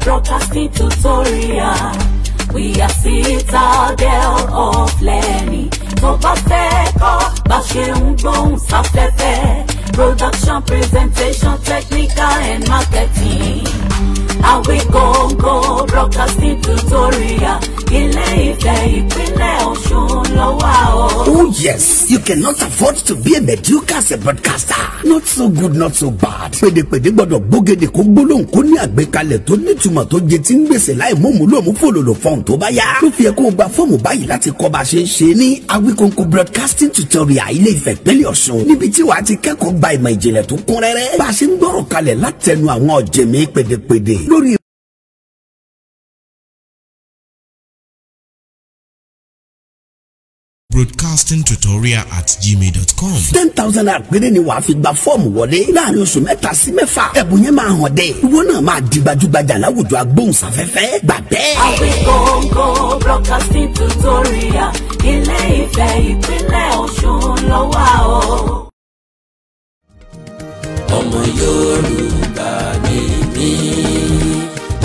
broadcasting tutorial. We are Citadel of Learning. of bá fẹ́ kọ́ bá ṣe sáfẹ́fẹ́. Production, presentation, technical and marketing. we go go broadcasting tutorial. Ilé Ifẹ̀ ìpínlẹ̀ Ọ̀ṣun ló wà o. Oh yes, you cannot afford to be a mediocre as a broadcaster. Not so good, not so bad. Pèdèpèdè gbọ́dọ̀ gbógede kó gbólóhùn kó ní àgbékalẹ̀ tó nítumọ̀ tó jẹ tí ń gbèsè láì mọ̀mú lóòmú fòlòlò fọ́ọ̀n tó bá yá. Ló fi ẹ kó o gba fọ́ọ̀mù báyìí láti kọ́ bá a ṣe ń ṣe ní Awikonko broadcasting tutorial Ilé Ifẹ̀ ìpínlẹ̀ Ọ̀ṣun. Níbi tí wàá ti kẹ́kọ̀ọ́ gba ìmọ̀ ìjìnlẹ̀ tó kún rẹ́rẹ́. Bá a ṣe ń gbọ́rọ̀ kalẹ̀ látẹnu àwọn ọ̀jẹ̀mí pèdèpèdè lórí broadcasting tutorial at gmail.com. ten thousand naira péré ni wàá fi gba fọ́ọ̀mù wọlé láàrin oṣù mẹ́ta sí mẹ́fà ẹ̀bùn yẹn máa hàn dé ìwọ náà máa di gbajúgbajà láwùjọ agbóhùnsáfẹ́fẹ́ gbà bẹ́ẹ̀. àwìn gbòǹgbò broadcasting tutorial ilé Ifẹ̀ ìpínlẹ̀ Ọ̀ṣun ló wà o. ọmọ Yorùbá ni mí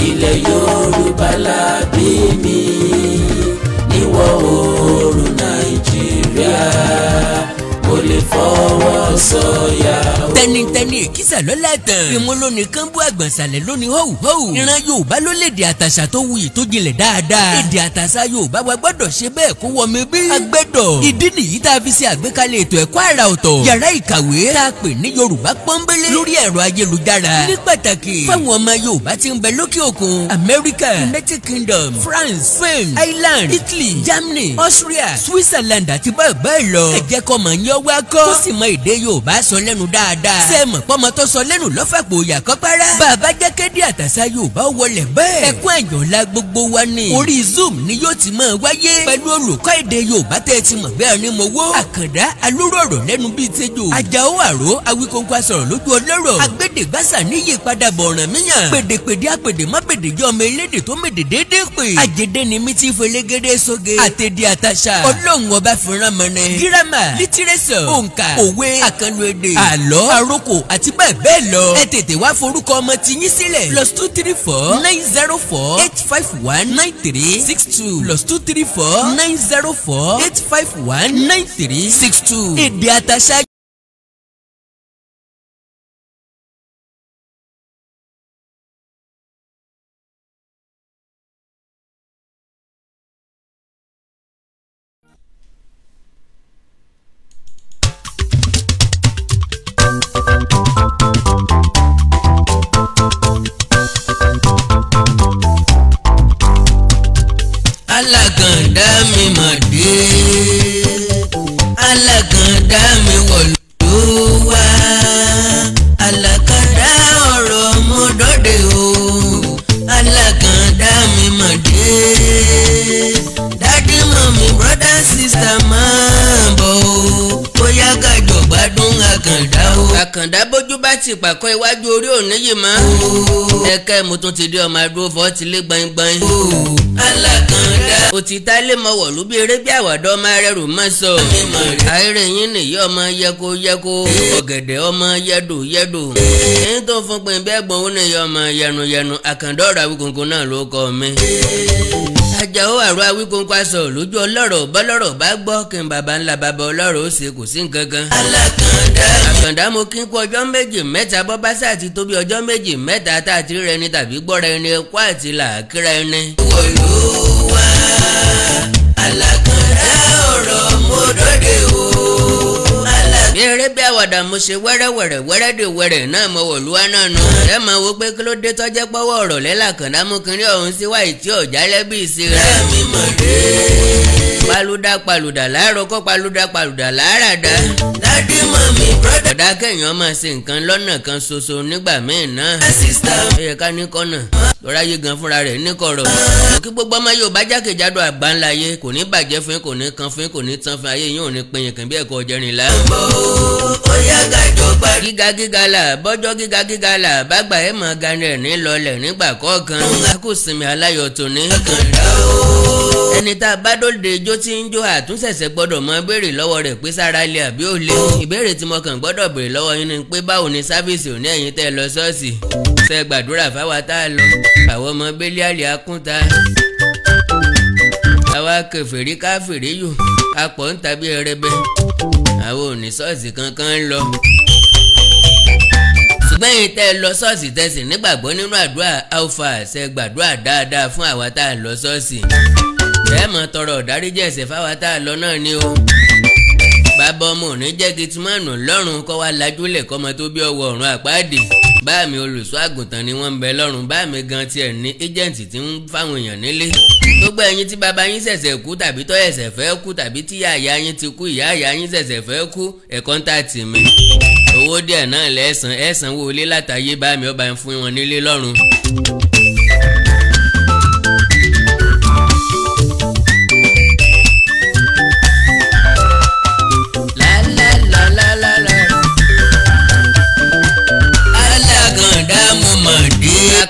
ilẹ̀ Yorùbá la bí mi ìwọ̀ oòrùn Nàìjíríà kò lè fọwọ́ sọ̀yà. tẹnitẹni ìkísà lọ́la tán. ìmúlónì kánbó àgbọ̀nsalẹ̀ lónìí họ́wù họ́wù. ìran yorùbá ló léde àtàṣà tó wuyì tó jinlẹ̀ dáadáa. èdè àtàṣà yorùbá wa gbọ́dọ̀ ṣe bẹ́ẹ̀ kó wọmi bí. agbẹ́dọ̀ ìdí nìyí tá a fi ṣe àgbékalẹ̀ ètò ẹ̀kọ́ àrà ọ̀tọ̀. yàrá ìkàwé tá a pè ní yorùbá pọ́nbélé. lórí ẹ̀rọ ayélujára. ní pàtàkì fáwọn ọmọ yorùbá ti ń bẹ lókè òkun. amẹ́ríkà united kingdom france spain ireland italy germany austria switzerland àti bẹ́ẹ̀ bẹ́ẹ̀ lọ. ẹ kọ́ mọ̀ ń yọ lọ wá kọ́. tó sì mọ èdè Yorùbá sọ lẹ́nu dáadáa. ṣé mọ̀ pọ́mọ tó sọ lẹ́nu lọ́fàpọ̀ òyà kọ́ pẹ́rẹ́. bàbá jẹ́ àtàṣà Yorùbá wọlé bẹ́ẹ̀. ẹkún ẹ̀yàn la gbogbo wa ni. orí Zoom ni yóò ti máa wáyé. pẹ̀lú olùkọ́ èdè Yorùbá tẹ́ ẹ ti mọ̀ bẹ́ẹ̀ ni mo wó. àkàndá alúrọ̀rọ̀ lẹ́nu bíi tẹ́jọ́. àjàó àró awíkóńkó aṣọ̀rọ̀ lójú ọlọ́rọ̀. agbẹ́dẹ̀gbàsà níyì padàbọ̀ ọ̀ràn míyàn. pèdèpèdè apèdè má pèdè jọ ọmọ elédè tó soge. àtẹ̀dẹ̀ àtàṣà. ọlọ́run ọba fúnra mọ́ni. gírámà ìtẹ̀sán òǹkà òwe àkànlò èdè àlọ́ àròkò àti bẹ́ẹ̀ bẹ́ẹ̀ lọ ẹ tètè wá forúkọ ọmọ ti yín sílẹ̀ plus two three four nine zero four eight five one nine three six two plus two three four nine zero four eight five one nine three six two èdè àtàṣà. 乖乖。mo tún ti dé ọmọ adúró fọ́ ti lé gbangban. alákàndá. òtítà lè mọ wọ̀lú bí eré bí àwàdọ́ ọmọ rẹrù mọ́ sọ. àìrè yín nìyí ọmọ yẹko yẹko ọ̀gẹ̀dẹ̀ ọmọ yẹdò yẹdò. èyí tó fún pin bẹ́ẹ̀ gbọ́n ó nìyí ọmọ yẹnuyẹnu àkàndọ́ ọ̀rọ̀ Awíkonko náà ló kọ́ mi. Àjàó àrùn Awíkonko aṣọ lójú ọlọ́rọ̀ bọ́lọ́rọ̀ bá gbọ́ kí n bàbá ńlá bàbá ọlọ́rọ̀ ó ṣe kò sí nǹkan àkàndá mo kí n kú ọjọ́ méjì mẹ́ta bọ́ bá sáà ti ọjọ́ méjì mẹ́ta tá gbígbọ́ra ẹni ẹ̀kọ́ àti làákìrá ẹni. Olúwa àlàkàndá ọ̀rọ̀ mo dọ́dẹ̀ o ní eré bí àwàdà mo ṣe wẹ́rẹ́wẹ̀rẹ̀ wẹ́rẹ́dè wẹ́rẹ́ náà mo wọ̀ lúwa náà nù. ẹ mọ̀ wo pé kí ló dé tọ́jẹ́ pọ́wọ́ ọ̀rọ̀ lẹ́là kàndá mú kinní ọ̀hún sí wáyé tí ò jálẹ̀ ìsira. ẹ̀mí mọ̀ dé. paluda paluda láàárọ̀ kọ́ paluda paluda láàràdá. dádì mọ̀ mi brọ́dà. ọ̀dà kẹ́yìn ọmọ ṣe nǹkan lọ́nà kan ṣoṣo nígbà míì náà. ó yẹ ká ní kọ́nà lọ́ra yé gan fúnra rẹ̀ níkọ̀rọ̀. Uh. kí gbogbo ọmọ Yorùbá jákèjádò àgbáńláyé kò ní bàjẹ́ fún yín kò ní gíga gíga là bọ́jọ́ gíga gíga là bàgbà ẹ̀ mọ̀ ganrẹ̀ nílọlẹ̀ nígbà kọ̀ọ̀kan akúsinmi aláyọ̀ tòní. ẹni tá a bá dóde jó tí ń jó àtúnṣẹ̀ṣẹ̀ gbọ́dọ̀ mọ béèrè lọ́wọ́ rẹ̀ pé sára ilé àbí ò lé. ìbéèrè tí mo kàn gbọ́dọ̀ béèrè lọ́wọ́ yín ni pé báwo ni sáfíìsì òní ẹ̀yin tẹ́ lọ ṣọ́ọ̀ṣì. ṣe gbàdúrà fáwa tá a lọ àwọn ọmọ bẹ́lí àlè akúnta àwa kẹfẹ́rí káfẹ́rí yò apọ̀ ń tàbí ẹrẹbẹ àwọn òní ṣọ́ọ̀ṣì kankan ń lọ ṣùgbọ́n yìí tẹ́ ẹ lọ ṣọ́ọ̀ṣì tẹ̀sí nígbàgbọ́ nínú àdúrà alfa ṣe gbàdúrà dáadáa fún àwa tá a lọ ṣọ́ọ̀ṣì bẹ́ẹ̀ mọ̀ tọrọ ọ̀dáríjì ẹ̀ṣẹ̀ fáwa tá a lọ náà ni o bàbá ọmọ òní jẹ́ kí tí mọ́ọ̀nù lọ́rùn kọ́ wa lajúlẹ̀ kọ́mọ tó bí ọwọ́ ọ̀run àpáàdé báàmì olùṣọ́ àgùntàn ni wọ́n ń bẹ lọ́rùn báàmì gan tiẹ̀ ní ẹjẹǹtì tí ń fáwọn èèyàn nílé gbogbo ẹ̀yin tí baba yín ṣẹ̀ṣẹ̀ kú tàbí tó ẹ̀ṣẹ̀ fẹ́ kú tàbí tí yàyà yín ti kú ìyá àyà yín ṣẹ̀ṣẹ̀ fẹ́ kú ẹ kọ́ńtàtì mi owó díẹ̀ náà lẹ́sàn ẹ̀sàn wo ilé látàyè báàmì ọba ń fún wọn nílé lọ́rùn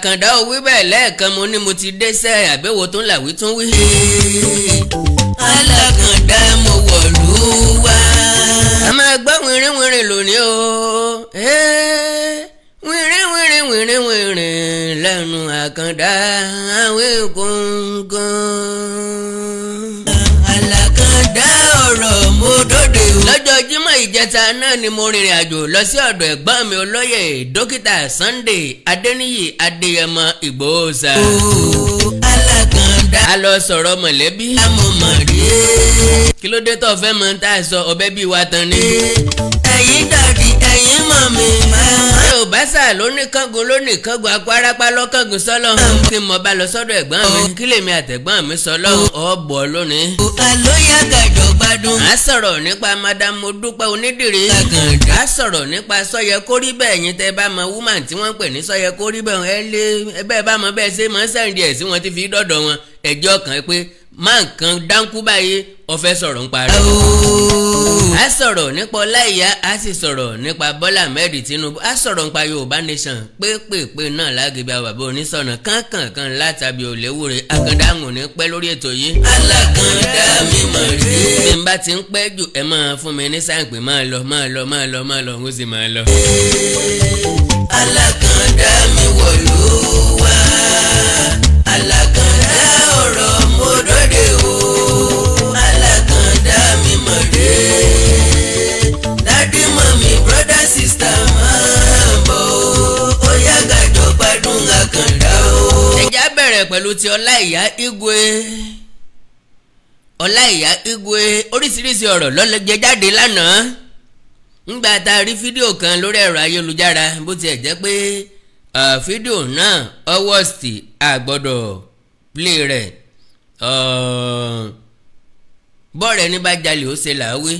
àkàndá ò wí bẹ́ẹ̀ lẹ́ẹ̀kan mo ní mo ti dé sẹ́ àbẹ̀wò tó ń là wí tún wí. alákàndá mo wọ̀lú wá. a máa gbọ́ wìrìwìrì lónìí o wìrìwìrì wìrìwìrì lẹ́nu àkàndá àwìn kọ̀ọ̀kan. òdòdè o. lọ́jọ́ jímọ̀ ìjẹta náà ni mo rìnrìn àjò lọ sí ọ̀dọ̀ ẹ̀gbọ́n mi olóyè dókítà Sunday Adéníyì Adéyẹmọ Ìgbòhoṣà. ooo alákàndá. a lọ sọ̀rọ̀ mọ̀lẹ́bí. amọ̀mọ̀ rí. kí ló dé tó fẹ́ mọ tá a sọ ọbẹ̀ bíi wa tán ni. ẹ̀yin dàbí mi. Yorùbásà ló ní kángun ló ní kángun agbárápá lọ́kángun sọ́lọ́. Kí mo bá lọ sọ́dọ̀ ẹ̀gbọ́n mi, kí lèmi àtẹ̀gbọ́n mi sọ́lọ́. Ọ̀bọ̀ lónìí. Àlóyà gàjọ̀ gbádùn. A sọ̀rọ̀ nípa Madam Odúpẹ́ Onídìrí. Gàgàndà. A sọ̀rọ̀ nípa Sọ́yẹ Kórí bẹ́ẹ̀ yín tẹ́ bá mọ woman tí wọ́n pè ní Sọ́yẹ Kórí bẹ́ẹ̀ ẹ lé bẹ́ẹ̀ bá mọ bẹ́ẹ̀ ṣe mọ́ sẹ́ǹdì ẹ̀ sí wọn ti fi dọ́dọ̀ wọn ẹjọ́ kan pé máa nǹkan dáńkú báyìí ọ̀fẹ́ sọ̀rọ̀ ń parí. a sọ̀rọ̀ nípa ọláìyá a sì sọ̀rọ̀ nípa bọ́lá ahmed tinubu a sọ̀rọ̀ pa yorùbá nation pépèpé náà lágbègbè àwọn bàbá onísọ̀nà kánkànkan látàbí òléwúre akandahun ní pẹ́ lórí ètò yìí. alákàndá mi mọ̀ rí. bí n bá ti ń pẹ́ jù ẹ máa fún mi ní sáà pé máa lọ máa lọ máa lọ máa lọ ń sì máa lọ. alákàndá mi wọ̀ wá alákàndá ọ̀rọ̀ mọ́dọ̀ dadi mami broda bọ̀ o. ẹja bẹ̀rẹ̀ pẹ̀lú ti ọláìyá igwe ọláìyá igwe oríṣiríṣi ọ̀rọ̀ lọ́lẹ́jẹ jáde lánàá ńgbà tá a rí fídíò kan lórí ẹ̀rọ ayélujára bó tiẹ̀ jẹ́ pé fídíò náà ọwọ́sì àgbọ̀dọ̀ play rẹ̀. bọ́ọ̀rẹ́ ní bá jalè ó ṣe làáwé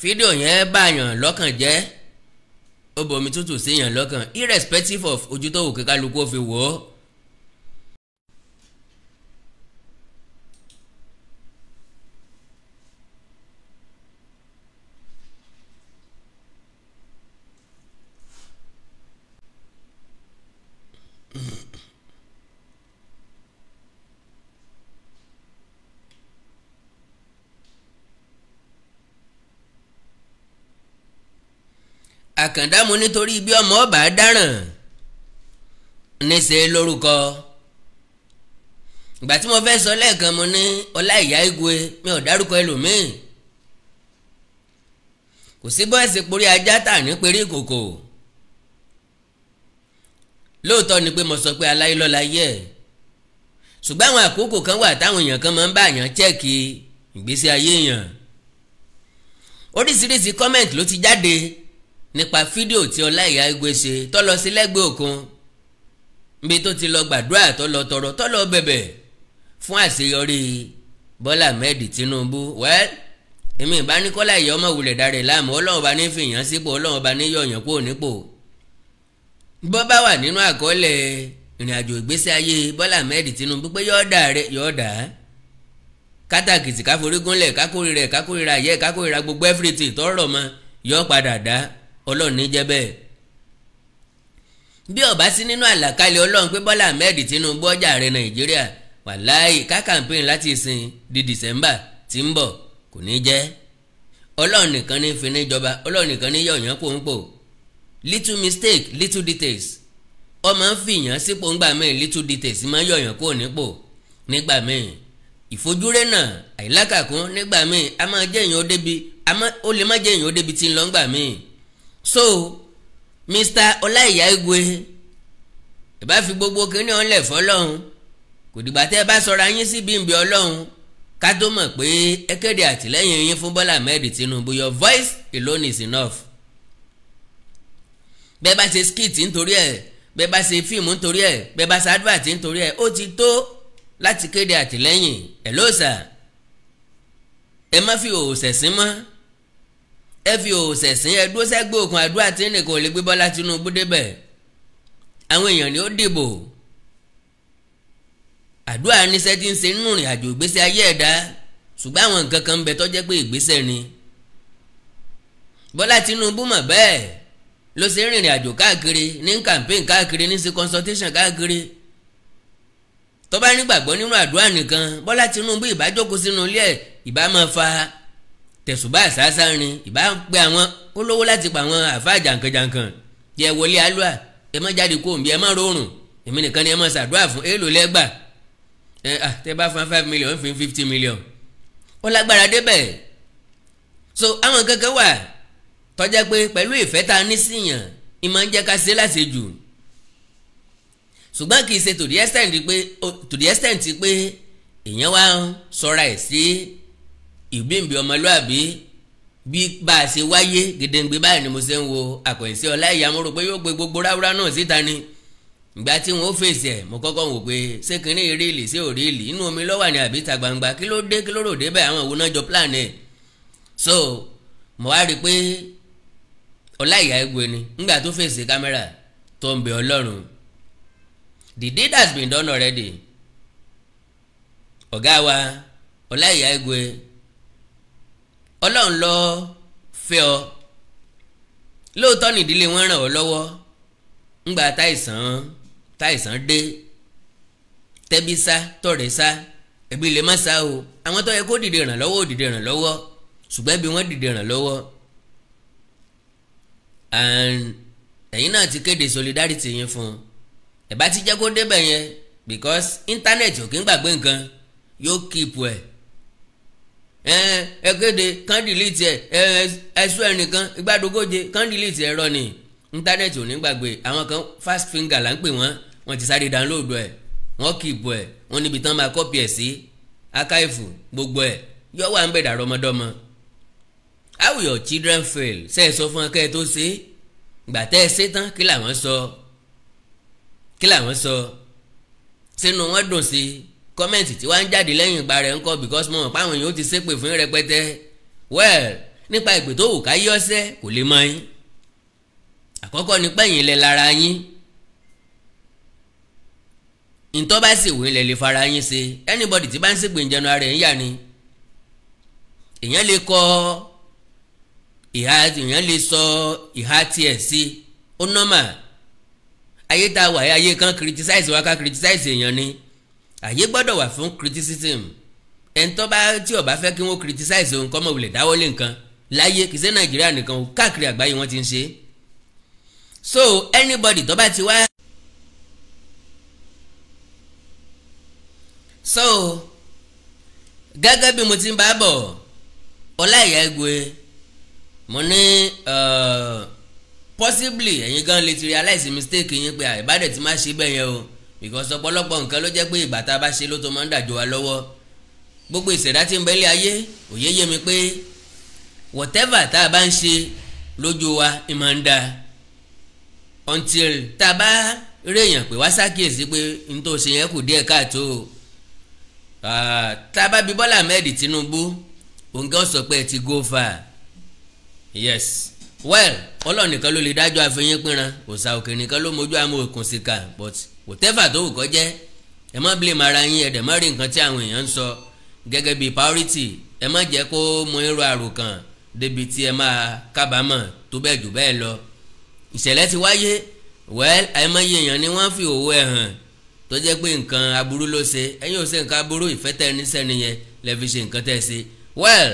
fídíò yẹn báyàn lọ́kàn jẹ́ ó bomi tútù séèyàn lọ́kàn irrespective of ojú tó wò kíkálukú ó fi wò ó àkàndá mu nítorí bí ọmọ ọba dáràn níṣẹ́ lórúkọ ìgbà tí mo fẹ́ sọ lẹ́ẹ̀kan mo ní ọlá ìyá igwe mi ò dárúkọ ẹlòmíì kò sí bọ́ọ̀sì porí ajá tà ní perí kòkò lóòótọ́ ni pé mo sọ pé aláìlọ́la yẹ ṣùgbọ́n àwọn àkókò kan wà táwọn èèyàn kan máa ń bá èèyàn chẹ́ẹ̀kì ìgbésí ayé èèyàn oríṣiríṣi kọ́mẹ̀ntì ló ti jáde nípa fídíò tí Ọláìyá Igwe ṣe tó lọ sí lẹ́gbẹ̀ẹ́ òkun níbi tó ti lọ gbàdúrà tó lọ tọrọ tó lọ bẹ̀bẹ̀ fún àṣeyọrí Bọ́lá Ahmed Tinubu wẹ́ẹ́ èmi ìbá ní kọ́lá ìyá ọmọ wulẹ̀ darẹ̀ láàmú Ọlọ́run bá ní fìyàn sípò Ọlọ́run bá ní yọ̀yàn kúrò nípò bọ́ bá wà nínú àkọọ́lẹ̀ ìrìn àjò ìgbésí ayé Bọ́lá Ahmed Tinubu pé yọ̀ọ̀dà rẹ̀ yọ̀ọ̀dà kátàkìtì káforígúnlẹ̀ kákórira kákórira yẹ kákórira gbogbo everything tọrọ mọ yọ padà dá ọlọ́run ní jẹ́ bẹ́ẹ̀ bí ọba sí nínú àlàkalẹ̀ ọlọ́run pé Bọ́lá Ahmed Tinubu ọjà rẹ Nàìjíríà wàláì ká campaign láti ìsìn di December tí ń bọ̀ kò ní jẹ́ ọlọ́run nìkan ní fi ní jọba ọlọ́run nìkan ní yọ̀yàn kó little mistake little details ọmọ ń fìyàn sípò ńgbà míì little details máa yọ̀yàn kó nípò nígbà míì ìfojúrẹ́ náà àìlákàkún nígbà míì a máa jẹ́ èèyàn ó débi ó lè má jẹ́ èèyàn ó débi tí ń lọ ńgbà míì so Mr. Ọláìyá Igwe ẹ bá fi gbogbo kínní ọ̀lẹ̀ fọlọ́hún kò dìgbà tẹ́ ẹ bá sọra yín sí bímbí ọlọ́hún ká tó mọ̀ pé ẹ kéde àtìlẹ́yìn yín fún Bọ́lá Ahmed Tinubu your voice alone is enough bẹ́ẹ̀ bá ṣe skit nítorí ẹ̀ bẹ́ẹ̀ bá ṣe fíìmù nítorí ẹ̀ bẹ́ẹ̀ bá ṣe advert nítorí ẹ̀ ó ti tó láti kéde àtìlẹ́yìn ẹ̀ lóòsà ẹ má fi òòsẹ̀ sí mọ́ ẹ fi òòsẹ̀ sín ẹ dúró sẹ́gbẹ́ òkun àdúrà tí nìkan ò lè gbé Bọ́lá Tinubu débẹ̀ àwọn èèyàn ni ó dìbò àdúrà níṣẹ́ tí ń ṣe nínú ìrìn àjò ìgbésí ayé ẹ̀dá ṣùgbọ́n àwọn nǹkan kan ń bẹ tó jẹ́ pé ìgbésẹ̀ ni Bọ́lá Tinubu mọ̀ bẹ́ẹ̀ ló ṣe rìnrìn àjò káàkiri ní campaign káàkiri ní ṣe consultation káàkiri tó bá nígbàgbọ́ nínú àdúrà nìkan Bọ́lá Tinubu ìbá jókòó sínú ilé ẹ̀ ìbá máa fa tẹ̀sùbá àṣàṣà rin ìbá ń pe àwọn ó lówó láti pa àwọn àfa jàǹkànjàǹkàn yẹ wọlé alúà ẹ má jáde kó òǹbí ẹ má rọrùn èmi nìkan ni ẹ má ṣàdúrà fún èèlò lẹ́gbà ẹ à tẹ bá fún five million fún fifty million ó lágbára débẹ̀ so àwọn kankan wà tọ́jà pé pẹ̀lú ìfẹ́ ta ní síyàn ìmọ̀ ń jẹ́ ká ṣe láṣẹ jù ṣùgbọ́n kì í ṣe to the extent pé èèyàn wá sọra ẹ̀ sí. Si, ìgbéǹbì ọmọlúàbí bí bá a ṣe wáyé gèdèǹgbè báyìí ni mo ṣe ń wo àkànṣe ọláìyá mo rò pé yóò gbé gbogbo ráúrá náà síta ni ìgbà tí wọn ó fèsì ẹ mo kọ́kọ́ wò pé ṣé kinní ríìlì ṣé ò omi ló ni àbí ta gbangba kí ló dé kí ló rò dé bẹ́ẹ̀ àwọn òun so mo wá rí i pé egwe ni ńgbà tó fèsì kámẹ́rà tó ń the has been done already ọ̀gá wa egwe ọlọ́run Lọ fẹ́ ọ lóòótọ́ nìdílé wọn ràn ọ lọ́wọ́ ńgbà táìsàn táìsàn dé tẹ́bí sá tọ̀rẹ́ sá lè má sá o àwọn tó yẹ kó dìde ràn lọ́wọ́ ò dìde ràn lọ́wọ́ ṣùgbọ́n bí wọ́n dìde ràn lọ́wọ́ ẹ̀yin náà ti kéde solidarity yẹn fún un ẹ̀ ti jẹ́ kó débẹ̀ yẹn because internet ò kí ń gbàgbé nǹkan yóò ẹ kéde kándìlìtì ẹ ẹsùn ẹnìkan ìgbàdógóje kándìlìtì ẹ̀rọ ni íńtánẹ́ẹ̀tì ò ní gbàgbé àwọn kan fast finger là ń pè wọ́n wọ́n ti sáré download ẹ̀ wọ́n kìbù ẹ̀ wọ́n níbi tán máa kọ́pì ẹ̀ sí archive gbogbo ẹ̀ yọ wà ń bẹ̀dà rọmọdọ́mọ. how your children fail ṣe é sọ fún akẹ́ tó ṣe é gbà tẹ́ ẹ ṣe tán kí làwọn sọ kí làwọn sọ sínú wọn dùn sí i kọ́mẹ̀ntì tí wàá ń jáde lẹ́yìn ìgbà rẹ̀ ń kọ́ because mo mọ̀ páwọn èèyàn ó ti ṣépè fún rẹpẹtẹ well nípa ìpè tó wù ká yí ọsẹ kò lè mọ yín àkọ́kọ́ ni pẹ́yìn lẹ lára yín ntọ́ bá sì wò ilẹ̀ lè fara yín ṣe anybody tí bá ń ṣègbè ìjẹun ara ẹ̀ ń yà ni èèyàn lè kọ ìhà èèyàn lè sọ ìhà tiẹ̀ sí ó nọ́mà ayé tá wà ayé kan criticize wa ká criticize èèyàn ni àyè gbọ́dọ̀ wà fún criticism ẹni tó bá tí ó bá fẹ́ kí wọ́n criticize òun kọ́mọ wulẹ̀ dáwọ́lé nǹkan láyé kìí ṣe nàìjíríà nìkan o káàkiri àgbáyé wọ́n ti ń ṣe so anybody tó bá ti wá. so gẹ́gẹ́ bí mo ti ń bá bọ̀ ọláìyá egwe mo ní possibly ẹ̀yin gan lè ti realize mistake yín pé àìbádẹ́ ti má ṣe bẹ́ẹ̀ yẹn o because ọ̀pọ̀lọpọ̀ nǹkan ló jẹ́ pé ìgbà tá a bá ṣe ló tó máa ń dàjọ wa lọ́wọ́ gbogbo ìṣẹ̀dá tí ń bẹ lé ayé òye yé mi pé whatever tá a bá ń ṣe lójú wa ń máa ń da until tá a bá réèyàn pé wá ṣàkíyèsí pé n tó ṣe yẹn kù díẹ̀ káàtó tá a bá bi Bọ́lá Ahmed Tinubu òǹkà sọ pé ẹ ti go far yes well Ọlọ́run nìkan ló lè dájọ́ àfẹ́yìn pínran òòsà òkè nìkan ló mójú àmọ́ òkùnsìkà but kò tẹ́fà tó wù kọ́ ẹ má blame ara yín ẹ̀dẹ̀ má rí nǹkan tí àwọn èèyàn ń sọ gẹ́gẹ́ bíi priority ẹ má jẹ́ kó mú irú àròkàn débi tí ẹ máa kábàámọ̀ tó bẹ́ẹ̀ jù bẹ́ẹ̀ lọ ìṣẹ̀lẹ̀ ti wáyé well àìmọye èèyàn ni wọ́n fi òwò ẹ̀ hàn tó jẹ́ pé nǹkan aburú ló ṣe ẹ̀yin ò ṣe nǹkan aburú ìfẹ́ tẹ́ ní sẹ́ni yẹn lẹ́ fi ṣe nǹkan tẹ́ ṣe well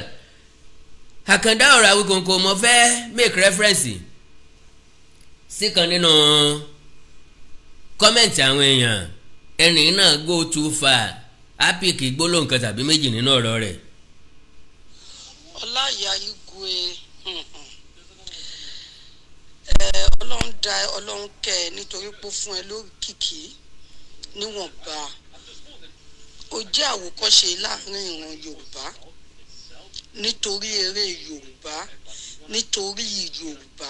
àkàndá ọ̀rọ̀ Awíkonko mo fẹ́ make reference sí kan nínú. No kọ́mẹ̀ntì àwọn èèyàn ẹnì náà go too far apik gbólóhùn kan tàbí méjì nínú ọ̀rọ̀ rẹ̀. ọláyà igwe hmm, hmm. ọlọ́run dá ọlọ́run kẹ́ ẹ nítorí pé ó fún ẹ lókìkí níwọ̀nba ó jẹ́ àwòkọ́ṣe láàrin ìran yorùbá nítorí eré yorùbá nítorí yorùbá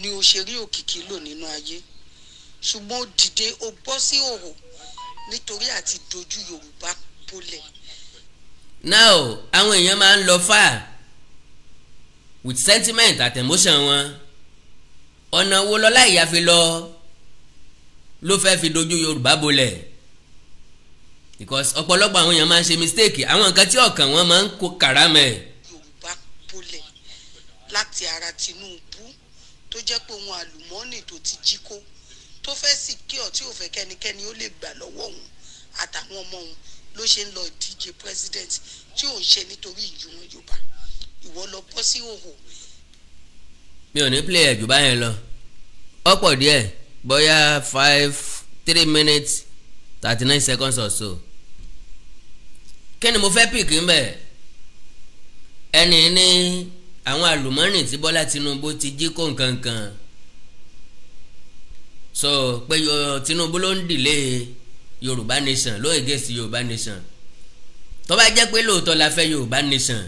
ni òṣèré òkìkí lò nínú ayé. No ṣùgbọ́n ó dìde ó bọ́ sí òhò nítorí àti dojú Yorùbá bolẹ̀. now àwọn èèyàn máa ń lọ fà with sentiment at emotion wọn ọ̀nà wo lọ láì yáfi lọ ló fẹ́ fi dojú Yorùbá bolẹ̀ because ọ̀pọ̀lọpọ̀ àwọn èèyàn máa ń ṣe mistake àwọn nǹkan tí ọkàn wọn máa ń kó kàrámẹ̀. Yorùbá bolẹ̀ láti ara Tinubu tó jẹ́ pé òun àlùmọ́ọ́nì tó ti jí kó tó fẹ́ secure tí ò fẹ́ kẹ́nikẹ́ni ó lè gbà lọ́wọ́ òun àtàwọn ọmọ òun ló ṣe ń lọ díje president tí ò ṣe nítorí ìjùmọ̀ yorùbá ìwọ lọ bọ́ sí òhò. mi ò ní play ẹ̀jù báyẹn lọ ọ̀pọ̀ díẹ̀ bóyá five three minutes thirty nine seconds or so kí ni mo fẹ́ pick? ń bẹ̀ ẹni ní àwọn àlùmọ́nì tí bọ́lá tinubu ti jí kó nǹkan kan. kan So pé Tinubu ló ń dìlé Yorùbá nation ló against Yorùbá nation tó bá jẹ́ pé lóòótọ́ la fẹ́ Yorùbá nation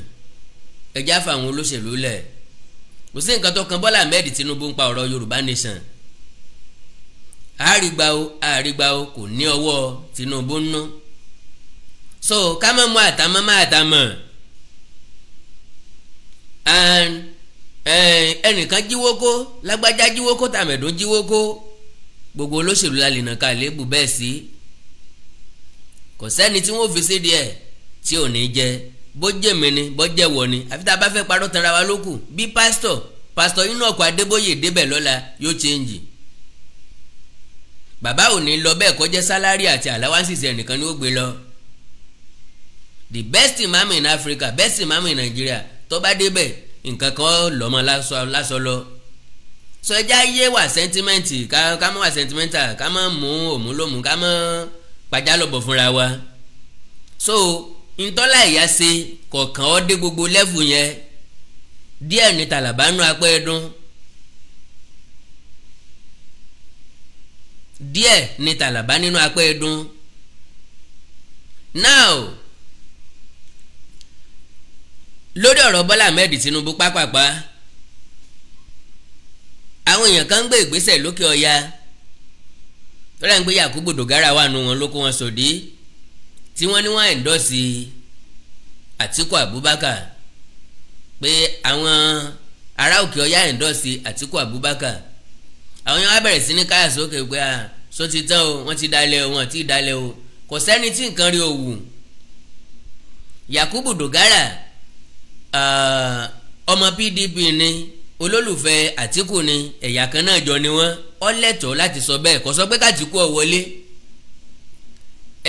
ẹjẹ́ àfàwọn olóṣèlú lẹ̀ kò sí nǹkan tó kan Bọ́lá Ahmed Tinubu ń pa ọ̀rọ̀ Yorùbá nation àárígbà o àárígbà o kò ní ọwọ́ Tinubu ń ná so ká má mú àtàmọ́ má àtàmọ́ eh, ẹnìkan jíwókó lágbájá jíwókó tàmẹ̀dún jíwókó gbogbo olóṣèlú la lè nà ká lébù bẹ́ẹ̀ sí kò sẹ́ni tí wọ́n fi sídìí ẹ̀ tí ò ní jẹ bó jẹ́ mi ni bó jẹ́ wọ ni àfi tá a bá fẹ́ parọ́ tanra wa lókù bí pásítọ̀ pásítọ̀ Enoch Adébóyè débẹ̀ lọ́la yóò chẹ́ǹjì bàbá ò ní lọ bẹ́ẹ̀ kọjá sálárì àti àláwáṣìṣẹ́ nìkan ni ó gbé lọ the best imam in Africa best imam in Nigeria tó bá débẹ̀ nǹkan kan lọ́mọ lásọ lọ sọjá yé wà sẹ́ńtímẹ́ǹtì ká mọ́ wà sẹ́ńtímẹ́ǹtà ká mọ́ mú òmúlòmù ká mọ́ pàjálọ̀bọ̀ fúnra wa so ntọ́lá ìyá ṣe kọ̀ọ̀kan ọ́ dé gbogbo lẹ́fù yẹn díẹ̀ ní tàlàbánú apẹ́ẹ́dún díẹ̀ ní tàlàbá nínú apẹ́ẹ́dún now lórí ọ̀rọ̀ Bọ́lá Ahmed Tinubu pápápá. Pa, pa, pa àwọn èèyàn kan ń gbé ìgbésẹ̀ lókè ọya tọ́lá ń gbé Yakubu Dogara wà nù wọn ló kó wọn sòdí tí wọ́n ní wọ́n ẹ̀ńdọ́sì Àtíkù Abubakar pé àwọn ará òkè ọya ẹ̀ńdọ́sì Àtíkù Abubakar àwọn yẹn wá bẹ̀rẹ̀ sí ní káyà sókè pé à ah, só ti tán o wọ́n ti dalẹ̀ o wọ́n ti dalẹ̀ o kò sẹ́ni tí nǹkan rí òwù Yakubu Dogara ah, ọmọ PDP ni olólùfẹ́ àtìkù ni ẹ̀yà kan náà jọ ni wọ́n ó lẹ́tọ̀ọ́ láti sọ bẹ́ẹ̀ kó sọ pé kàtìkù ọ̀ wọlé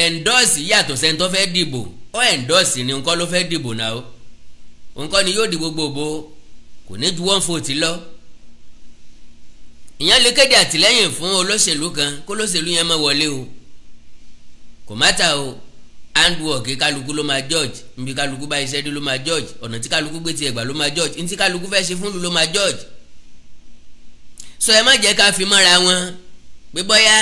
ẹ̀ńdọ́ọ̀sì yàtọ̀ sẹ́ni fẹ́ dìbò ó ẹ̀ńdọ́ọ̀sì ni nǹkan ló fẹ́ dìbò náà o nǹkan ni yóò di gbogbogbò kò ní ju one vote lọ ìyẹn lè kéde àtìlẹ́yìn fún olóṣèlú kan kó olóṣèlú yẹn má wọlé o kò má ta o handwork kálukú ló máa judge nbí kálukú bá iṣẹ́ ló máa judge ọ̀nà tí kálukú gbé tiẹ̀ gbà ló máa judge ntí kálukú fẹ́ ṣe fún lu ló máa judge so ẹ má jẹ́ ká fi mọ́ra wọn pé bọ́yá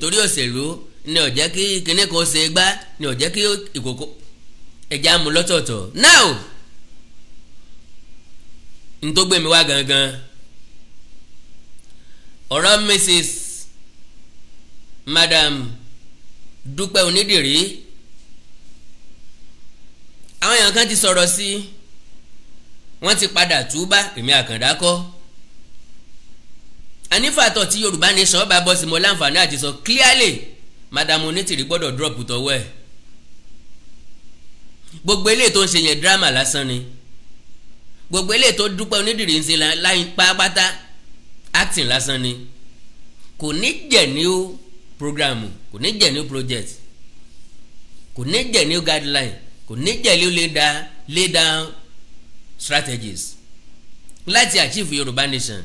torí òṣèlú ni ó jẹ́ kí kinní kan ṣe gbá ni ó jẹ́ kí ìkòkò ẹ̀já mu lọ́tọ̀ọ̀tọ̀ now n tó gbé mi wá gangan ọ̀rọ̀ Mrs. Madam dúpẹ́ onídìrí àwọn èèyàn kan ti sọ̀rọ̀ sí i wọ́n ti padà túbá èmi àkàndá kọ́ anífàtọ̀ tí yorùbá nation bá bọ́ sí mo láǹfààní àti sọ clearly madam onítìrí gbọ́dọ̀ drop tọwọ́ ẹ̀ gbogbo eléyìí tó ń ṣe yẹn drama lásán ni gbogbo eléyìí tó dúpẹ́ onídìrí ń ṣe láyín pátápátá acting lásán ni kò ní jẹ̀ ní o programu kò ní jẹ́ new project kò ní jẹ́ new guideline kò ní jẹ́ new lay down strategies láti achieve Yorùbá nation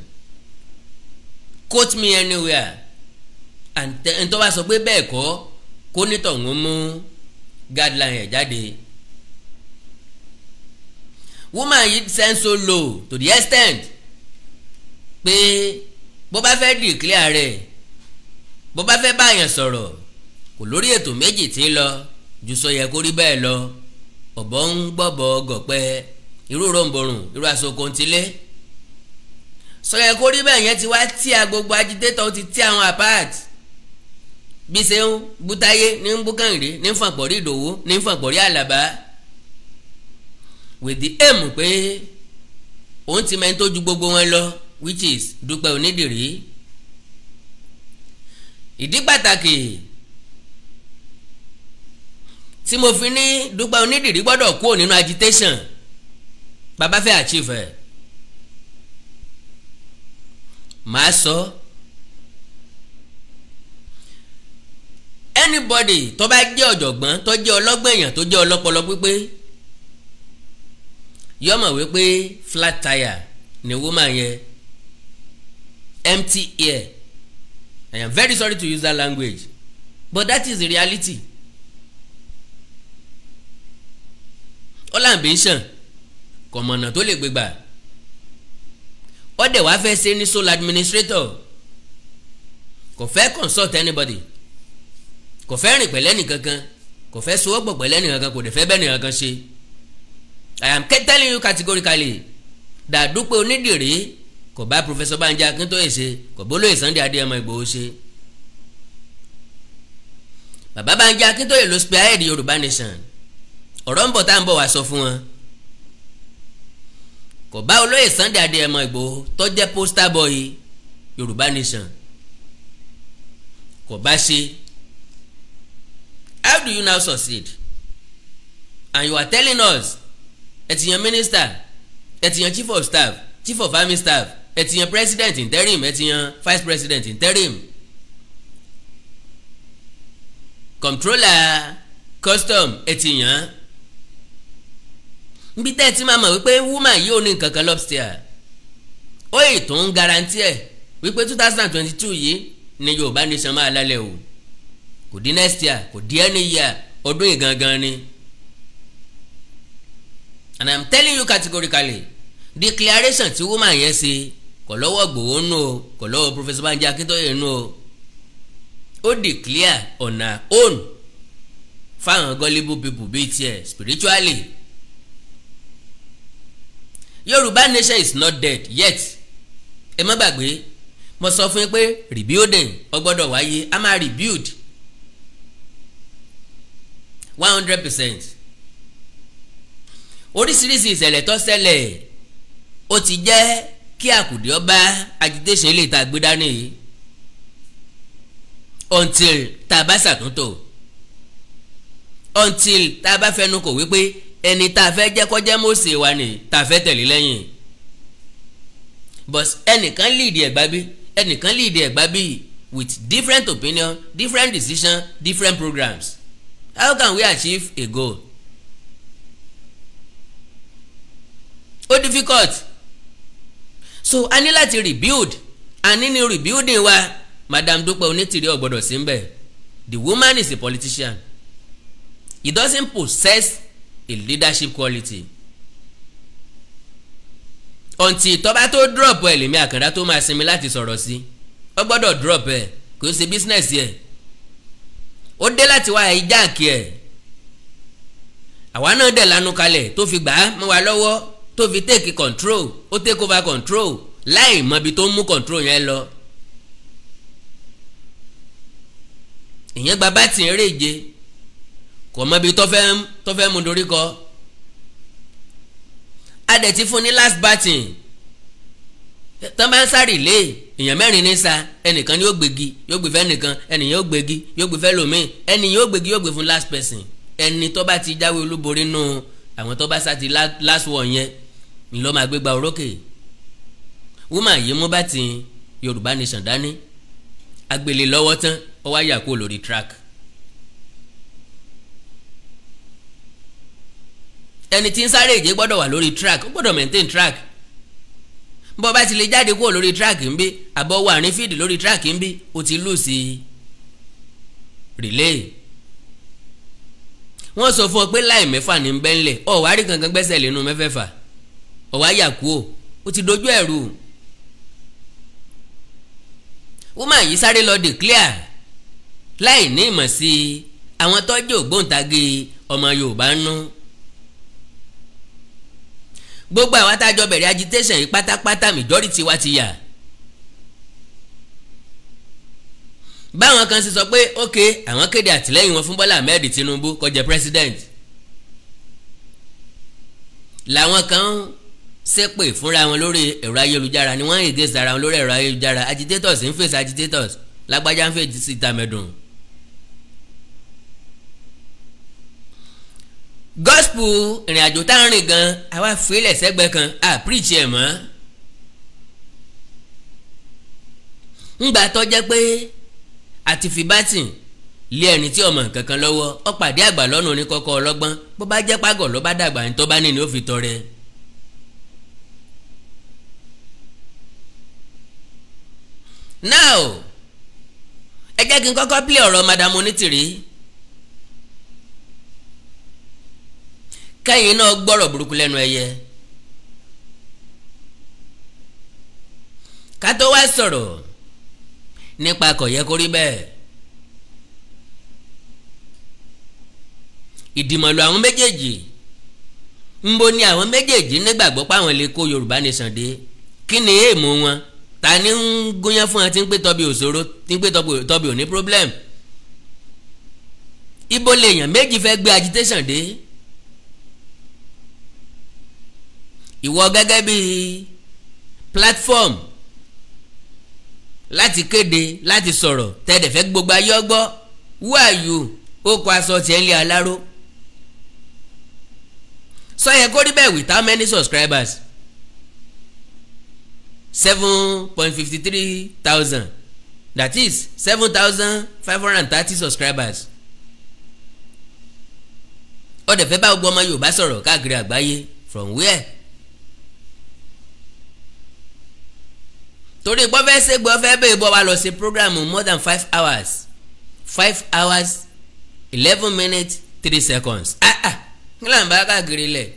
quote me anywhere and tó bá sọ pé bẹ́ẹ̀ kọ́ kó nítọ̀hún mú guideline ẹ̀ jáde woman yìí send so low to the extent pé bó bá fẹ́ clear. rẹ̀ bó bá fẹ́ báyàn sọ̀rọ̀ kò lórí ètò méjì tí ń lọ ju sọ yẹ kó rí bẹ́ẹ̀ lọ ọ̀bọ ń gbọ́bọ gọ̀pẹ́ irú rọ̀ǹbọ̀rùn irú asoko ń sọ yẹ kó rí bẹ́ẹ̀ yẹn ti wá tí a gbogbo agitétọ̀ ti tí àwọn apart bí ṣe ń bútáyé ní ń bú kànrí ní fàpọ̀rí ìdòwú ní fàpọ̀rí àlàbá with the aim pé òun ti mẹ́ni tó ju gbogbo wọn lọ which is dúpẹ́ onídìrí ìdí pàtàkì tí mo fi ní Dúpẹ́ Onídìrí gbọ́dọ̀ kúrò nínú agitation bàbá fẹ́ achieve ẹ̀ màá sọ anybody tó bá jẹ́ ọ̀jọ̀gbọ́n tó jẹ́ ọlọ́gbọ́n èèyàn tó jẹ́ ọlọ́pọlọ pípé yọ mọ̀ wípé flat tire ni woman yẹn empty air I am very sorry to use that language but that is the reality. ọlàǹbí ń ṣàn kọ̀mọ̀nà tó lè gbégbà ọ̀dẹ̀ wàá fẹ́ ṣe ní sole administrator kò fẹ́ consult anybody kò fẹ́ rìn pẹ̀lẹ́ nìkankan kò fẹ́ sowọ́pọ̀ pẹ̀lẹ́ nìkankan kò dẹ̀ fẹ́ bẹ́ẹ̀ nìkankan ṣe I am telling you categorically that Dúpẹ́ Onídìrí kò bá professor Banji Akíntóyè ṣe kò bó lóye Sunday Adéyẹmọ Ìgbòho ṣe bàbá Banji Akíntóyè ló spe ahead Yorùbá Nation ọ̀rọ̀ ń bọ̀ tá à ń bọ̀ wá sọ fún wọn kò bá olóyè Sunday Adéyẹmọ Ìgbòho tó jẹ́ poster boy Yorùbá Nation kò bá ṣe how do you now succeed and you are telling us ẹ ti yan minister ẹ ti yan chief of staff chief of army staff ẹ ti yan president interim ẹ ti yan vice president interim Controller, custom ẹ ti yan níbi tẹ́ ẹ ti máa mọ̀ wípé woman yìí ò ní nǹkan kan lobster ó ètò ń garanti ẹ̀ wípé two thousand and twenty two yìí ni Yorùbá nation máa lálẹ́ o kò di next year kò di any year ọdún yìí gangan ni and I'm telling you categorically declaration tí woman yẹn ṣe kò lọ́wọ́ gbòó nù o kò lọ́wọ́ Professor Banji Akíntóyè nù o ó declare on her own fáwọn gullible people bíi tiẹ̀ spiritually Yorùbá nation is not dead yet ẹ má gbàgbé mo sọ fún yín pé rebuilding ó gbọ́dọ̀ wáyé a máa rebuild one hundred percent oríṣiríṣi ìṣẹ̀lẹ̀ tó ṣẹlẹ̀ ó ti jẹ́ kí àkùdé ọba agitation ilé ìta gbé dání yìí until tá a bá ṣàtúntò until tá a bá fẹnu kò wípé ẹni tá a fẹ́ jẹ́ kọjá mọ́ọ̀sì wa ni tá a fẹ́ tẹ̀lé lẹ́yìn but ẹnìkan lead ẹ̀gbá bí ẹnìkan lead ẹ̀gbá bí with different opinion different decision different programs how can we achieve a goal? ó difficult so a ní láti rebuild a ní ní rebuilding wa madam Dúpẹ́ Onítìrí ọ̀gbọ́dọ̀ sí ń bẹ̀ the woman is a politician he doesn't possess a leadership quality until tọ́ba tó drop ẹ̀ lèmi àkàndá tó máa sinmi láti sọ̀rọ̀ sí ọ gbọ́dọ̀ drop ẹ̀ kò ṣe business yẹ ó dé láti wá ìjáàkì ẹ̀ àwa náà dẹ̀ lanu kalẹ̀ tó fi gbà á mọ́ wa lọ́wọ́ tó fi take control ó take over control láì mọbi tó ń mú control yẹn lọ. ìyẹn gba bátì ń rèje kò mọbi tó fẹ́ mú dorí kọ. a ti fún ní last batting tán bá ń sáré lé èèyàn mẹ́rin ní sa ẹnìkan ni yóò gbégi yóò gbé fẹ́ nìkan ẹnìyàn yóò gbégi yóò gbé fẹ́ lòmíì ẹnìyàn yóò gbégi yóò gbé fún last person ẹni tó bá ti jáwé olúborí nù àwọn tó bá sá ti lásùwọ̀ yẹn ńlọ́ máa gbégbá orókè wúmà yìí mú bá ti Yorùbá Nation dání agbèlè lọ́wọ́ tán ó wá yà kó lórí track. ẹni tí ń sáré ìje gbọ́dọ̀ wà lórí track ó gbọ́dọ̀ maintain track bó bá ti lè jáde kúrò lórí track ń bí àbọ̀ wà ní fíìdì lórí track ń bí ó ti lù sí relay wọ́n sọ fún ọ pé láì mẹ́fà ní bẹ́ńlẹ̀ ọ̀wárí kankan gbẹ́sẹ̀ lẹ́nu mẹ́fẹ̀fà ọ̀wá yà kú o ó ti dojú ẹ̀rù woman yìí sáré lọ declare láì ní ìmọ̀ sí àwọn tọ́jú ògbóǹtagì ọmọ Yorùbá nú gbogbo àwa tá a jọ bẹ̀rẹ̀ agitation yìí pátápátá majority wa ti yà báwọn kan ṣe sọ pé ok àwọn kéde àtìlẹ́yìn wọn fún Bọ́lá Ahmed Tinubu kó jẹ́ president làwọn kan ṣépè fúnra wọn lórí ẹ̀rọ ayélujára ni wọ́n ń gé sara wọn lórí ẹ̀rọ ayélujára agitators ń fèsì agitators lágbájá ń fèsì síta mẹ́dùn. gospel ìrìn àjò tá a rìn gan àwa fílẹ̀ sẹ́gbẹ́ kan a preach ẹ̀ mọ́. ńgbà tó jẹ́ pé àti fi bátìn lé ẹni tí ọmọ kankan lọ́wọ́ ọ pàdé àgbà lọ́nà oníkọ́kọ́ ọlọ́gbọ́n bó bá jẹ́ pàgọ́ ló bá dàgbà ní tó bá ní ni ó fi tọrẹ. now ẹ jẹ́ kí n kọ́kọ́ pílẹ̀ ọ̀rọ̀ madam onítìrí kẹ́yìn náà gbọ́rọ̀ burúkú lẹ́nu ẹyẹ ká tó wá sọ̀rọ̀. nípa kò yẹ kó rí bẹ́ẹ̀ ìdìmọ̀lù àwọn méjèèjì ńbo ni àwọn méjèèjì nígbàgbọ́ páwọn lè kó Yorùbá Nation dé kí ni èèmọ̀ wọn ta ni ń gúnyán fún wọn tí ń pé tọ́bi òṣòro tí ń pé tọ́bi òní problem ibo lèèyàn méjì fẹ́ gbé agitation dé ìwọ gẹ́gẹ́ bíi platform láti kéde láti sọ̀rọ̀ tẹ́lẹ̀ fẹ́ gbogbo ayé ọgbọ́ wáyù ó kọ aṣọ tiẹ̀ ń lé aláró sọ yẹ kó rí bẹ́ẹ̀ with how many subscribers seven point fifty three thousand that is seven thousand five hundred and thirty subscribers ó dẹ̀ fẹ́ bá gbogbo ọmọ Yorùbá sọ̀rọ̀ káàkiri àgbáyé from where torí gbọ́ fẹ́ ṣe gbọ́ fẹ́ bẹ́ẹ̀ bọ́ wa lọ ṣe program more than five hours five hours eleven minutes three seconds ah ah kí ló ń bá káàkiri lẹ̀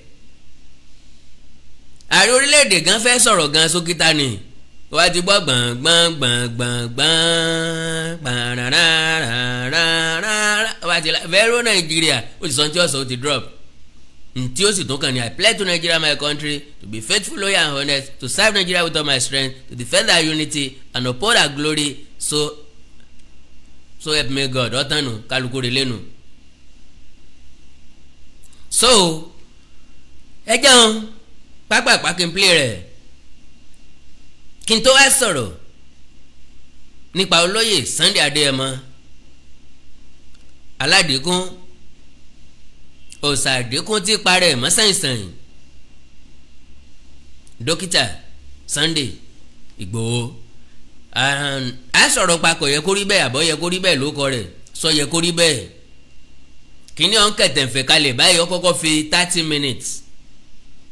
ààrẹ orílẹ̀-èdè gan fẹ́ sọ̀rọ̀ gan sókítà ni wàá ti gbọ́ gbọ̀n gbọ̀n gbọ̀n gbọ̀n gbọ̀n rárá rárá rárá wàá ti la fẹ́ ró nàìjíríà ó ti sọ ní tí ọ̀sán ó ti drop ntí ó sì tún kàn ní I pledge to Nigeria my country to be faithful loyal and honest to serve Nigeria with all my strength to defend our unity and uphold our glory so so help me God ọ̀tàn nù kálukú rẹ̀ lẹ́nu. so ẹ jẹun pápápá kí n play rẹ̀ kí n tó wá sọ̀rọ̀ nípa olóyè Sunday Adéyẹmọ aládìkún òòsà àdínkù ti parẹ́ mọ́ sàìsàn dókítà Sunday Ìgbòho a sọ̀rọ̀ papọ̀ yẹ kó rí bẹ́ẹ̀ àbọ̀ yẹ kó rí bẹ́ẹ̀ ló kọ rẹ̀ sọ yẹ kó rí bẹ́ẹ̀ kíní ọ̀n kẹ̀tẹ̀fẹ̀ kalẹ̀ báyìí ó kọ́kọ́ fi thirty minutes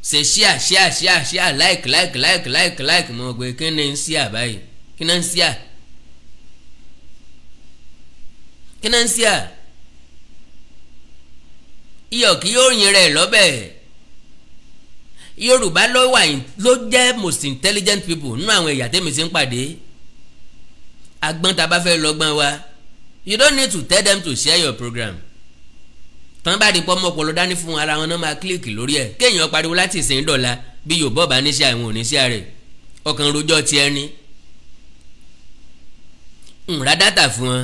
ṣe ṣíà ṣíà ṣíà ṣíà like like like like like mo gbé kí ni ń ṣíà báyìí kí ni ń ṣíà kí ni ń ṣíà iyọ̀ kí yóò yin rẹ̀ lọ́bẹ̀ yorùbá ló wà ló jẹ́ most intelligent people nínú àwọn ẹ̀yà tẹ́mi ti ń pàdé agbọ́n tá bá fẹ́ lọ́gbọ́n wa you don't need to tell them to share your program tán bá di pọ́ mọ́ ọpọlọ dání fún ara wọn náà máa kílíìkì lórí ẹ̀ kéèyàn pariwo láti ìsìn dọ̀la bí yorùbá bá níṣẹ́ àwọn oníṣẹ́ rẹ̀ ọkàn rojọ́ ti ẹni ǹra dátà fún wọn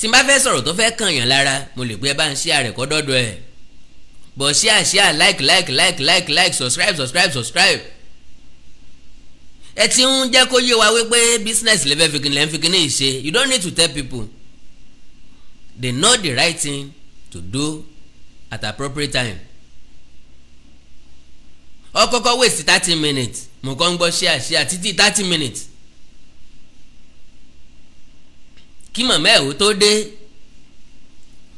tí n bá fẹ́ sọ̀rọ̀ tó fẹ́ kàn yàn lára mo lè gbé bá ń share rẹ̀ kọ́ ẹ̀ bọ̀ share share like like like like like subscribe subscribe subscribe ẹ ti ń jẹ́ kó yé wa wípé business lè fẹ́ fi kìnìún fi kìnìún ṣe you don't need to tell people they know the right thing to do at appropriate time ọ kọ́kọ́ waste thirty minutes mo kàn ń gbọ́ share share títí thirty minutes kí màmá ẹ̀ ó tó dé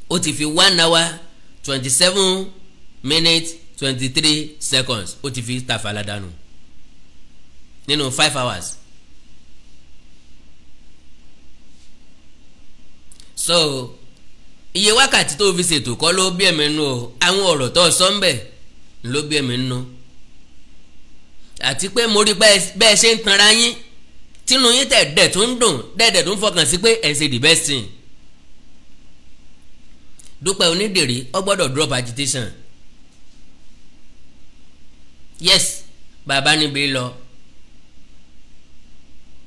ó ti fi one hour twenty seven minutes twenty three seconds ó ti fi tàfàlà dànù nínú five hours. so iye wákàtí tó fi ṣètò kọ́ ló bí ẹ̀mí nù o àwọn ọ̀rọ̀ tó sọ ń bẹ̀ ló bí ẹ̀mí nù àti pé mo rí bẹ́ẹ̀ ṣe ń tanra yín tínú yín tẹ̀ dẹ̀ tó ń dùn dẹ̀dẹ̀ tó ń fọkàn sí pé ẹ̀ ń ṣe the best thing dúpẹ́ onídèrè ọ gbọ́dọ̀ drop agitation yes bàbá níbi lọ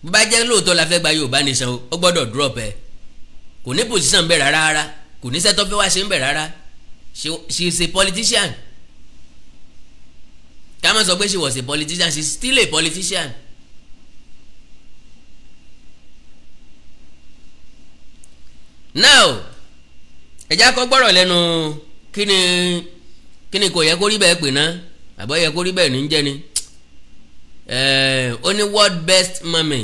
bó bá jẹ́ lóòótọ́ la fẹ́ gba Yorùbá nation ọ gbọ́dọ̀ drop ẹ kò ní position bẹ̀ rárá rárá kò ní sẹ́tọ́ fẹ́ wá ṣe ń bẹ̀ rárá she is a politician ká má sọ pé she was a politician she is still a politician. now ẹ̀já kọ́ lẹnu kini kí ni kò yẹ kó rí pè ná àbọ yẹ kó rí ní ni ó ní world best mummy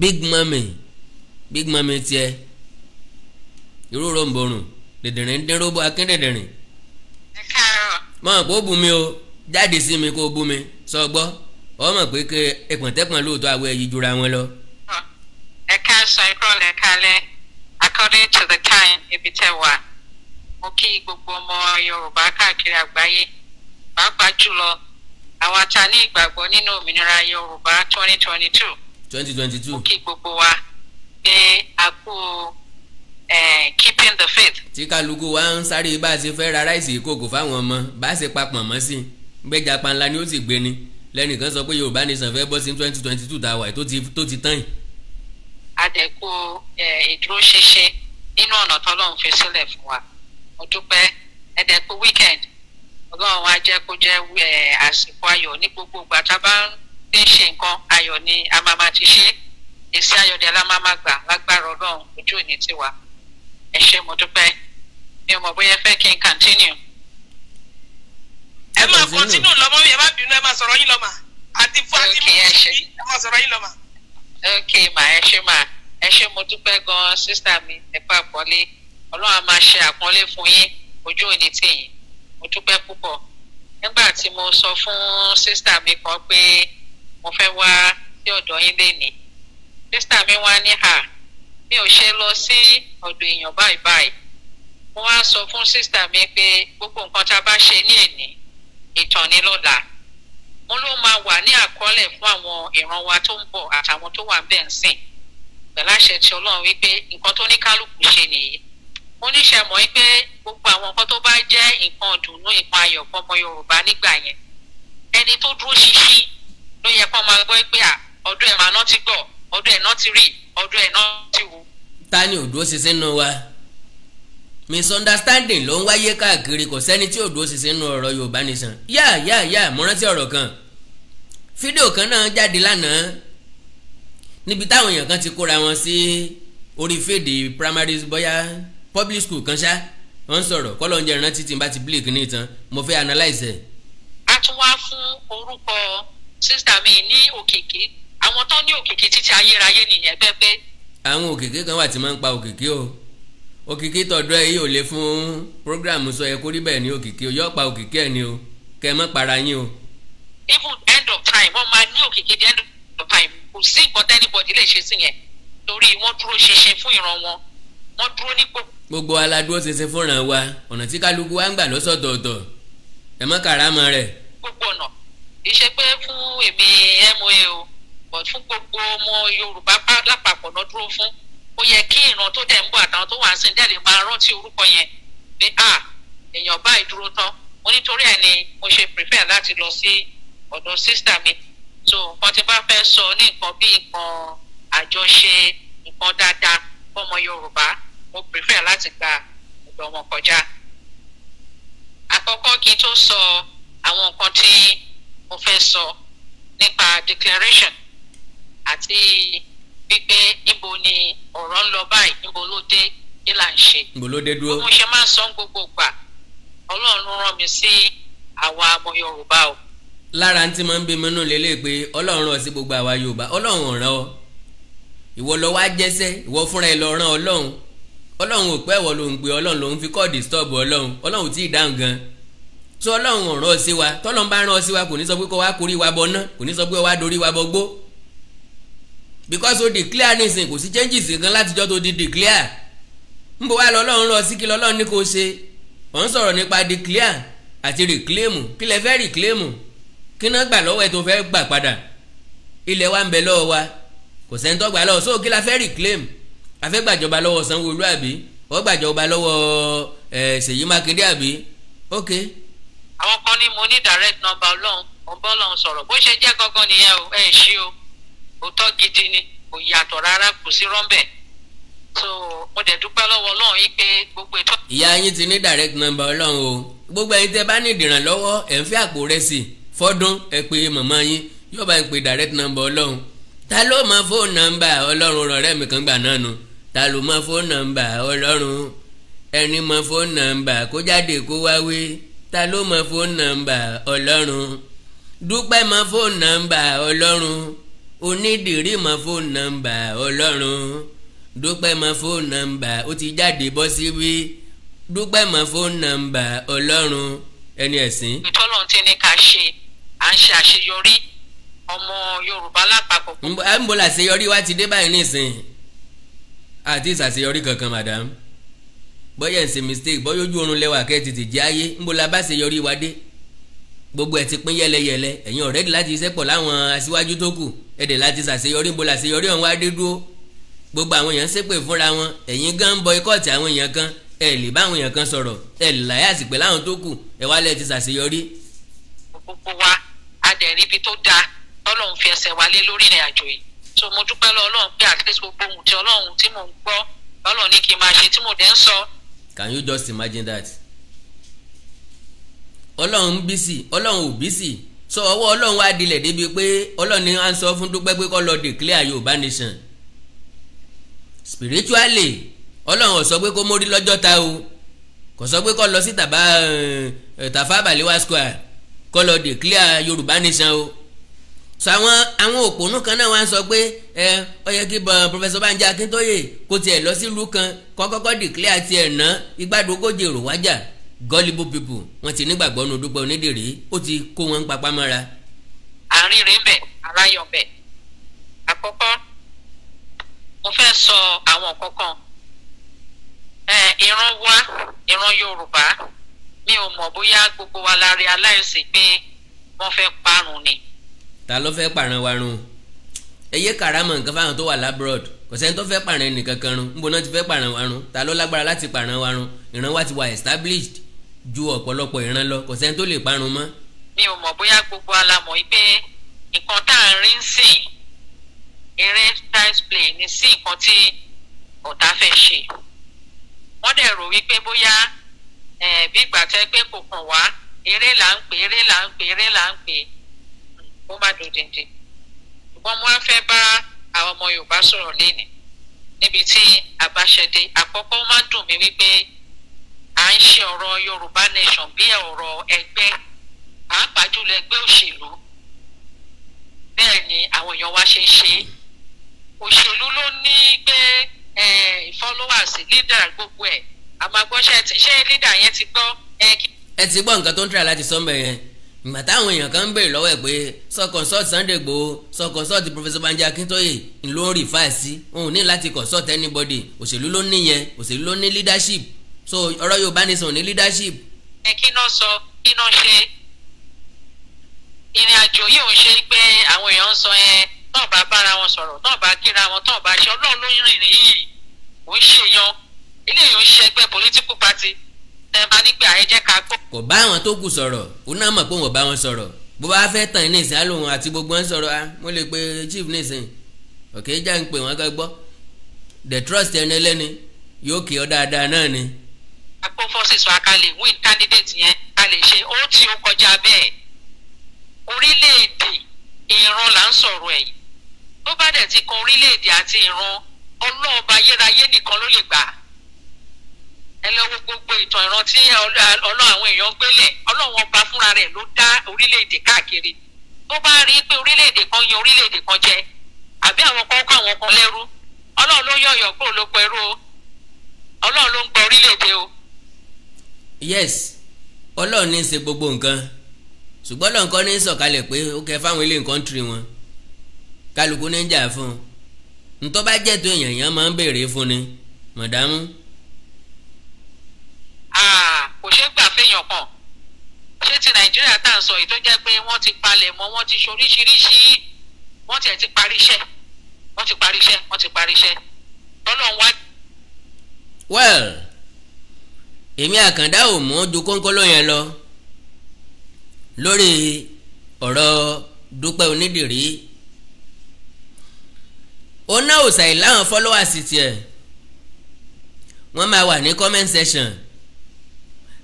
big mami big mummy tiẹ̀ irú ròǹbòrùn dèdèrìn dín róbó akíndèdèrìn mọ̀ pé bu mi o jáde sí mi kó o bu mi sọ gbọ ọ mọ̀ pé ẹ̀pọ̀ntẹ́pọ̀n lóòótọ́ àwọn ẹ̀yí jura wọn lọ. ẹ̀ka sọ according to the time ibi tẹ́ wà mo kí gbogbo ọmọ yorùbá káàkiri àgbáyé pàápàá jùlọ àwa ta ní ìgbàgbọ́ nínú òmìnira yorùbá twenty twenty two twenty twenty two mo kí gbogbo wa pé a kú keeping the faith. tí kálukú wa ń sáré bá a ṣe fẹ́ ra ráìsì ìkòkò fáwọn ọmọ bá a ṣe papọ̀ mọ́ sí gbẹ́jà panla ni ó sì gbé ni lẹ́nìkan sọ pé yorùbá nation fẹ́ bọ́ sí twenty twenty two tá a wà tó ti tán yìí adẹ̀kù ìdúróṣinṣin nínú ọ̀nà tọ́lọ́run fi sílẹ̀ fún wa mo dúpẹ́ ẹ̀dẹ̀kù weekend ọlọ́run á jẹ́ kó jẹ́ àsìkò ayọ̀ ní gbogbo ìgbà tá a bá ń ṣe nǹkan ayọ̀ ni a máa máa ti ṣe èsì ayọ̀dẹ̀ la máa máa gbà lágbára ọlọ́run ojú òní tiwa ẹ ṣé mo dúpẹ́ mi ò mọ̀ bóyá fẹ́ kí n continue ẹ máa kọtínú lọmọ mi ẹ má bínú ẹ máa sọ̀rọ̀ yín lọ́mà àti fún àti mú kí ẹ máa sọ̀rọ̀ yín lọ́mà ok mà ẹ ṣé mà ẹ ṣé mo dúpẹ́ gan sísá mi ẹ pa àpọ́nlé ọlọ́run a máa ṣe àpọ́nlé fún yín ojú òní tìyìn mo dúpẹ́ púpọ̀ nígbà tí mo sọ fún sísá mi kan pé mo fẹ́ wá sí ọ̀dọ̀ yín lénìí sísá mi wá ní hà mi ò ṣe lọ sí ọ̀dọ̀ èèyàn báyìí báyìí mo wá sọ fún sísá mi pé gbogbo nǹkan tá a bá ṣe ní èní ìtàn ni lọ́la wọn ló máa wà ní àkọọ́lẹ̀ fún àwọn ìran wa tó ń bọ̀ àtàwọn tó wà bẹ́ẹ̀ ń sìn pẹ̀láṣẹ ti ọlọ́run wípé nǹkan tó ní kálukú ṣe nìyí mo níṣẹ́ mọ̀ wípé gbogbo àwọn nǹkan tó bá jẹ́ nǹkan ìdùnnú ìpọn ayọ̀ fún ọmọ yorùbá nígbà yẹn ẹni tó dúró ṣinṣin ló yẹ kó máa gbọ́ pé ọdún ẹ̀ máa ná ti gbọ́ ọdún ẹ̀ ná ti rí ọdún ẹ̀ ná ti wò. ta ò dúró ṣinṣin nù wa misunderstanding ló ń wáyé káàkiri kò sẹ́ni tí ò dúró ṣinṣin nínú ọ̀rọ̀ Yorùbá Nation yá yá yá mo rántí ọ̀rọ̀ kan fídíò kan náà jáde lánàá níbi táwọn èèyàn kan ti kóra wọn sí orí fèdè primary bóyá public school kan ṣá wọ́n ń sọ̀rọ̀ kọ́lọ́ oúnjẹ ìrántí tí n bá ti blake ní ìtàn mo fẹ́ analyze ẹ̀. a tún wá fún orúkọ sísá mi ní òkèké àwọn tó ní òkèké títí ayérayé nìyẹn bẹ́ẹ̀ àwọn òkèké kan wà tí máa ń pa òkèké o òkìkí tọ̀dọ̀ ẹ yìí ò lè fún programu sọ yẹ kó rí bẹ́ẹ̀ ni òkìkí o yọ̀ọ́ pa òkìkí ẹ̀ ni o kẹ́ ẹ mọ́ para yín o. even end of time wọ́n máa ní òkìkí di end of time kò sí nǹkan tẹ́nibọ̀dì lè ṣe sí yẹn torí wọ́n dúró ṣinṣin fún ìran wọn wọ́n dúró ní gbogbo. gbogbo aládùúró ṣinṣin fúnra wa ọ̀nà tí kálukú wa ń gbà lọ́sọ̀tọ̀ọ̀tọ̀ ẹ mọ́ kàrámọ́ rẹ̀. gbogbo ọ̀nà iṣẹ́ pé fún èmi moa o but fún gbogbo ọmọ Yorùbá lápapọ̀ náà dúró fún ó yẹ kí ìran tó dẹ̀ ń bọ̀ àtàwọn tó wà ń sìn lè máa rántí orúkọ yẹn pé à èèyàn báyìí dúró tán mo nítorí ẹ̀ ni mo ṣe prefer láti lọ sí ọ̀dọ̀ sísítà mi so nǹkan tí bá fẹ́ sọ ní nǹkan bí nǹkan àjọṣe nǹkan dáadáa fọmọ Yorùbá mo prefer láti gba ọ̀dọ̀ wọn kọjá àkọ́kọ́ kí n tó sọ àwọn nǹkan tí mo fẹ́ sọ nípa declaration àti wípé ibo ni ọ̀rọ̀ ń lọ báyìí ibo ló dé kí là ń ṣe. ibo ló dé dúró. mo ṣe máa ń sọ gbogbo gbà ọlọ́run rán mi sí àwa ọmọ yorùbá o. lára ń tí máa ń bí mi nù lélẹ̀ pé ọlọ́run rán sí gbogbo àwa yorùbá ọlọ́run ò rán ìwọ lọ wá jẹ́sẹ́ ìwọ fúnra ẹ lọ rán ọlọ́run ọlọ́run ò pẹ́ ìwọ ló ń gbé ọlọ́run ló ń fi kọ́ disturb ọlọ́run ọlọ́run tí ì dáhùn gan so ọlọ́run ò rán ọ sí wa tọ́lọ́n bá rán ọ sí wa kò because o declare nísìnyí kò sí changes nǹkan látijọ́ tó di declare ń bọ̀ wá lọ́lọ́run lọ sí kí lọ́lọ́run ní kò ṣe ò ń sọ̀rọ̀ nípa declare àti reclaim kí lẹ fẹ́ reclaim kí náà gbà lọ́wọ́ ẹ tó fẹ́ gbà padà ilẹ̀ wa ń bẹ lọ́wọ́ wa kò sẹ́ni tó gbà lọ́wọ́ so kí la fẹ́ reclaim a fẹ́ gbàjọba lọ́wọ́ Sanwó-Olú àbí ó gbàjọba lọ́wọ́ Ṣèyí Mákindé àbí ok. àwọn kan ní mo ní direct number ọlọ́run ọ̀bọ́n ọlọ́run sọ̀rọ̀ bó ṣe jẹ́ gangan nìyẹn o ẹ̀ ṣí o òótọ́ gidi ni kò yàtọ̀ rárá kò sí rọ́ńbẹ̀ so mo dẹ̀ dúpẹ́ lọ́wọ́ ọlọ́run yìí pé gbogbo ètò. ìyá yín ti ní direct number ọlọ́run o gbogbo ẹ̀yin tẹ́ bá ní ìdìrànlọ́wọ́ ẹ̀ ń fẹ́ àpò rẹ̀ sí fọ́dún ẹ pé màmá yín yóò bá ń pe direct number ọlọ́run ta ló mọ fóònù nọ́mbà ọlọ́run rọ̀rẹ́ mi kan gbà náà nu ta ló mọ fóònù nọ́mbà ọlọ́run ẹni mọ fóònù nọ́mbà kó jáde kó wáwé ta ló mọ fóònù nọ́mbà ọlọ́run dúpẹ́ mọ fóònù nọ́mbà ọlọ́run onídìrí mọ fóònù nọ́mbà ọlọ́run dúpẹ́ mọ fóònù nọ́mbà ó ti jáde bọ́ síbí dúpẹ́ mọ fóònù nọ́mbà ọlọ́run ẹni ẹ̀sìn. ìtọ́lọ̀ tí ní ká ṣe à ń ṣe àṣeyọrí ọmọ yorùbá lápapọ̀. ń bọ̀ làṣeyọrí wa ti dé báyìí nísìn àti ìṣàṣeyọrí kankan madam bọ́yẹ̀ ń ṣe mistake bọ́yọ́jú oorun lẹ́wà kẹ́ tètè jẹ́ ayé ń bọ̀ làbáṣeyọrí wa dé gbogbo ẹ̀ ti pín yẹ́lẹyẹ̀lẹ ẹ̀yin ọ̀rẹ́dì láti iṣẹ́ láwọn aṣíwájú tó kù ẹ̀dẹ̀ láti ṣàṣeyọrí ńbọ̀ làṣeyọrí ọ̀hún adé gbogbo àwọn èèyàn ṣépè fúnra wọn ẹ̀yin gan ń bọikọ́ọ̀tì àwọn èèyàn kan ẹ̀ lè bá àwọn èèyàn kan sọ̀rọ̀ ẹ̀ lè láyà sí láwọn tó kù ẹ̀ wálẹ̀ ti ṣàṣeyọrí. gbogbo wa a dẹ̀ rí ibi tó dáa tọ́lọ́run fi ẹsẹ̀ wálé lórí ìrìn àjò yìí so mo dúpẹ́ lọ ọlọ́run pé at Can you just imagine that? ọlọ́run ń bísì ọlọ́run ò bísì so ọwọ́ ọlọ́run wá dilẹ̀ débi pé ọlọ́run ni à ń sọ fún dúpẹ́ pé kó lọ declare yorùbá nation spiritually ọlọ́run ò sọ pé kó mórí lọ́jọ́ ta o kò sọ pé kó lọ sí tàbá eh, Tafa Balewa square kó lọ declare yorùbá nation o so àwọn àwọn òpònú kan náà wá ń sọ pé ẹ eh, ọ yẹ kí Professor Banja Akintoye kó tiẹ̀ lọ sílùú kan kó kọ́kọ́ declare tiẹ̀ ná igbádùn ogójì èrò wájà gullible people wọ́n ti nígbàgbọ́ nu Dúpẹ́ Onídìrí ó ti kó wọn papá mọ́ra. àárín rèé bẹ̀ aláyọ̀ bẹ̀ àkọ́kọ́ mo fẹ́ sọ àwọn kọ̀ọ̀kan ìran wa ìran Yorùbá mi ò mọ̀ bóyá gbogbo wa la realize pé wọ́n fẹ́ parun ni. ta ló fẹ́ parun wa run ẹ yé kàrámọ̀ nǹkan fáwọn tó wà labroad kò sẹ́ni tó fẹ́ pààrọ̀ ẹnìkan kan run níbo náà ti fẹ́ pààrọ̀ wa run ta ló lágbára láti pààrọ̀ wa run ìran wa ti wà established ju ọ̀pọ̀lọpọ̀ ìran lọ kò sẹ́ni tó lè parun mọ́. mi ò mọ̀ bóyá gbogbo alamọ̀ pé nǹkan tá à ń rí sìn eré price play ní sí nǹkan tí ọ̀tá fẹ́ ṣe wọ́n dẹ̀ rò wípé bóyá bí ìgbà tẹ́ pé kò kàn wá eré là ń pè eré là ń pè eré là ń pè ó má dòdìndì ṣùgbọ́n mo á fẹ́ bá àwọn ọmọ Yorùbá sọ̀rọ̀ lénìí níbi tí àbáṣẹdé àkọ́kọ́ máa dùn mí wípé à ń ṣe ọ̀rọ̀ yorùbá nation bí ọ̀rọ̀ ẹgbẹ́ pàápàá jùlọ ẹgbẹ́ òṣèlú bẹ́ẹ̀ ni àwọn èèyàn wa ṣe ń ṣe òṣèlú ló ní gbé followers leader gbogbo ẹ̀ àmàgbọ́ṣẹ́ ṣé leader yẹn ti gbọ́ ẹ ti gbọ́ nǹkan tó ń tẹ̀lé láti sọ́mọ̀ yẹn ìgbà táwọn èèyàn kan ń béèrè lọ́wọ́ ẹ̀ pé sọ consult Sunday Igboho sọ Professor Banji Akintoye ló ń rìfáà sí òun ní láti consult anybody òṣèlú ló ní yẹn òṣèlú ló ní leadership so ọ̀rọ̀ Yorùbá ní sùn ní leadership. ẹ kí náà sọ kí náà ṣe ìrìn àjò yìí ò ń ṣe pé àwọn èèyàn ń sọ ẹ náà bá bára wọn sọ̀rọ̀ náà bá kíra wọn náà bá ṣe Ọlọ́run ló ń rìnrìn yìí ò ń ṣe yan eléyìí ò ń ṣe ẹgbẹ́ political party ẹ máa nígbà ẹ jẹ́ ká gbọ́. kò bá àwọn tó kù sọ̀rọ̀ ó náà mọ̀ pé wọ́n bá wọn sọ̀rọ̀ bó bá fẹ́ tàn ní ìsìn alóhùn àti gbogbo ẹ̀ ń sọ̀rọ̀ a mo lè pe chief ní ìsìn òkè já ń pè wọ́n ká gbọ́ the trust ẹni ẹlẹ́ni yóò kì ọ́ dáadáa náà ni. Okay, kó forces wa ká lè win candidate yẹn ká lè ṣe ó tí ó kọjá bẹ́ẹ̀ orílẹ̀-èdè ìran là ń sọ̀rọ̀ ẹ̀yìn tó bá dẹ̀ ti kan orílẹ̀-èdè àti ìran ọlọ́ọ̀ba ayérayé nìkan ló lè gbà ẹ lọ́wọ́ gbogbo ìtàn ìran tí ọlọ́run àwọn èèyàn gbélẹ̀ ọlọ́run ọba fúnra rẹ̀ ló dá orílẹ̀-èdè káàkiri tó bá rí pé orílẹ̀ kan yan orílẹ̀ kan jẹ àbí àwọn kan kó àwọn kan lẹ́rú ọlọ́run ló yọ̀yọ̀ kúrò lóko ẹrú o ló ń gba orílẹ̀ o yes ọlọ́run ní í ṣe gbogbo nǹkan ṣùgbọ́n ọlọ́run kọ́ ní í sọ̀kalẹ̀ pé ó kẹ fáwọn ilé nǹkan tiri wọn kálukú ní í jà fún un ntọ́ bá jẹ́ tó èèyàn yẹn máa ń béèrè fún ni mọ̀dámú. kò ṣeé gbà fẹ́yàn kan ṣé ti nàìjíríà tá à ń sọ yìí tó jẹ́ pé wọ́n ti palẹ̀ mọ́ wọ́n ti ṣoríṣiríṣi wọ́n tiẹ̀ ti parí iṣẹ́ wọ́n ti parí iṣẹ́ wọ́n ti parí iṣẹ́ tọ́lọ́ wá. well èmi àkàndá ò mọ̀ ju kọ́ńkọ́lọ́ yẹn lọ lórí ọ̀rọ̀ dúpẹ́ onídìrí ó ná òsàì láwọn followers tiẹ̀ wọ́n máa wà ní comment section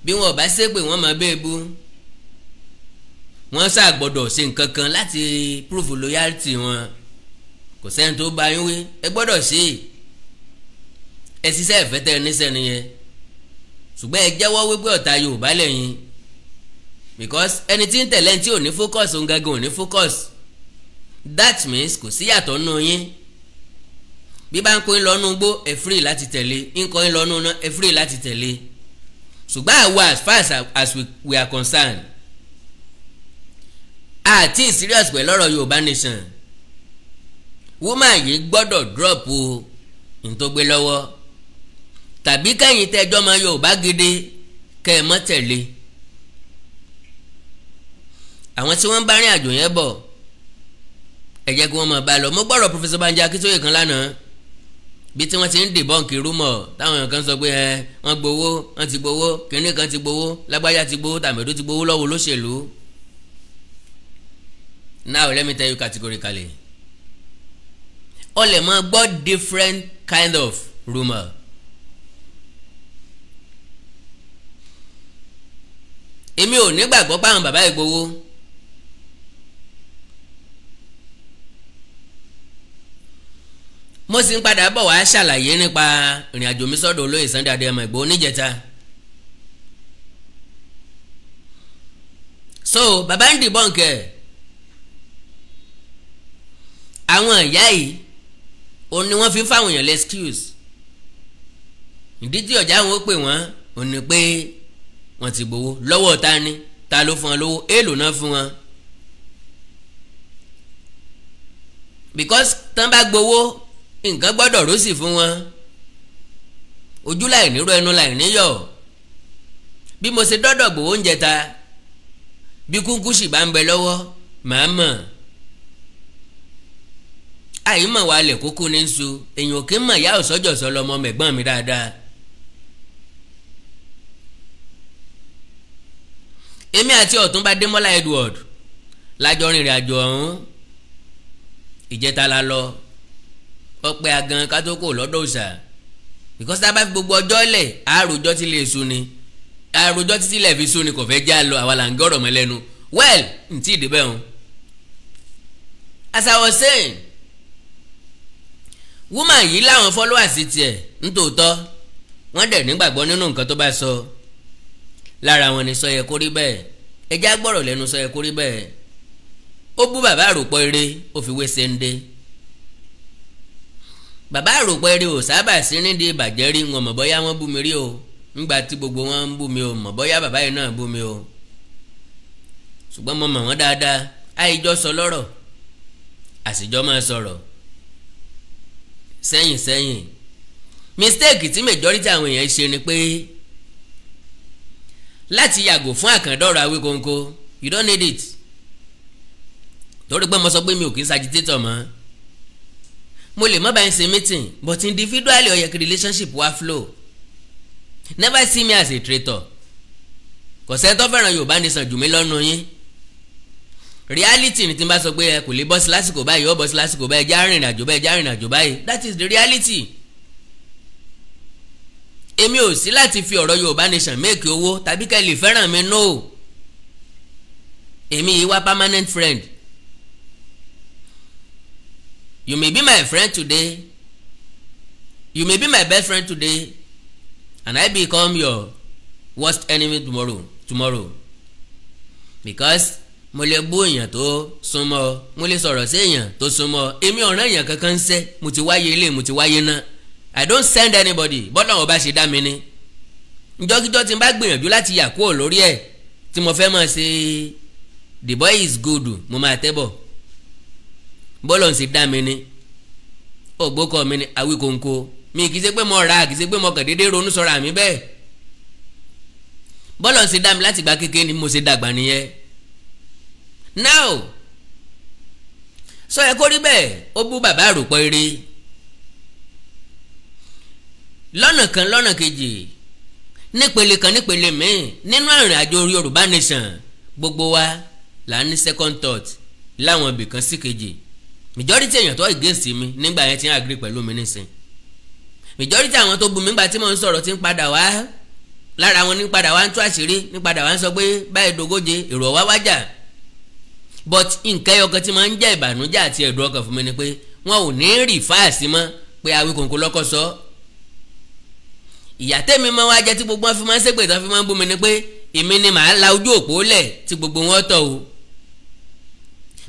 bí wọn ò bá ṣépè wọ́n máa bẹ́ẹ̀ bú wọ́n ṣáà gbọ́dọ̀ ṣe nǹkan kan láti prove loyalty wọn kò sẹ́ni tó bá yín wí ẹ gbọ́dọ̀ ṣe é ẹ ṣiṣẹ́ ìfẹ́ tẹ́ ẹ níṣẹ́ nìyẹn ṣùgbọ́n ẹ jẹ́wọ́ wípé ọ̀tá Yorùbá lẹ́yìn because ẹni tí ń tẹ̀lé ẹni tí ò ní focus òun gangan ò ní focus that means kò sí yàtọ̀ nù yín bí bá ń kó ń lọ́nu gbó ẹ free láti tẹ̀lé ń kó ń lọ́nu ná ẹ free láti tẹ̀lé ṣùgbọ́n àwa as far as, as we, we are concerned àti ah, serious pẹ̀lú ọ̀rọ̀ Yorùbá nation woman yìí gbọ́dọ̀ drop o ní tó tàbí kẹ́yìn tẹ́jọ́ mọ Yorùbá gidi kẹ́ ẹ mọ́ tẹ̀lé àwọn tí wọ́n bá rìn àjò yẹn bọ̀ ẹ jẹ́ kí wọ́n mọ̀ bá lọ mo gbọ́rọ̀ Professor Banji Akíntóyè kan lánàá bí tí wọ́n ti ń dìbọ́ǹkì rúmọ̀ táwọn èèyàn kan sọ pé ẹ wọ́n gbowó wọ́n ti gbowó kínní kan ti gbowó lágbájá ti gbowó tàmẹ̀dó ti gbowó lọ́wọ́ olóṣèlú now let me tell you categorically o lè máa gbọ́ different kind of rumour èmi ò nígbàgbọ́ páwọn bàbá Ìgbòho mo sì ń padà bọ̀ wá ṣàlàyé nípa ìrìn àjò mi sọ́dọ̀ olóyè Sunday Adéyẹmọ Ìgbòho níjẹta so bàbá ń dìbọn kẹ àwọn ìyá yìí òun ni wọ́n fi ń fáwọn èèyàn lẹ́skíùs ìdí tí ọ̀já wọn pè wọ́n òun ni pé wọ́n ti gbowó lọ́wọ́ ta ni ta ló fún wọn lówó èèlò náà fún wọn. because tán bá gbowó nǹkan gbọ́dọ̀ rọ́ọ̀sì fún wọn ojú láì nírú ẹnu láì níyọ̀ bí mo ṣe dọ́dọ̀ gbowó oúnjẹ ta bí kúnkúṣì bá ń bẹ lọ́wọ́ màá mọ̀ àyìnmọ̀ wa lè kókó ní nsú èèyàn kì í mọ̀ ìyá òsọ́jọ́sọ lọmọ mẹ̀gbọ́n mi dáadáa èmi àti ọ̀túnba démọ́lá edward lájọ rìnrìn àjò ọ̀hún ìjẹta la lọ ọpẹ́ agan kátókò lọ́dọ̀ òòṣà because tá a bá fi gbogbo ọjọ́ lẹ̀ àròjọ́ ti lè sun ni àròjọ́ títí lẹ̀ fi sun kò fẹ́ já lọ àwa là ń gé ọ̀rọ̀ mọ́ lẹ́nu well n tí ì o as I was saying woman yìí láwọn followers tiẹ̀ nítòótọ́ wọ́n dẹ̀ nígbàgbọ́ nínú nǹkan tó bá sọ. So lára wọn ni sọyẹ kórí bẹ́ẹ̀ ẹjẹ́ agbọ́rọ̀ lẹ́nu sọyẹ kórí bẹ́ẹ̀ ó bú bàbá àròpọ̀ eré ó fi wé sende bàbá àròpọ̀ eré ò sábà sí nídìí ìbàjẹ́ rí wọn mọ̀ bọ́yá wọ́n bú mi rí o ńgbà tí gbogbo wọn ń bú mi o mọ̀ bọ́yá bàbá yìí náà bú mi o ṣùgbọ́n mo mọ̀ wọ́n dáadáa àìjọ sọ lọ́rọ̀ àṣìjọ máa sọ̀rọ̀ sẹ́yìn sẹ́yìn mistake tí majority àwọn èèyàn ṣe ni pé láti yàgò fún àkàndọ̀rọ̀ Awíkonko you don't need it torí pé mo sọ pé mi ò kí ń sagitator mọ́ mo lè má bá yín ṣe meeting but individually ó kí relationship wa flow never see me as a traitor kò sẹ́ni tó fẹ́ràn Yorùbá nation jù mí lọ́nu yín reality ni tí n bá sọ pé ẹ kò lè bọ́ sí lásìkò báyìí ó bọ́ sí lásìkò báyìí já rìnrìn àjò báyìí já rìnrìn àjò báyìí that is the reality èmi ò sí láti fi ọ̀rọ̀ Yorùbá Nation make owó tàbí kẹ́ lè fẹ́ràn mi no èmi yìí wá permanent friend you may be my friend today you may be my best friend today and I become your worst enemy tomorrow tomorrow because mo lè bú èèyàn tó súnmọ́ mo lè sọ̀rọ̀ sí èèyàn tó súnmọ́ èmi ọ̀ràn èèyàn kankan ń sẹ́ mo ti wáyé ilé mo ti wáyé náà i don't send anybody bọ́lá wọn bá ṣe dá mi ni njọ́kíjọ́ tí n bá gbìyànjú láti yà kúrò lórí ẹ̀ tí mo fẹ́ máa ṣe the boy is good mo máa tẹ́bọ̀ bọ́lá ń ṣe dá mi ni ògbókọ̀ mi ni awíkóńkó mi kì í ṣe pé mo ra kì í ṣe pé mo kàn déédéé ronú sọ̀rọ̀ àmì bẹ́ẹ̀ bọ́lá ń ṣe dá mi láti gba kékeré ni mo ṣe dàgbà nìyẹn now sọ so, ẹ kó rí bẹ́ẹ̀ ó bú bàbá àròpọ̀ eré lọ́nà kan lọ́nà kejì nípele kan nípele míì nínú ìrìn àjò Yorùbá nation gbogbo wa là ń ní second thought láwọn ibì kan sí kejì majority èèyàn tó against mi nígbà yẹn ti ń agree pẹ̀lú mi nísìn majority àwọn tó bu mi nígbà tí mo ń sọ̀rọ̀ ti ń padà wá lára wọn ní padà wá ń tú àṣírí ní padà wá ń sọ pé báyìí dogóje èrò ọ̀wá wájà but nǹkan ẹyọkan tí máa ń jẹ́ ìbànújẹ́ àti ẹ̀dùn ọkàn fún mi ni pé wọn ò ní rí fáàsì mọ́ pé awíkòǹkò lọ́kọ̀ sọ ìyà tẹ́mi máa wá jẹ́ tí gbogbo wọn fi máa ń ṣépè tán fi máa ń bú mi ni pé èmi ni màá la ojú òpó lẹ̀ tí gbogbo wọn tọ̀ o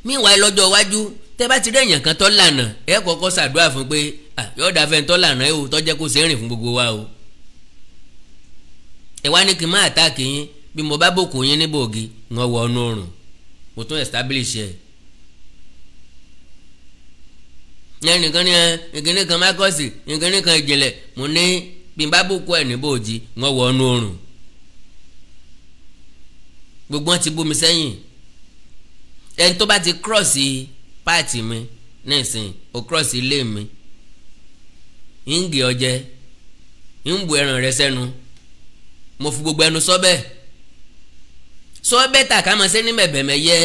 míwáyé lọ́jọ́ iwájú tẹ́ bá ti rí èèyàn kan tó lànà ẹ kọ́kọ́ ṣàdúrà fún pé yọ̀ọ́dà fẹ́ tó lànà ẹ o tó jẹ́ kó ṣe é rìn fún gbogbo wa o ẹ wá ní kí n má àtàkì yín bí mo bá bòkù yín ní bòògì wọn wọ ọnù ọrùn mo tún establish ẹ. ẹnìkan ní ẹ ìkíní kan mákọ́sì ìkíní kan ìjìnlẹ̀ mo ní bí n bá bò kó ẹ̀ ní bòójì wọ́n wọ ọ́nú oòrùn gbogbo wọn ti bomi sẹ́yìn ẹni tó bá ti kírọ̀sì páàtì mi nísìn o kírọ̀sì ilé mi ń gè ọjẹ ń bu ẹran rẹ sẹ́nu mo fi gbogbo ẹnu sọ́bẹ̀ sọ́bẹ̀ tà ká máa ṣe ní mẹ̀bẹ̀mẹ̀ yẹ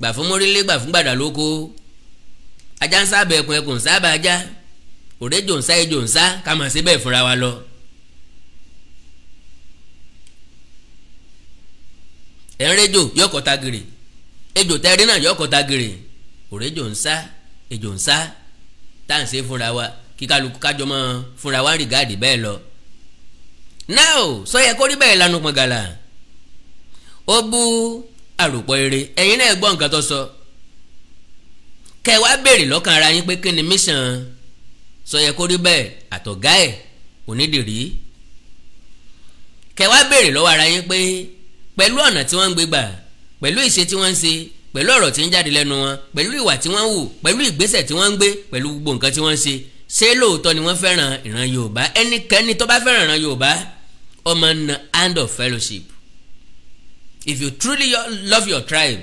gbà fún mórílé gbà fún gbàdà lóko ajá ń sábà ẹkùn ẹkùn sábà ajá. òde jòǹsá ẹ e jòǹsá ká máa ṣe bẹ́ẹ̀ fúnra wa lọ. ẹ̀ ń rédíò kọta gèrè ejò tẹ́rí náà yóò kọta gèrè òde jòǹsá ẹ e jòǹsá fúnra wa kí kájọ mọ́ fúnra wa ń rìgáàdì bẹ́ẹ̀ lọ. náà sọ yẹ kó bẹ́ẹ̀ lanu pọn ó bú àròpọ̀ eré ẹ̀yin náà gbọ́ ara yín pé kí ni sọyẹ kó rí bẹ́ẹ̀ àtọ̀gá ẹ̀ onídìrí kẹwàá béèrè lọ́wọ́ ara yín pé pẹ̀lú ọ̀nà tí wọ́n ń gbé gbà pẹ̀lú ìṣe tí wọ́n ń ṣe pẹ̀lú ọ̀rọ̀ tí ń jáde lẹ́nu wọn pẹ̀lú ìwà tí wọ́n ń wù pẹ̀lú ìgbésẹ̀ tí wọ́n ń gbé pẹ̀lú gbogbo nǹkan tí wọ́n ń ṣe ṣé lóòótọ́ ni wọ́n fẹ́ràn ìran Yorùbá ẹnikẹ́ni tó bá fẹ́ràn ìran Yorùbá ọmọ na hand of fellowship if you truly love your tribe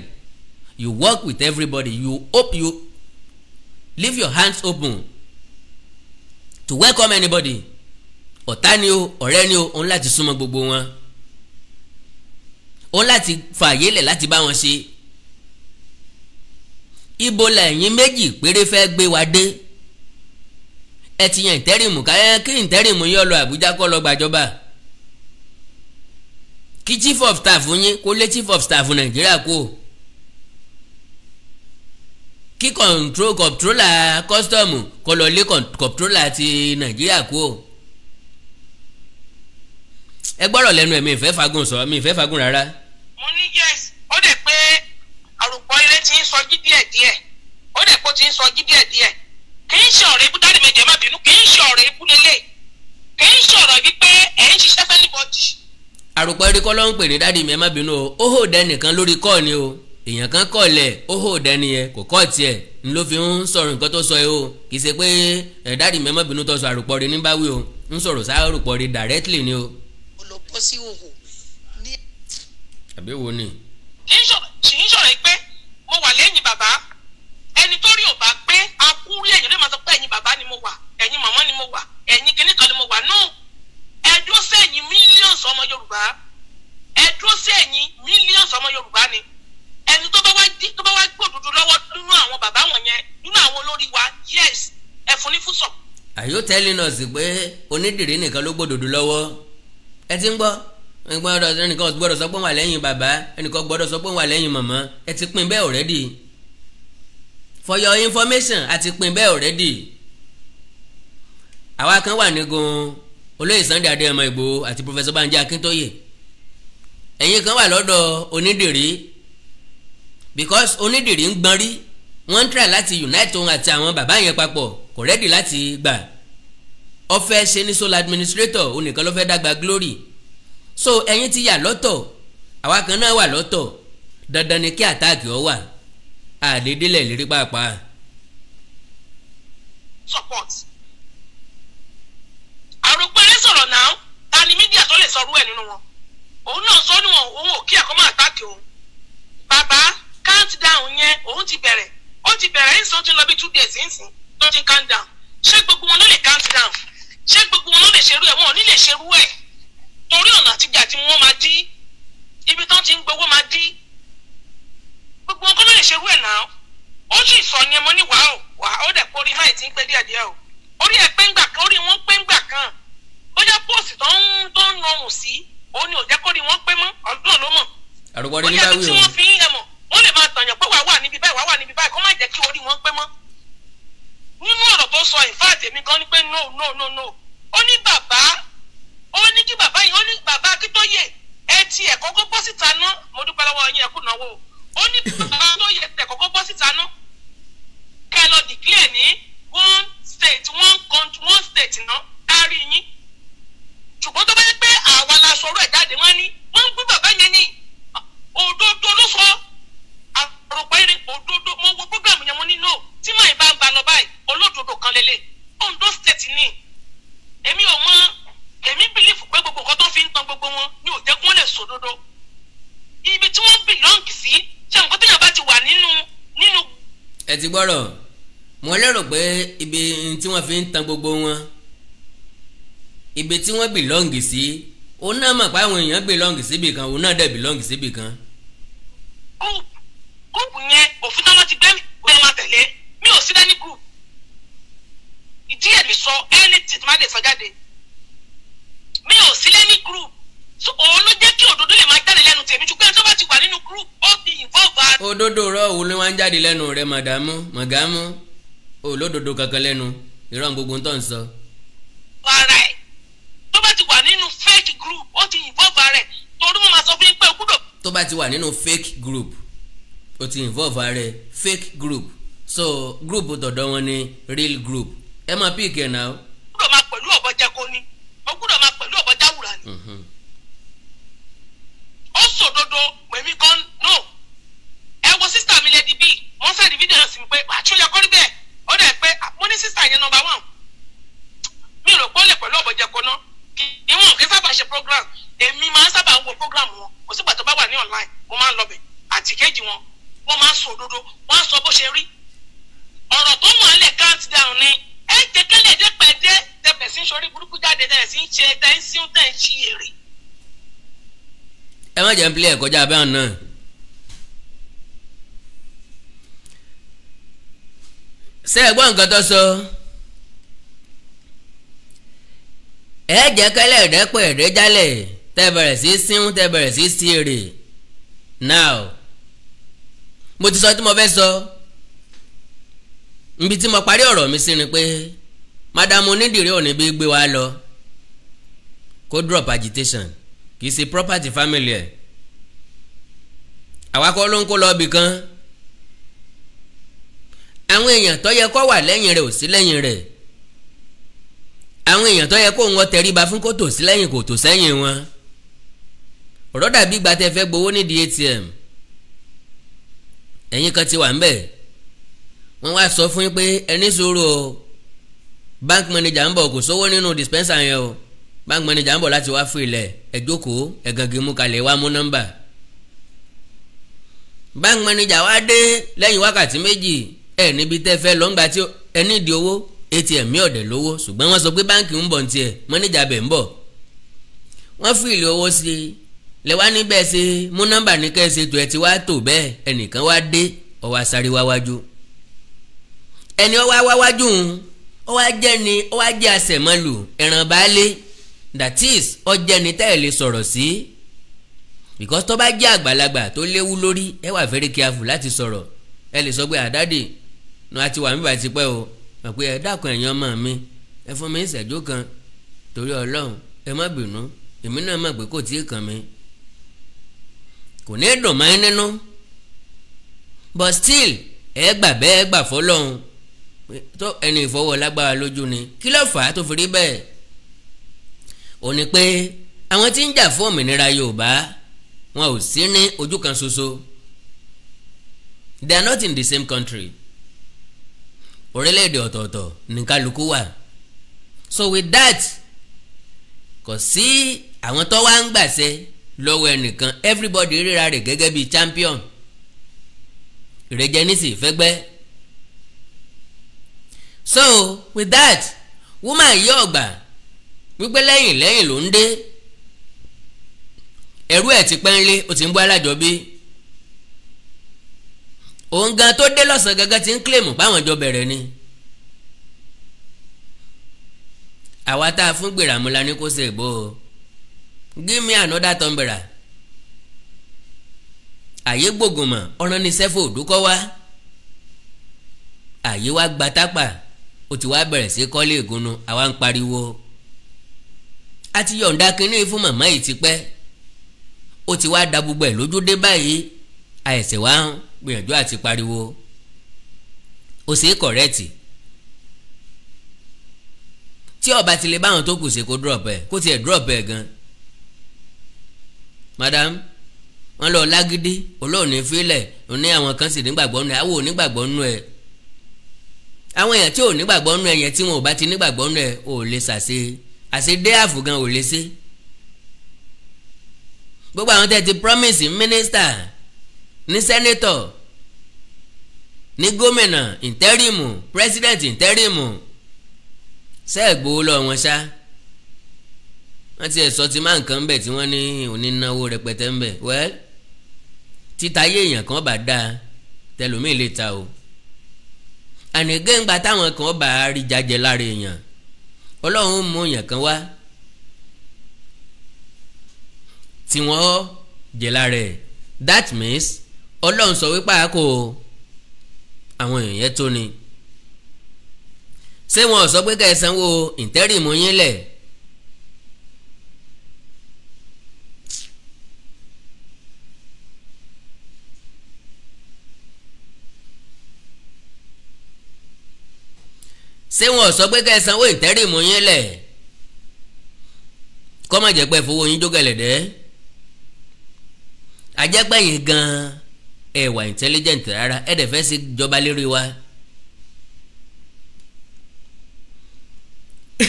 you work with everybody you hope you leave your hands open to welcome anybody ọ̀tá ni o ọ̀rẹ́ ni o òun láti súnmọ́ gbogbo wọn òun láti fààyè lẹ̀ láti bá wọn ṣe ibo lẹ́yìn méjì péré fẹ́ gbé wa dé ẹ ti yan ìtẹ́rìmù ká kí ìtẹ́rìmù yọ lọ Àbújá kọ́ lọ gbàjọba kí chief of staff yín kó lé chief of staff Nàìjíríà kú o kí control comptroller custom kó lọ lé comptroller ti nàìjíríà kú o ẹ gbọ́rọ̀ lẹ́nu ẹ̀ mi ìfẹ́ fagun sọ mi ìfẹ́ fagun rárá. mo ní yes ó dẹ̀ pé àrùkọ ilé ti ń sọjí díẹ̀díẹ̀ ó dẹ̀ pé ó ti ń sọjí díẹ̀díẹ̀ kì í ṣe ọ̀rọ̀ ibú dáàdì méje má bínú kì í ṣe ọ̀rọ̀ ibú lélẹ̀ kì í ṣe ọ̀rọ̀ wípé ẹ̀ ń ṣiṣẹ́ fẹ́ níbọ̀dì. àrùkọ erékọ́ ló ń pè ní dáàdì mi má bínú o ó hò dẹ́ lórí kọ́ọ̀ ni o. èèyàn kan kọ̀lẹ̀ ó hò dání yẹn kò kọ́ tiẹ̀ ń ló fi ń sọ̀rọ̀ nǹkan tó sọ yìí o kì í ṣe pé ẹ̀dáàdì mẹ́mọ́ bínú tó sọ àrùpọ̀ rẹ ní báwí o ń sọ̀rọ̀ sáà rẹ directly ni o. ó wo ni. ń sọ̀rọ̀ pé mo wà lẹ́yìn bàbá ẹni tó rí bá pé ẹ̀yìn pé ẹ̀yìn bàbá ni mo wà ẹ̀yìn màmá ni mo wà ẹ̀yìn ni ẹni tó bá wá tó bá wá gbòdodo lọ́wọ́ nínú àwọn bàbá wọn yẹn nínú àwọn olórí wa yes ẹ fún ní fúsọ. are you telling us pé onídìrí nìkan ló gbòdodo lọ́wọ́ ẹ ti ń gbọ́ ẹnìkan gbọ́dọ̀ sọ pé wọ́n wà lẹ́yìn bàbá ẹnìkan gbọ́dọ̀ sọ pé wọ́n wà lẹ́yìn màmá ẹ ti pín bẹ́ẹ̀ already for your information a ti pín bẹ́ẹ̀ already àwa kan wà nígun olóyè Sunday Adéyẹmọ Ìgbòho àti Professor Banji akintoye. ẹ̀yin kan wà lọ́dọ̀ onídìrí because onídìrí ń gbọ́n rí wọ́n ń try láti unite òun àti àwọn bàbá yẹn papọ̀ kò rẹ́dì láti gbà ó fẹ́ ṣe ní sole administrator onìkan ló fẹ́ dàgbà glory so ẹ̀yin ti yà lọ́tọ̀ àwa kan náà wà lọ́tọ̀ dandan ni kí àtáàkì ọ wà àdédélẹ̀ lérí pàápàá. support àròpẹ̀rẹ̀ sọ̀rọ̀ náà ta ni mídíà tó lè sọrú ẹ̀ nínú wọn òun náà sọ níwọ̀n òun ò kí ẹ̀kọ́ máa táàkì òun bàbá countdown yẹn òun ti bẹ̀rẹ̀ ó ti bẹ̀rẹ̀ ń sọ ti lọ bí two days ń sìn tó ti count down ṣé gbogbo wọn ló lè count down ṣé gbogbo wọn ló lè ṣerú ẹ̀ wọn ò ní lè ṣerú ẹ̀ torí ọ̀nà àtijọ́ àti wọn máa dí ibi tán ti ń gbowó máa dí gbogbo wọn kọ́ ló lè ṣerú ẹ̀ náà ó sì sọ yẹn mo ní wàá o wàá ó dẹ̀ kórìí máì tí ń pẹ́ díẹ̀ díẹ̀ o orí ẹ̀ pé ń gbà kan orí wọn pé ń gbà kan bóyá póòsì tó ń tó ń rọrùn sí òun ni ò jẹ́ kórìí wọn pé mọ́ ọdún ọ̀lọ́mọ̀ àrùwárí ní báwí o bóyá ibi tí wọ́n fi ń yẹ mọ̀ ó lè máa tàyàn pé wàá wà níbi báyìí wàá wà níbi báyìí kó má jẹ́ kí orí wọn pé mọ́ nínú ọ̀rọ̀ tó sọ ìfáàtì èmi gan ni pé no no no no ó ní bàbá ó ní kí bàbá yìí ó ní bàbá Akíntóyè ẹ ti ẹ̀ kọ́kọ́ bọ́ síta ná mo dúpẹ́ lọ́wọ́ yín ẹ kú náwó ó ní bàbá Akíntóyè ẹ̀ kọ́kọ́ bọ́ síta ná kẹ́ lọ dìklẹ̀ ní one state one country one state ná kárí yín ṣùgbọ́n tó bá yẹ pé àwa la sọ̀rọ̀ ẹ̀ jáde wọ́n ní wọ́n ń gbé bàbá yẹn ní òdodo ló sọ rògbò èrè òdodo mo wo program yẹn mo ní no tí màá bá ń ba lọ báyìí olódodo kan lélẹ̀ Ondo state ni èmi ò mọ èmi bìlífù pé gbogbo nǹkan tó fi ń tan gbogbo wọn ni ò jẹ́ kí wọ́n lè sòdodo ibi tí wọ́n bìlọ́ǹgì sí ṣé nǹkan téèyàn bá ti wà nínú nínú. ẹ ti gbọ́rọ̀ mo lérò pé ibi tí wọ́n fi ń tan gbogbo wọn ibi tí wọ́n bìlọ́ǹgì sí òun náà mọ̀ pé àwọn èèyàn bìlọ́ǹgì síbì kan òun náà dẹ̀ bìlọ́ǹgì síbì kan. group oh, gúrùpù yẹn òfin tọ́lá ti gbé bẹ́ẹ̀ máa tẹ̀lé mi ò sí lẹ́ni gúrùpù ìdí ẹ̀ lè sọ ẹ́ẹ́lì tìtì má lè sọ jáde mi ò sí lẹ́ni gúrùpù so òun ló jẹ́ kí òdodo lè máa jáde lẹ́nu tèmi ju pé tó bá ti wà nínú gúrùpù ó ti ìfọ̀gbà. òdodo rọ òun ló máa ń jáde lẹ́nu rẹ màdàmú màgàmú olódodo kankan lẹ́nu ìrọ̀n gbogbo ń tọ̀ ń sọ. ara ẹ̀ tó bá ti wà nínú fake group ó ti ìfọ̀gbà rẹ̀ torí mo máa sọ fún yín pé o gbúdọ̀. tó bá ti wà nínú fake group o ti involve ààrẹ fake group so group dọ̀dọ̀ wọn ni real group ẹ máa pí ìkẹ́ náà. ó máa pẹ̀lú ọ̀bọ jẹ́kọ́ ni ó máa pẹ̀lú ọ̀bọ jáwùrà ni. Mhm. ó sòdodo pèmí kan no ẹ wo sísítà mi lẹ́dí bíi wọ́n sẹ́ni fídíò náà sì ń pé àtúnyẹ kọ́ níbẹ̀ ó dẹ̀ pé ah, mo ní sísítà yẹn nọmba one mi rò pé ó lè pẹ̀lú ọ̀bọ jẹ́kọ́ náà ìwọ̀n kí sábà ṣe program èmi máa ń sábà wo program wọn kò sígbà tó bá wà ní online mo máa ń lọ bẹ̀ àtìkéjì wọn wọ́n máa sọ òdodo wọ́n á sọ bó ṣe rí ọ̀rọ̀ tó mọ̀ ẹ́lẹ̀ count down ni ẹ tẹ́kẹ́lẹ̀ dé pẹ̀dé tẹ̀bẹ̀ sí sọrí burúkú jáde tẹ̀ sí ṣe tẹ̀ ń sún tẹ̀ ń ṣí èrè. ẹ má jẹ́ ń pilẹ̀ kọjá abẹ́ àná. ṣé ẹ gbọ́ nǹkan tó sọ ẹ jẹ́ kẹ́lẹ̀ rẹ́pẹ̀rẹ́ jálẹ̀ tẹ̀ bẹ̀rẹ̀ sí sún tẹ̀ bẹ̀rẹ̀ sí sí èrè now. mo ti sọ tí mo fẹ́ sọ nbi tí mo parí ọ̀rọ̀ mi sí ni pé madam onídìrí òní bí gbé wa lọ kó drop agitation kì í ṣe property family ẹ̀ àwa kọ́ ló ń kó lọ ibì kan àwọn èèyàn tó yẹ kó wà lẹ́yìn rẹ̀ ò sí lẹ́yìn rẹ̀ àwọn èèyàn tó yẹ kó wọn tẹríba fún kó tò sí lẹ́yìn kò tò sẹ́yìn wọn ọ̀rọ̀ dàbí gbàtẹ́ fẹ́ gbowó nídìí ATM ẹ̀yin kan ti wà ńbẹ̀ wọ́n wá sọ fún yín pé ẹni sùúrù o bank manager ń bọ̀ kò sówó nínú dispenser yẹn o bank manager ń bọ̀ láti wá fún ilẹ̀ ẹ̀ jókòó ẹ̀ gangan mú kalẹ̀ wá mú nọ́mbà bank manager wá dé lẹ́yìn wákàtí méjì ẹ̀ níbi tẹ́ fẹ́ lọ́ngbà tí ẹ nídìí owó atm mi ọ̀dẹ̀ lówó ṣùgbọ́n wọ́n sọ pé báǹkì ń bọ̀ ní tiẹ̀ mọ́nìjà bẹ̀ ń bọ̀ wọ́n fún ìlú owó sí i lẹ wá níbẹ̀ ṣe mú nọ́mbà ní kẹ́ ẹ ṣètò ẹ ti wá tò bẹ́ẹ̀ ẹnìkan wá dé ó wá sáré wá wájú ẹni ó wá wá wájú ń ó wá jẹ́ ni wá jẹ́ àṣẹ̀mọ́lù ẹ̀ràn baálé that is ó jẹ́ ni tẹ́ ẹ̀ lè sọ̀rọ̀ sí because tó bá jẹ́ àgbàlagbà tó léwu lórí ẹ wà very careful láti sọ̀rọ̀ ẹ lè sọ pé àdáde nu àti wà mí bàtí pẹ́ o mọ̀ pé ẹ dákun ẹ̀yin ọmọ mi ẹ fún mi ìṣẹ́jú kan torí ọlọ́run ẹ má bínú èmi náà mọ̀ pé kò tí ì kàn mí kò ní dùn mọ́ nínú but still ẹ gbà bẹ́ẹ̀ gbà fọlọ́hún tó ẹni ìfọwọ́ lágbára lójú ni kí ló fà á tó fi rí bẹ́ẹ̀ ò ní pé àwọn tí ń jà fún òmìnira Yorùbá wọn ò sí ní ojú kan ṣoṣo they are not in the same country orílẹ̀-èdè ọ̀tọ̀ọ̀tọ̀ ní kálukú wà so with that kò sí àwọn tó wá ń gbàṣẹ lọ́wọ́ ẹnìkan everybody ríra rẹ̀ gẹ́gẹ́ bíi champion ìrẹ́jẹ nísì fẹ́gbẹ́. so with that woman yí ọ̀gbà wípé lẹ́yìn lẹ́yìn ló ń dé ẹ̀rú ẹ̀ ti pẹ́ ń lé ó ti ń bọ́ alájọbí òun gan tó dé lọ́sàn-án gangan ti ń kílèmù báwọn jọ bẹ̀rẹ̀ ni àwa tá a fún gbèràmúlá ní kó ṣe ìbò o give me another tumbera àyè gbògùnmọ̀ ọ̀ràn ní sẹ́fò òdúkọ́ wá àyè wá gba tápà ó ti wá bẹ̀rẹ̀ sí kọ́lé ìgúnnu àwa ń pariwo a ti yọ̀ǹda kínní fún màmá yìí ti pẹ́ ó ti wá da gbogbo ẹ̀ lójú dé báyìí àìsẹ̀ wá ń gbìyànjú àti pariwo ó sì kọ̀rẹ́ẹ̀tì tí ọba ti lè báwọn tó kù ṣe kó drop ẹ̀ kó tiẹ̀ drop ẹ̀ gan-an madam wọn lọ lágídí olóòní fílẹ̀ òní àwọn kan sì nígbàgbọ́ nù ẹ àwọn ò nígbàgbọ́ nù ẹ àwọn èèyàn tí ò nígbàgbọ́ nù ẹ yẹn tí wọn ò bá ti nígbàgbọ́ nù ẹ ò lè ṣàṣe àṣedé àfùgàn ò lè ṣe gbogbo àwọn tẹ́ promise minister ní senator ní gómìnà interim, president interim, ṣẹ́ẹ̀gbowó lọ wọn ṣáá wọ́n ti ẹ̀sọ́ ti máa nǹkan bẹ̀ tí wọ́n ní onínáwó rẹpẹtẹ ń bẹ̀ wẹ́ẹ́ títa ayé èèyàn kan bá dáa tẹlómi lè ta o ànigéǹgbà táwọn kan bá rí jajẹ lára èèyàn ọlọ́run mú èèyàn kan wá tí wọ́n jẹ lára ẹ̀ that means ọlọ́run sọ wípé àkó àwọn èèyàn tó ni ṣé wọn ò sọ pé ká ẹ sanwó ìtẹ́rìmù yín lẹ̀ ṣé wọn sọ pé kẹ́ ẹ sanwó ìtẹ́rìmù yín lẹ̀ kọ́ má jẹ́ pé fowó yín jógẹ̀lẹ̀dẹ́ ajẹ́pẹ́ yín gan-an ẹ intelligent rárá ẹ dẹ̀ fẹ́ sí jọba lérí wa.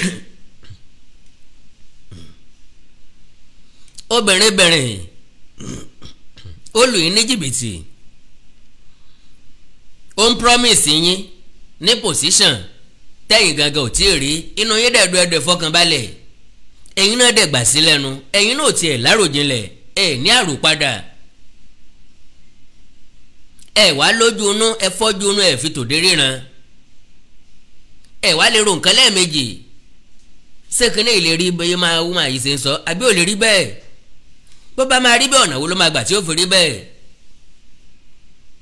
obìnrin bìnrin ó lù yín ní jìbìtì ó ń promise yín ní position tẹ́yìn gangan ò tí ì rí inú yín dẹ̀ dùn ẹ̀dùn ẹ̀yin náà dẹ̀ gbà sí lẹ́nu ẹ̀yin náà tiẹ̀ láròjinlẹ̀ ẹ̀ ní padà ẹ̀ wá lójú inú ẹ fọ́jú inú ẹ̀ fi tòde ríran ẹ̀ wá lè ro nǹkan lẹ́ẹ̀mejì sẹ́kìnnì lè rí bẹ́ẹ̀ máa wú màá yìí ṣe ń sọ àbí ò lè rí bẹ́ẹ̀ bó bá rí bẹ́ẹ̀ ọ̀nà wo ló gbà tí ó fi rí bẹ́ẹ̀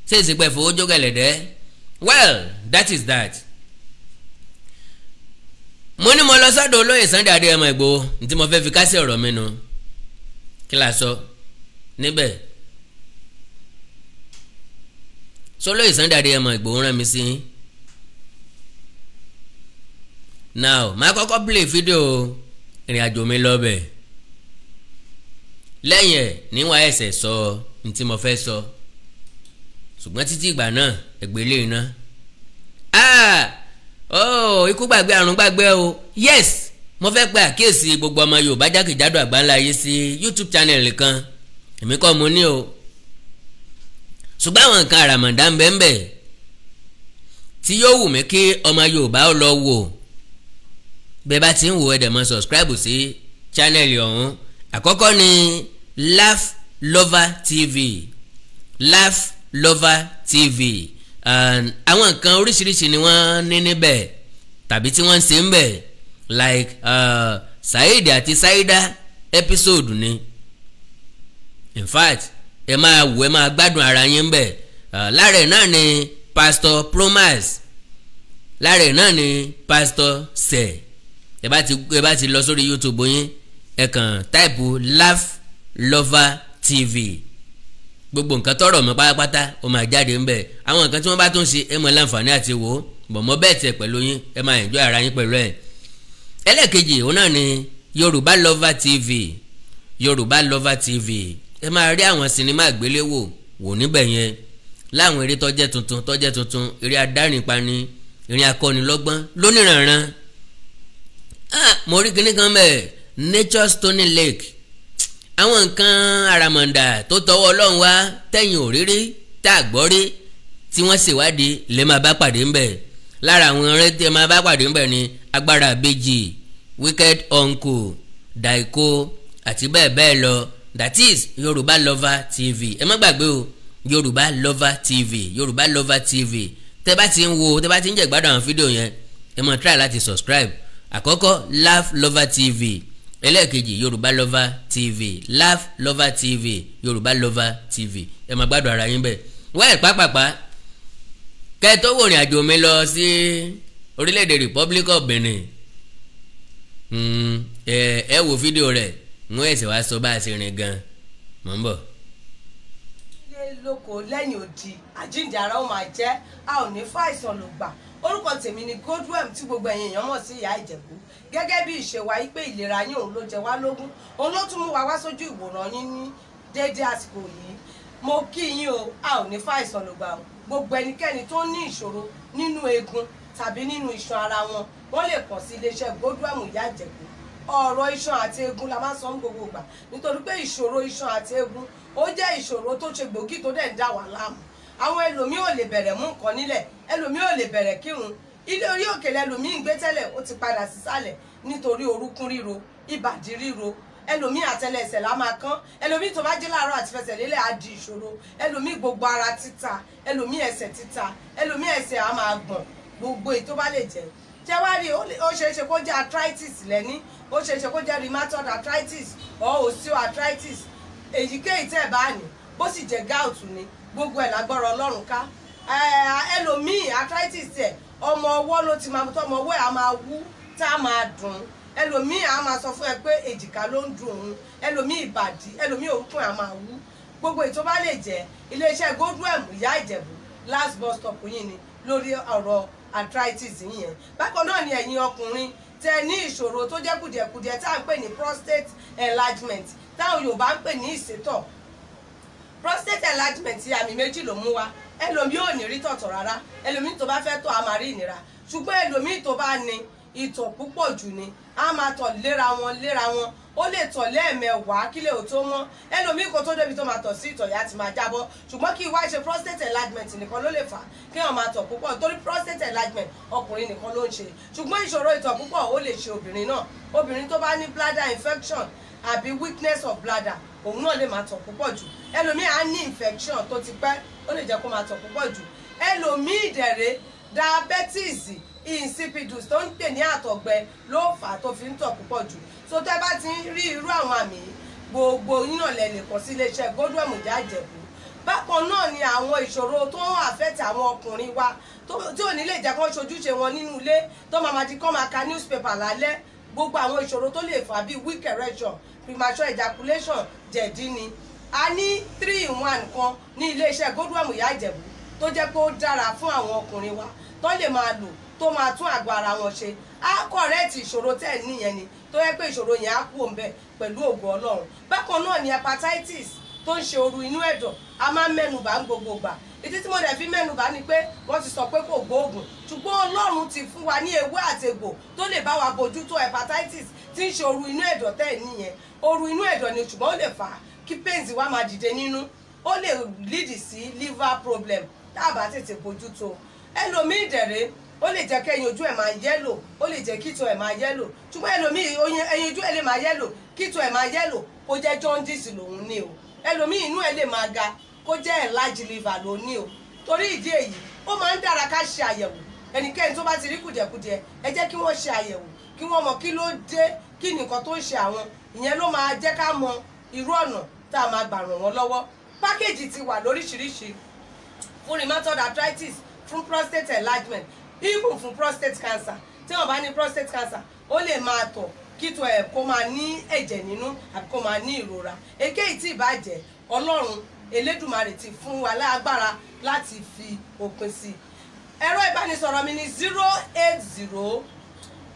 ṣé ìsìnkú well that is that. mo ní mo lọ sọ́dọ̀ olóyè Sunday Adéyẹmọ Ìgbòho ní tí mo fẹ́ fi kásẹ̀ ọ̀rọ̀ mi nu kí la sọ níbẹ̀ sọlóyè Sunday Adéyẹmọ Ìgbòho rán mi sí now máa kọ́kọ́ play fídíò ìrìn àjò mi lọ́bẹ̀ lẹ́yìn ẹ̀ níwà ẹ̀sẹ̀ sọ ní tí mo fẹ́ sọ ṣùgbọ́n títí ìgbà náà ẹgbẹ́ lè ná. Ah! oh ikú gbàgbé àrùn gbàgbé o yes mo fẹ́ pe àkíyèsí gbogbo ọmọ Yorùbá jákèjádò àgbáńlá yìí sí YouTube channel kan èmi kọ́ mo ní o ṣùgbọ́n àwọn nǹkan àràmọ̀dá ń bẹ́ẹ̀ bẹ́ẹ̀ tí yóò wù mí kí ọmọ Yorùbá ó lọ wò bẹ́ẹ̀ bá ti ń wò ẹ̀ dẹ̀ mọ́ subscribe sí channel ọ̀hún àkọ́kọ́ ni Laugh Lover TV Laugh Lover TV àwọn nǹkan oríṣiríṣi ni wọ́n ní níbẹ̀ tàbí tí wọ́n ń ṣe ń bẹ̀ like uh, Saheed àti Saheeda episode ni in fact ẹ máa wò ẹ máa gbádùn ara yín bẹ̀ uh, lára náà ni Pastor Promise lára ẹ̀ náà ni Pastor sẹ̀ ẹ bá ti ẹ bá ti lọ sórí YouTube yín ẹ kàn táìpù Laugh Lover TV gbogbo nǹkan tọrọ mọ́ pátápátá ó máa jáde ńbẹ àwọn nǹkan tí wọ́n bá tún ṣe ẹ mọ láǹfààní àti wò ó bọ̀ mọ́ bẹ́ẹ̀ tẹ̀ pẹ̀lú yín ẹ máa enjoy ara yín pẹ̀lú ẹ̀. ẹlẹ́ẹ̀kejì òun náà ni Yorùbá Lover TV Yorùbá Lover TV ẹ máa rí àwọn sinimá àgbéléwò wò níbẹ̀ yẹn láwọn eré tọ́jẹ́ tuntun tọ́jẹ́ tuntun eré adárìnpani eré akọ́nilọ́gbọ́n lóníranran ah mo rí kinní kan bẹ́ẹ̀ Nature's Stony Lake àwọn nǹkan àràmọ̀ǹdà tó tọwọ́ ọlọ́run wá tẹ̀yìn òrírí tá a gbọ́ rí tí wọ́n ṣèwádìí lè máa bá pàdé ńbẹ̀ lára àwọn ọ̀rẹ́ tí ẹ máa bá pàdé ńbẹ̀ ni agbára àbejì wicked uncle daiko àti bẹ́ẹ̀ bẹ́ẹ̀ lọ that is yorùbá lover tv ẹ má gbàgbé o yorùbá lover tv yorùbá lover tv tẹ bá ti ń wo tẹ bá ti ń jẹ ìgbádùn àwọn fídíò yẹn ẹ máa try láti subscribe àkọ́kọ́ laugh lover tv ẹlẹ́ẹ̀kejì yorùbá lover tv laugh lover tv yorùbá lover tv ẹ máa gbádùn ara yín bẹ́ẹ̀ wẹ́ẹ̀ pápápá kẹ́ ẹ tó wò rìn àjò mi lọ sí orílẹ̀-èdè republic of benin hmm, ẹ wo fídíò rẹ̀ wọ́n ẹ̀sẹ̀ wá sọ bá a ṣe rìn gan mọ̀ ń bọ̀. ilé lóko lẹ́yìn odi àjíǹde ara ó máa jẹ́ a ò ní fàìsàn ló gbà orúkọ tèmi ni Godwem tí gbogbo ẹ̀yin èèyàn mọ̀ sí ìyá ìjẹ̀bú gẹ́gẹ́ bí ìṣèwà yìí pé ìlera yín òun ló jẹ wá lógún òun ló tún mú wa wá sójú ìwòran yín ní déédéé àsìkò yìí mo kí yín o a ò ní fàìsàn ló gbà o gbogbo ẹnikẹ́ni tó ní ìṣòro nínú eegun tàbí nínú iṣan ara wọn wọ́n lè kàn sí iléeṣẹ́ Godwem ìyá ìjẹ̀bú ọ̀rọ̀ iṣan àti eegun la máa sọ ń gbogbo ìgbà nítorí pé ìṣòro iṣan àti eegun ó jẹ́ ìṣòro tó ṣe gbòógì tó dẹ̀ ń dà wá láàmú àwọn ẹlòmíì ò lè bẹ̀rẹ̀ mú nǹkan nílẹ̀ ẹlòmíì ò lè bẹ̀rẹ̀ kírun ilé orí òkè lẹlòmíì ń gbé tẹ́lẹ̀ ó ti padà sísàlẹ̀ nítorí orúkún ríro ìbàdí ríro ẹlòmíì àtẹlẹsẹ̀ la máa kán ẹlòmíì tó bá jí láàárọ̀ àti fẹsẹ̀ lélẹ̀ á di ìṣòro ẹlòmíì gbogbo ara títa ẹlòmíì ẹsẹ̀ títa ẹlòmíì ẹsẹ̀ á máa gbọ̀n gbogbo èyí tó bá lè jẹ́ jẹ́ wá rí ó ṣeé ṣe kó jẹ́ arthritis lẹ́ní ó ṣeé ṣe kó jẹ́ rheumatoid arthritis or osteoarthritis èyíkéyìí tẹ́ ẹ̀ bá ní bó sì jẹ́ gout ni gbogbo ẹ̀ lágbára ọlọ́run ká ẹlòmíì arthritis ẹ̀ ọmọ ọwọ́ ló ti máa tọ́ ọmọ ọwọ́ ẹ̀ á máa wú tá a máa dùn ún ẹlòmíì á máa sọ fún ẹ pé èjìká ló ń dùn ún ẹlòmíì ìbàdí ẹlòmíì orúkún ẹ̀ á máa wú gbogbo ètò bá lè jẹ́ iléeṣẹ́ godwem ìyá ìjẹ̀bú last bus stop yìí ni lórí ọ̀rọ̀ arthritis yìnyẹn bákan náà ni ẹ̀yin ọkùnrin tẹ ní ìṣòro tó jẹ́ kùdìẹ̀kùdìẹ̀ tá à ń pè ní prostate enlargement táwọn Yorùbá ń pè ní ìsétọ̀ prostate enlargement àmì méjì ló mú wa ẹlòmíì ò ní rí tọ̀tọ̀ rárá ẹlòmíì tó bá fẹ́ tọ̀ a máa rí ìnira ṣùgbọ́n ẹlòmíì tó bá ní ìtọ̀ púpọ̀ jù ni a máa tọ̀ léra wọn léra wọn ó lè tọ̀ lẹ́ẹ̀mẹwàá kílẹ̀ ò tó mọ́ ẹlòmíì kò tó débi tó máa tọ̀ sí ìtọ̀ yá ti máa jábọ́ ṣùgbọ́n kí wá ṣe prostate enlargement nìkan ló lè fà kí wọ́n máa tọ̀ púpọ̀ torí prostate enlargement ọkùnrin nìkan ló ń ṣe ṣùgbọ́n ìṣòro ìtọ̀ púpọ̀ ó lè ṣe obìnrin náà obìnrin tó bá ní bladder infection àbí weakness of bladder òun náà lè máa tọ̀ púpọ̀ jù ẹlòmíì á ní infection tó ti pẹ́ ó lè jẹ́ kó máa tọ̀ púpọ̀ jù ẹlòmíì dẹ̀rẹ̀ diabetes insipidus tó ń pè ní àtọ̀gbẹ ló fà á tó fi ń tọ̀ púpọ̀ jù so tẹ́ bá ti rí irú àwọn àmì gbogbo yín náà lè kàn sí iléeṣẹ́ Godwin Muyiwa bákan náà ni àwọn ìṣòro tó ń àfẹ́tẹ̀ àwọn ọkùnrin wa tí ò ní lè jẹ́ kán ṣojúṣe wọn nínú ilé tó máa ma di kán máa ka newspaper lálẹ́ gbogbo àwọn ìṣòro tó lè fà bíi weak erection premature ejaculation jẹ̀dí ni a ní three in one kan ní iléeṣẹ́ godwam ìyá ìjẹ̀bú tó jẹ́ pé ó dára fún àwọn ọkùnrin wa tó lè máa lò tó máa tún àgọ́ ara wọn ṣe á kọ̀rẹ́ẹ̀tì ìṣòro tẹ̀ níyẹn ni tó yẹ pé ìṣòro yẹn á kú òǹbẹ pẹ̀lú ògo ọlọ́run bákan náà ni hepatitis tó ń ṣe ooru inú ẹ̀dọ̀ a máa ń mẹ́nubà ń gbogbo gbà ìdí tí mo dẹ̀ fi mẹ́nubà ni pé wọ́n ti sọ pé kò gbóògùn ṣùgbọ́n ọlọ́run ti fún wa ní ewé àtegbò tó lè bá wa bójú tó hepatitis tí ń ṣe ooru inú ẹ̀dọ̀ tẹ́ ẹ̀ nìyẹn ooru inú ẹ̀dọ̀ ni ṣùgbọ́n ó lè fà á kí pains wa máa dìde nínú ó lè lead sí liver problem tá a bá tètè bójú tó ẹlòmíì dẹ̀rẹ̀ ó lè jẹ́ kí ẹyin ojú ẹ̀ máa yẹ́lò ó lè jẹ́ kító ẹ̀ máa yẹ́lò ṣùgbọ́n ẹlòmíì ẹyin ojú ẹ̀ lè máa yẹ́lò kító ẹ̀ máa yẹ́lò kó jẹ́ jaundice lòun ní o ẹlòmíì inú ẹ̀ lè máa ga kó jẹ́ enlarged liver lòun ní o torí ìdí èyí ó máa ń dára ká ṣe àyẹ̀wò ẹnikẹ́ni tó bá ti rí kùdìẹ̀kudiẹ ẹ jẹ́ kí wọ́n ṣe àyẹ̀wò kí wọ́n mọ̀ kí ló dé kí ni nǹkan tó ń ṣe àwọn ìyẹn ló máa jẹ́ ká mọ irú ọ̀nà tá a máa gbà ràn wọ́n lọ́wọ́ pákéjì ti wà lóríṣiríṣi fún rheumatoid arthritis fún prostate enlargement even fún prostate cancer tí wọ́n bá ní prostate cancer ó lè máa tọ̀ kító ẹ̀ kó máa ní ẹ̀jẹ̀ nínú àbí kó máa ní ìrora èkéyìí tí ìbàjẹ́ ọlọ́run elédùmarè ti fún wa lágbára láti fi òpin sí i ẹ̀rọ ìbánisọ̀rọ̀ mi ni zero eight zero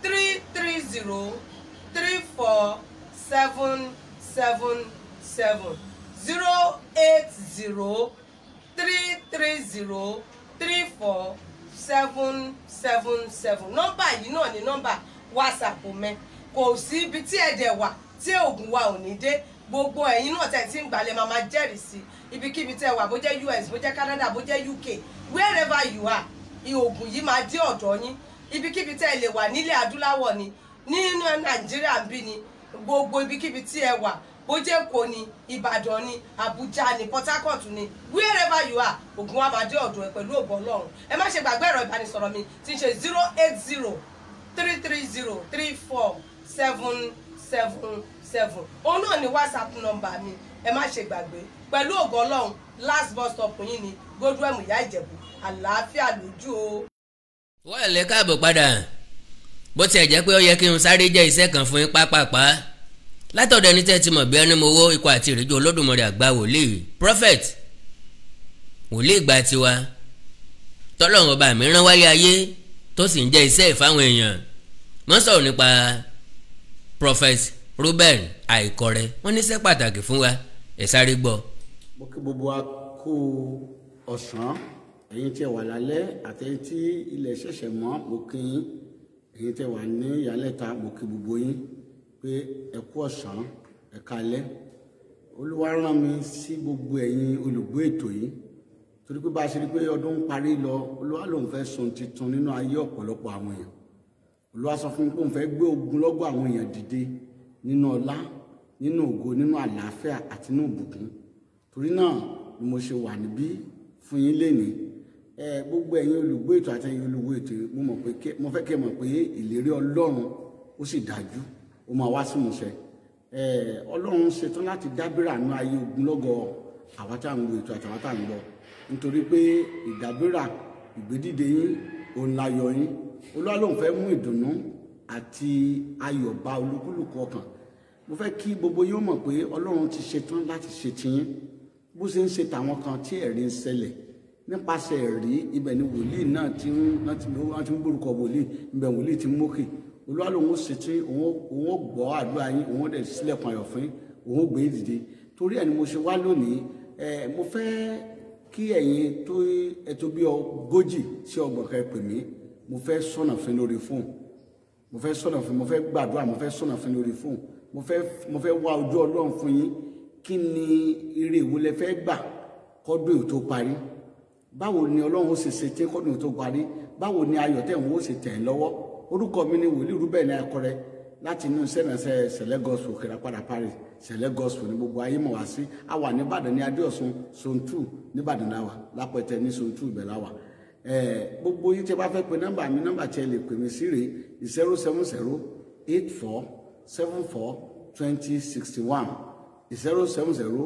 three three zero three four seven seven seven zero eight zero three three zero three four seven seven seven nọ́mbà yìí náà ni nọ́mbà whatsapp mẹ́ kò sí ibi tí ẹ̀dẹ̀ wà tí oògùn wa ò ní dé gbogbo ẹ̀yin náà tẹ̀ tí ń gbalẹ̀ máa máa jẹ́rìí sí ibikíbi tẹ́ wà bó jẹ́ US bó jẹ́ Canada bó jẹ́ UK wherever you are oògùn yìí máa dé ọ̀dọ̀ yín ibikíbi tẹ́ lè wà nílẹ̀ adúláwọ̀ ni nínú nàìjíríà bí ni gbogbo ibikíbi tí ẹ wà bójẹ́ èkó ni ìbàdàn ni àbújá ni port harcourt ni wherever you are ògùn wa máa dé ọ̀dọ̀ ẹ pẹ̀lú ògbọ́n ọlọ́run ẹ má ṣe gbàgbé ẹ̀rọ ìbánisọ̀rọ̀ mi tí ṣe zero eight zero three three zero three four seven seven seven òun náà ni whatsapp number. mi ẹ má ṣe gbàgbé pẹ̀lú ògbọ́n ọlọ́run last bus stop yín ni godwem ìyá ìjẹ̀bù àlàáfíà lójú o. wọ́n lè káàbọ̀ padà bó tiẹ̀ jẹ́ pé ó yẹ kí n sáré jẹ́ iṣẹ́ kan fún yín pápápá látọ̀dọ̀ ẹni tẹ́ ti mọ̀ bí ẹni mo wó ikọ̀ àti ìrìnjú olódùmarè àgbà wòlíì prophet wòlíì gba tiwa tọ́lọ́run ọba mi rán wáyé ayé tó sì ń jẹ́ iṣẹ́ ìfáwọn èèyàn wọ́n sọ̀rọ̀ nípa prophet Ruben Àìkọrẹ wọ́n níṣẹ́ pàtàkì fún wa ẹ̀ sáré gbọ́. mo kí gbogbo wa kú ọ̀sán ẹ̀yin tí ẹ wà lálẹ́ àtẹ̀yìn tí ilẹ̀ ṣẹ̀ṣẹ̀ mọ́ mo yín ẹ̀yin tẹ́ wà ní ìyálẹ̀ta mo kí gbogbo yín pé ẹ kú ọ̀sán ẹ kalẹ́ olúwa rán mi sí gbogbo ẹ̀yin olùgbé ètò yìí torí pé bá a ṣe rí pé ọdún ń parí lọ olúwa lòun fẹ́ sun titun nínú ayé ọ̀pọ̀lọpọ̀ àwọn èèyàn olúwa sọ fún mi pé òun fẹ́ gbé ogun lọ́gbọ̀ àwọn èèyàn dìde nínú ọlá nínú ògo nínú àlàáfíà àti nínú ìbùkún torí náà ni mo ṣe wà níbí fún yín lénìí gbogbo ẹ̀yin olùgbé ètò àti ẹ̀yin olùgbé ètò mo mọ̀ pé mo fẹ́ kẹ́ mọ̀ pé ìlérí ọlọ́run ó sì dájú ó máa wá sí ìmúṣẹ ọlọ́run ṣetán láti dábìrà nú ayé ogunlọ́gọ̀ àwa tá à ń wo ètò àtàwọn tá à ń lọ nítorí pé ìdábìrà ìgbédìde yín òun láyọ̀ yín olúwa lòun fẹ́ mú ìdùnnú àti ayọ̀ bá olúkúlùkù ọkàn mo fẹ́ kí gbogbo yín mọ̀ pé ọlọ́run ti ṣetán láti ṣe tiyín bó ṣe ń ṣe tàwọn kan tí ẹ̀rí ń ṣẹlẹ̀ nípasẹ̀ ẹ̀rí ibẹ̀ ni wòlíì náà ti ń láti wọ́n ti ń gbórúkọ wòlíì ibẹ̀ wòlíì ti ń mókè olúwa lòun ó ṣètì òun ó gbọ́ àdúrà yín òun ó dẹ̀ sílẹ̀kùn ayọ̀ fún òun ó gbé dìde torí ẹ̀ ni mo ṣe wá lónìí ẹ mo fẹ́ kí ẹ̀yin tó ẹ̀tọ́ bí ogójì sí ọgbọ̀n kan pè mí mo fẹ́ sọ̀nà fún lórí fóònù mo fẹ́ sọ̀nà fún mo fẹ́ gbàdúrà mo fẹ́ sọ̀nà fún lórí fóònù mo fẹ́ mo fẹ́ wá ojú ọlọ́run fún yín kí ni ire ìwúlẹ̀ fẹ́ gbà kọ́dún èyí parí báwo ni ọlọ́run ó ṣe ṣe tí kọ́dún tó parí báwo ni ayọ̀ tẹ̀wọ̀n ó ṣe tẹ̀ lọ́wọ́ orúkọ mi ni wòlíì rúbẹ̀ ní akọrẹ láti inú sẹ́nẹsẹ́ sẹ̀lẹ́ gọ́ọ̀sù òkèrèpadà paris sẹ̀lẹ́ gọ́ọ̀sù ní gbogbo ayé mọ̀ wá sí a wà nìbàdàn ní adéọ̀sùn zone two nìbàdàn náà wà lápẹ̀tẹ̀ ní zone ibẹ̀ láwà gbogbo yìí tẹ bá fẹ́ pe nọ́mbà mi nọ́mbà tí ẹ lè pè mí sí rèé zero seven zero eight four seven four twenty sixty one zero seven zero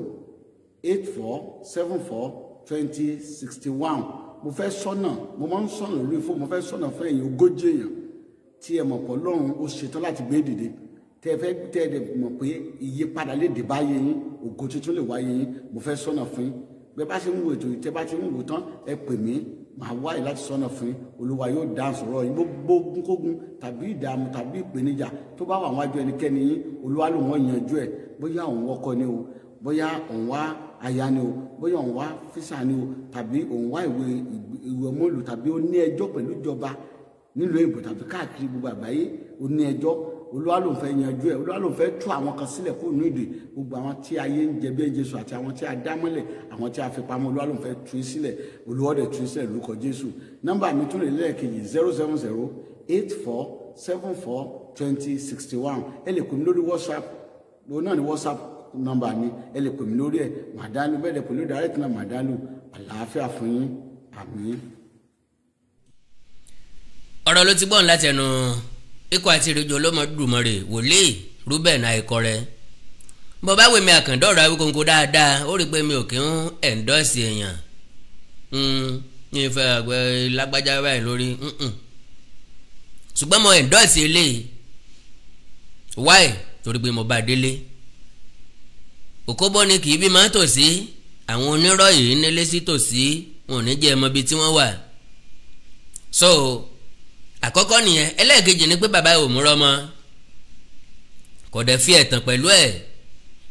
eight four seven four twenty sixty one mo fẹ́ sọ́nà mo máa ń sọ̀nà lórí fún mo fẹ́ sọ̀nà fún ẹ̀yin ogójì èèyàn tí ẹ mọ̀ pọ̀ lọ́run ó ṣetán láti gbé dìde tẹ fẹ́ tẹ ẹ mọ̀ pé ìyípadà lè dé bá yín ògo tuntun lè wáyé yín mo fẹ́ sọ̀nà fún yín bẹ bá ṣe ń wo ètò ìtẹ bá ṣe ń wò tán ẹ pè mí màá wáyé láti sọ̀nà fún yín olúwa yóò dá sọ̀rọ̀ yín gbogbo ogúnkógun tàbí ìdààmú tàbí ìpèníjà tó bá wà wájú ẹnikẹ́ni yín olúwa ló wọ́n yanjú ẹ̀ bóyá òun wọ́kọ ni o bóyá òun wá aya ni o bóyá òun wá físà ni o tàbí òun wá ìwé ìwé ọmọlù tàbí ó ní ẹjọ́ pẹ̀lú ìjọba nílùú èbò tàbí káàkiri gbogbo àgbáyé ó ní ẹjọ́ olúwa ló ń fẹ́ yanjú ẹ̀ olúwa ló ń fẹ́ tú àwọn kan sílẹ̀ kó nù ìdè gbogbo àwọn tí ayé ń jẹ bí ẹ jésù àti àwọn tí a dá mọ́lẹ̀ àwọn tí a fi pamọ́ olúwa ló ń fẹ́ tú í sílẹ̀ olúwa dẹ̀ tú í sílẹ̀ lórúkọ jésù nọ́mbà mi tún lè lẹ́ẹ̀kejì zero seven zero eight four seven four twenty sixty one ẹ lè kún mi lórí whatsapp lóun náà ní whatsapp nọ́mbà mi ẹ lè pè mí lórí ẹ̀ màdánù bẹ́ẹ̀ lè pè lórí direct náà màdánù àlàáfíà fún yín àmín. ọ̀rọ̀ ló ti gbọ́n láti ẹnu ikọ̀ àti ìrìnjò Olódùmarè wòlíì Ruben Àìkọrẹ bó bá wèmi àkàndọ̀rọ̀ Awíkonko dáadáa ó rí i pé mi ò kí ń ẹ̀ńdọ́ọ̀sì èèyàn ní hmm, ìfẹ́ àgbẹ̀ lágbájá báyìí lórí ṣùgbọ́n mo ẹ̀ńdọ́ọ̀sì eléyìí wáì torí pé mo bá délé òkóbó ni kì í bí máa tòsí àwọn onírọ́ yìí nílé sí tòsí wọn ò ní jẹ́ ẹmọ ibi tí wọ́n wà so àkọ́kọ́ nìyẹn ẹlẹ́ẹ̀kejì ni pé bàbá ò múrọ́ mọ́ kò dẹ̀ fi ẹ̀tàn pẹ̀lú ẹ̀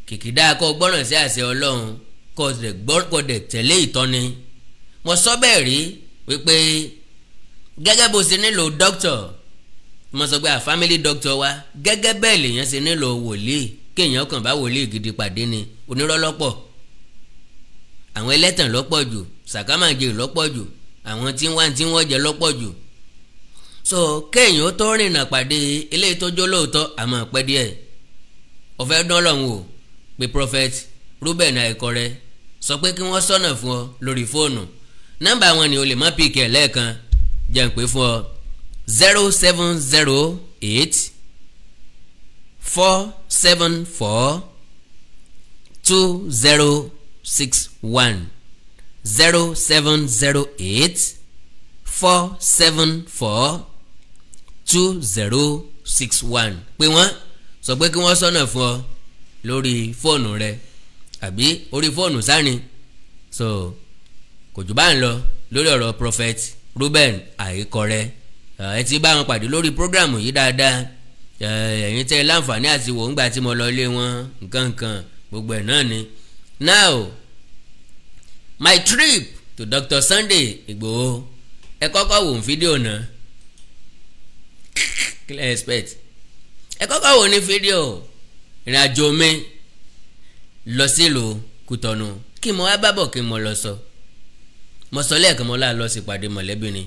kìkìdá kọ́ gbọ́ràn sí àṣẹ ọlọ́run kò dẹ̀ tẹ̀lé ìtọ́ni mo sọ bẹ́ẹ̀ rí wípé gẹ́gẹ́ bó ṣe nílò dókítọ̀ mo sọ pé a family doctor wa gẹ́gẹ́ bẹ́ẹ̀ lèèyàn ṣe nílò wòlíì kéèyàn kàn bá wòlíì gidi pàdé ni onírọ́lọ́pọ̀ àwọn ẹlẹ́tàn lọ́pọ̀ jù sàkámàjè lọ́pọ̀ jù àwọn tí wọ́n tí wọ́n jẹ lọ́pọ̀ jù so kéèyàn tó rìnnà pàdé eléyìí tó jó lóòótọ́ àmọ́ pẹ́ díẹ̀ ọ̀fẹ́ dán lọ́hùn o pé prophet Ruben Aikore sọ pé kí wọ́n sọ̀nà fún ọ lórí fóònù nọ́mbà wọn ni o lè má pìkì ẹ̀lẹ́ẹ̀kan jẹ́ ń pè fún ọ zero seven zero eight four. seven four two zero six one zero seven zero eight four seven four two zero six one pé wọ́n sọ pé kí wọ́n sọ̀nà fún ọ lórí fóònù rẹ àbí orí fóònù sáni so kò jù bá ń lọ lórí ọ̀rọ̀ prophet Ruben àìkọrẹ ẹ ti bá wọn pàdé lórí programu yìí dáadáa Eh, ẹ̀yin tẹ́ láǹfààní àti wò ńgbà tí mo lọ ilé wọn nǹkan gbogbo ẹ̀ náà ni now my trip to Dr. Sunday Igboho ẹ kọ́kọ́ wò ń fídíò náà clear expect ẹ kọ́kọ́ wò ní fídíò ìrìn àjò mi lọ sílùú Kútọ̀nù kí mo wá bábọ̀ kí mo lọ sọ mo sọ lẹ́ẹ̀kan mo lá lọ sí ìpàdé mọ̀lẹ́bí ni.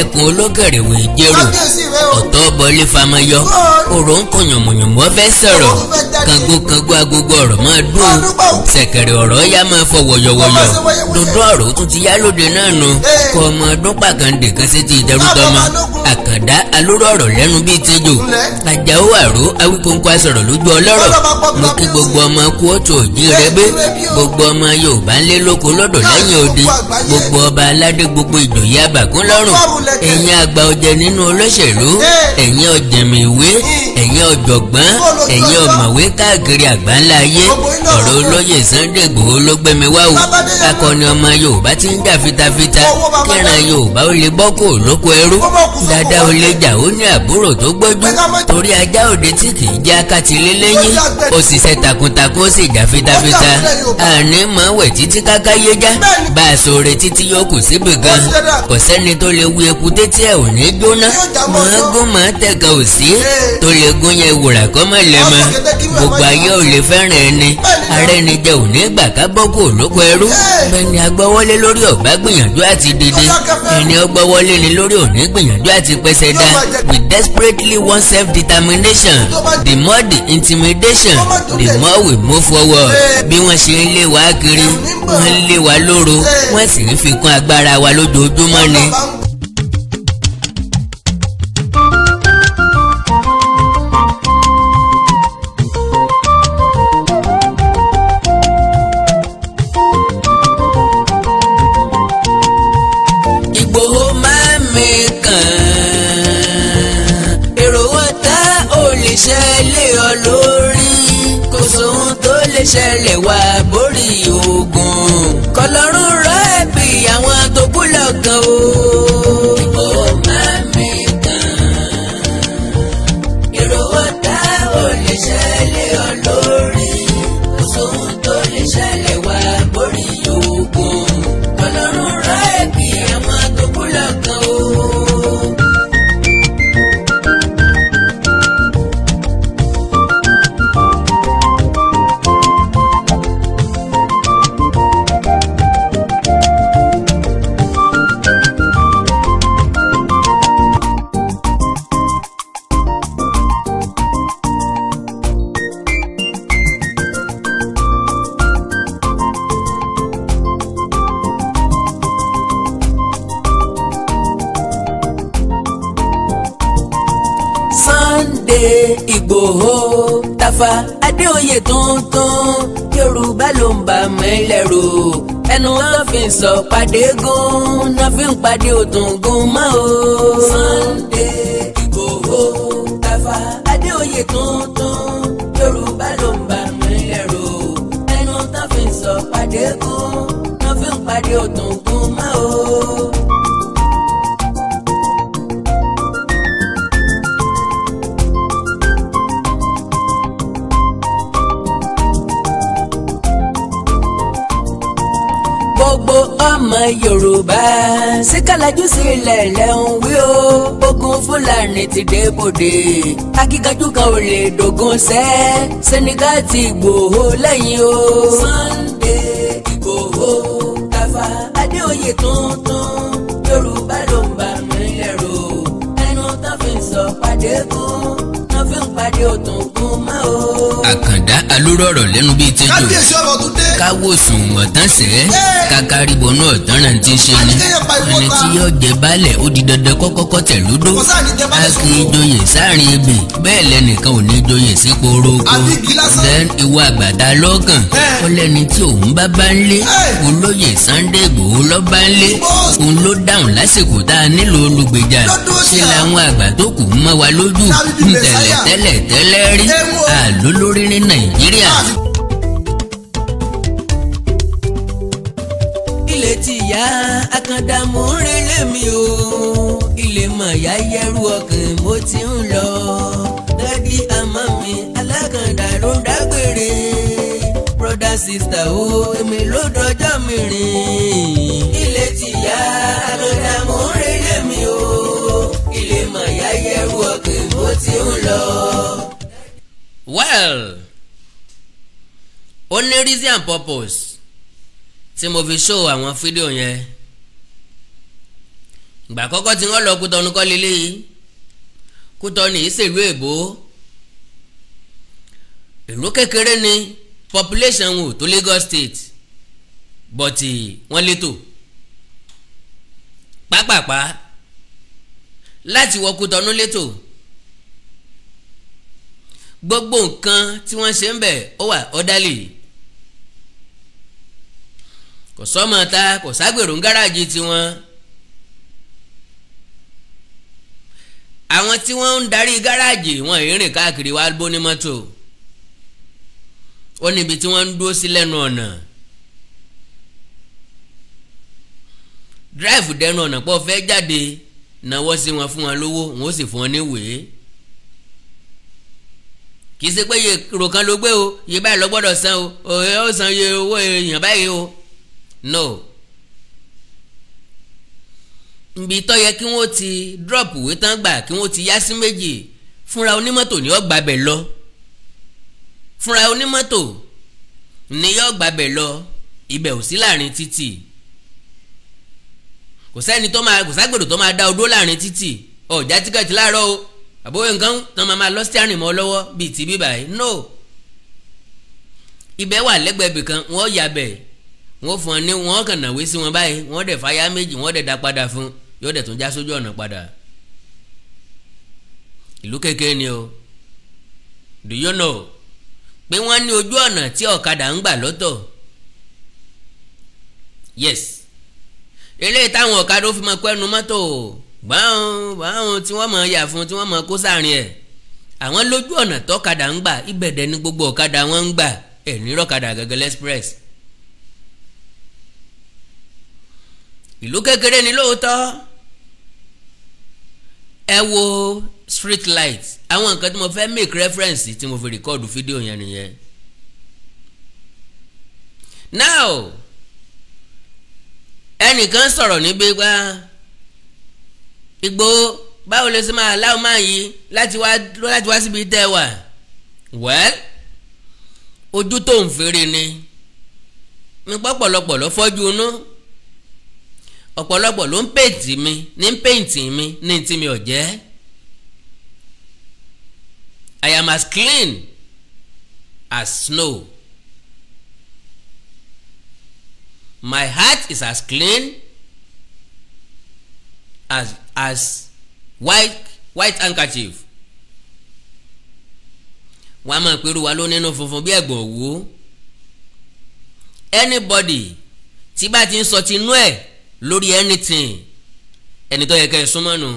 ẹkùn ológèrèwé jẹrò ọ̀tọ̀ bọlé famayọ òrò ń kọ yànmùyànmù ọbẹ̀ sọ̀rọ̀ kangokango agogo ọ̀rọ̀ máa dùn sẹ̀kẹ̀rẹ̀ ọ̀rọ̀ ya máa fọ wọ̀yọ̀wọ̀yọ̀ dundun ọ̀rọ̀ tún ti yálòdì náà nù kọ́ ọmọ ọdún pàkàndé kan sí ti ìdẹrùtọ́mọ àkàndá alóró ọ̀rọ̀ lẹ́nu bíi tẹ́jọ́ àjàó àró awíkóńkó asọ̀rọ̀ lójú ọlọ́rọ̀ mo kí gbogbo ọmọ kóòtù òjíire gbé gbogbo ọmọ yorùbá ńlẹ́ lóko lọ́dọ̀ lẹ́yìn òde gbogbo ọba aládé gbogbo ìjòyè abàgún lọ́rùn ẹ̀yin àgbà ọ̀jẹ̀ nínú olóṣèlú ẹ̀yin ọ̀jẹ̀mì ìwé ẹ̀yin ọ̀jọ̀gbọ́n ẹ̀yin ọ̀mọ̀wé káàkiri àgbáńlá ayé ọ̀rọ̀ olóyè Sunday Igboho ló gbé mi wá o akọni ọmọ yorùbá ti ń jà fitafita kíran yorùbá ó lè bọ́ kó lóko ẹrú d dáadáa ò lè jà ó ní àbúrò tó gbójú torí ajá òde tí kì í jẹ́ akátilé lẹ́yìn òṣìṣẹ́ takuntakun ó sì jà fitafita àní mọ̀ wẹ̀ títí káká yé já bá a sọ̀rọ̀ títí yóò kù síbi gan kò sẹ́ni tó lè wú eku tẹ́tí ẹ̀ ò ní jóná mọ̀ gún mọ̀ tẹ̀ka ò sí tó lè gún yẹn wùrà kọ́ mọ̀ lẹ́mọ gbogbo ayé ò lè fẹ́ràn ẹni ààrẹ ni jẹ òní gbà ká bọ́kù òlóko ẹrú bẹ́ẹ̀ ni agbọ́wọ́lé lórí ọ̀bá gbìyànjú àti dìde ẹni ọgbọ́wọ́lé ni lórí òní gbìyànjú àti láti pẹ́sẹ̀ dá we desperately want self-determination the more the intimidation the more we move forward. bí wọ́n ṣe ń lé wa kiri wọ́n ń lé wa lóru wọ́n sì ń fi kún agbára wa lójoojúmọ́ ni. ṣẹlẹ̀ wá borí ogun kọlọ́run rọ ẹ̀bì àwọn tó kú lọ́gàn o. sọ pàdé gan-an náà fi ń pàdé òtún gan. lajú sílẹ̀ lẹ́hùn wí o ogun fúlàní ti dé bòde akíkanjú kan ò lè dògún sẹ́ sẹ́nìkà ti Ìgbòho lẹ́yìn o. Sunday Ìgbòho Tafa Adéoyè tuntun Yorùbá ló ń bà mí lẹ́rù ẹnu tó fi ń sọ pàdé kún tó fi ń pàdé òtún kún mọ́ o. Àkàndá alúrọ̀rọ̀ lẹ́nu bíi tẹ́jọ́. kábíyèsí ọ̀rọ̀ tó káwọ́ sùnwọ̀n tán sẹ́ kákàríbọ̀ náà tánra ti ṣe ni ẹni tí yóò jẹ baálẹ̀ ó di dandan kọ́kọ́kọ́ tẹ̀ lódó a kì í joyè sáàrin ebè bẹ́ẹ̀ lẹ́nìkan ò ní joyè sí poroko then ìwọ àgbàdá lọ́kàn ó lẹ́ni tí òun bá bá ń lé olóyè Sunday Igboho lọ́ bá ń lé òun ló dáhùn lásìkò tá a nílò olùgbèjà ṣe làwọn àgbà tó kù mọ́ wa lójú tẹ́lẹ̀ tẹ́lẹ̀ tẹ́lẹ̀ rí àlólórí ní Nàìjíríà. mi o ilé mọ̀ yá yẹ́rù ọkàn mo ti ń lọ dádì àmọ́ mi alákàndá ló ń dágbére broda sista o èmi ló dọjọ́ mi rìn ilé tìyá àlọ́dà mo ń rẹ́lẹ̀ mi o ilé mọ̀ yá yẹ́rù ọkàn mo ti ń lọ. well ó ní reason and purpose tí mo fi show àwọn fídíò yẹn ìgbà àkọ́kọ́ tí wọ́n lọ Kútọ́nù kọ́ lélẹ́ yìí Kútọ́nù yìí ṣèlú èbó ìlú kékeré ni population wò tó Lagos State bọ̀tì wọ́n létò pápápá láti wọ Kútọ́nù létò gbogbo nǹkan tí wọ́n ṣe ń bẹ̀ ó wà ọ́dálì kò sọ́mọ́ta kò ságbèrò ń gáràjì tiwọn. àwọn tí wọ́n ń darí gáràjì wọn ìrìn káàkiri wá bóní mọ́tò ó níbi tí wọ́n ń dúró sí lẹ́nu ọ̀nà dráìfù dẹnu ọ̀nà pọ̀ fẹ́ jáde náwó sí wọn fún wọn lówó wọn ó sì fún wọn níwèé kì í ṣe pé èrò kan ló gbé o yìí báyìí lọ gbọ́dọ̀ san o òye ó san iye owó èèyàn báyìí o no. nbí tó yẹ kí wọ́n ti drop ìwé tán gbà kí wọ́n ti yá sí méjì fúnra onímọ́tò ni ó gbà bẹ̀ lọ fúnra onímọ́tò ni yóò gbà bẹ̀ lọ ibẹ̀ ò sí láàrin títì kò sẹ́ni tó máa kò ságbèrò tó máa dá odó láàrin títì ọ̀já tíkẹ́ẹ̀tì láàárọ̀ o àbúrò nǹkan tán máa máa lọ sí àrìn mọ́ lọ́wọ́ bíi ti bíbà yìí no ibẹ̀ wà lẹ́gbẹ̀ẹ́ bìkan wọ́n yà bẹ̀ wọ́n fún ọ ní wọ́n kàn náwó sí wọn báyìí wọ́n dẹ̀ fáyà méjì wọ́n dẹ̀ dá padà fún un yóò dẹ̀ tún já sójú ọ̀nà padà ìlú kékeré ni o do you know pé wọ́n ní ojú ọ̀nà tí ọ̀kadà ń gbà lọ́tọ̀ yes eléyìí táwọn ọ̀kadà ó fi máa kó ẹnu mọ́tò báwọn báwọn tí wọ́n máa yà fún tí wọ́n máa kó sáàrin ẹ̀ àwọn lójú ọ̀nà tọ́kadà ń gbà ibẹ̀dẹ̀ ni gbogbo ọ̀kadà wọn ń gbà ẹ̀ nírọ̀kadà gẹ́gẹ́ express ìlú kékeré ni lóòótọ́ ẹ wo street light àwọn nǹkan tí mo fẹ́ make reference tí mo fi rìkọ́ọ̀dù fídíò yẹn nìyẹn now ẹnìkan sọ̀rọ̀ níbi gbá Ìgbòho báwo lè ṣe máa láwọn máa yí láti wá láti wá síbi tẹ́ wà well ojú tó ń fèrè ni ní pọ́pọ̀lọpọ̀ ló fọ́jú inú. No? ọ̀pọ̀lọpọ̀ ló ń pèntì mi ní pèntì mi ní tí mi ò jẹ́ I am as clean as snow my heart is as clean as as white white handkerchief wọ́n á máa pẹ̀lú wa ló nínú funfun bí ẹ̀gbọ̀n òwú anybody tí bá ti ń sọ tinú ẹ̀ lórí anything ẹni tó yẹ kẹ́ ẹ súnmọ́ nù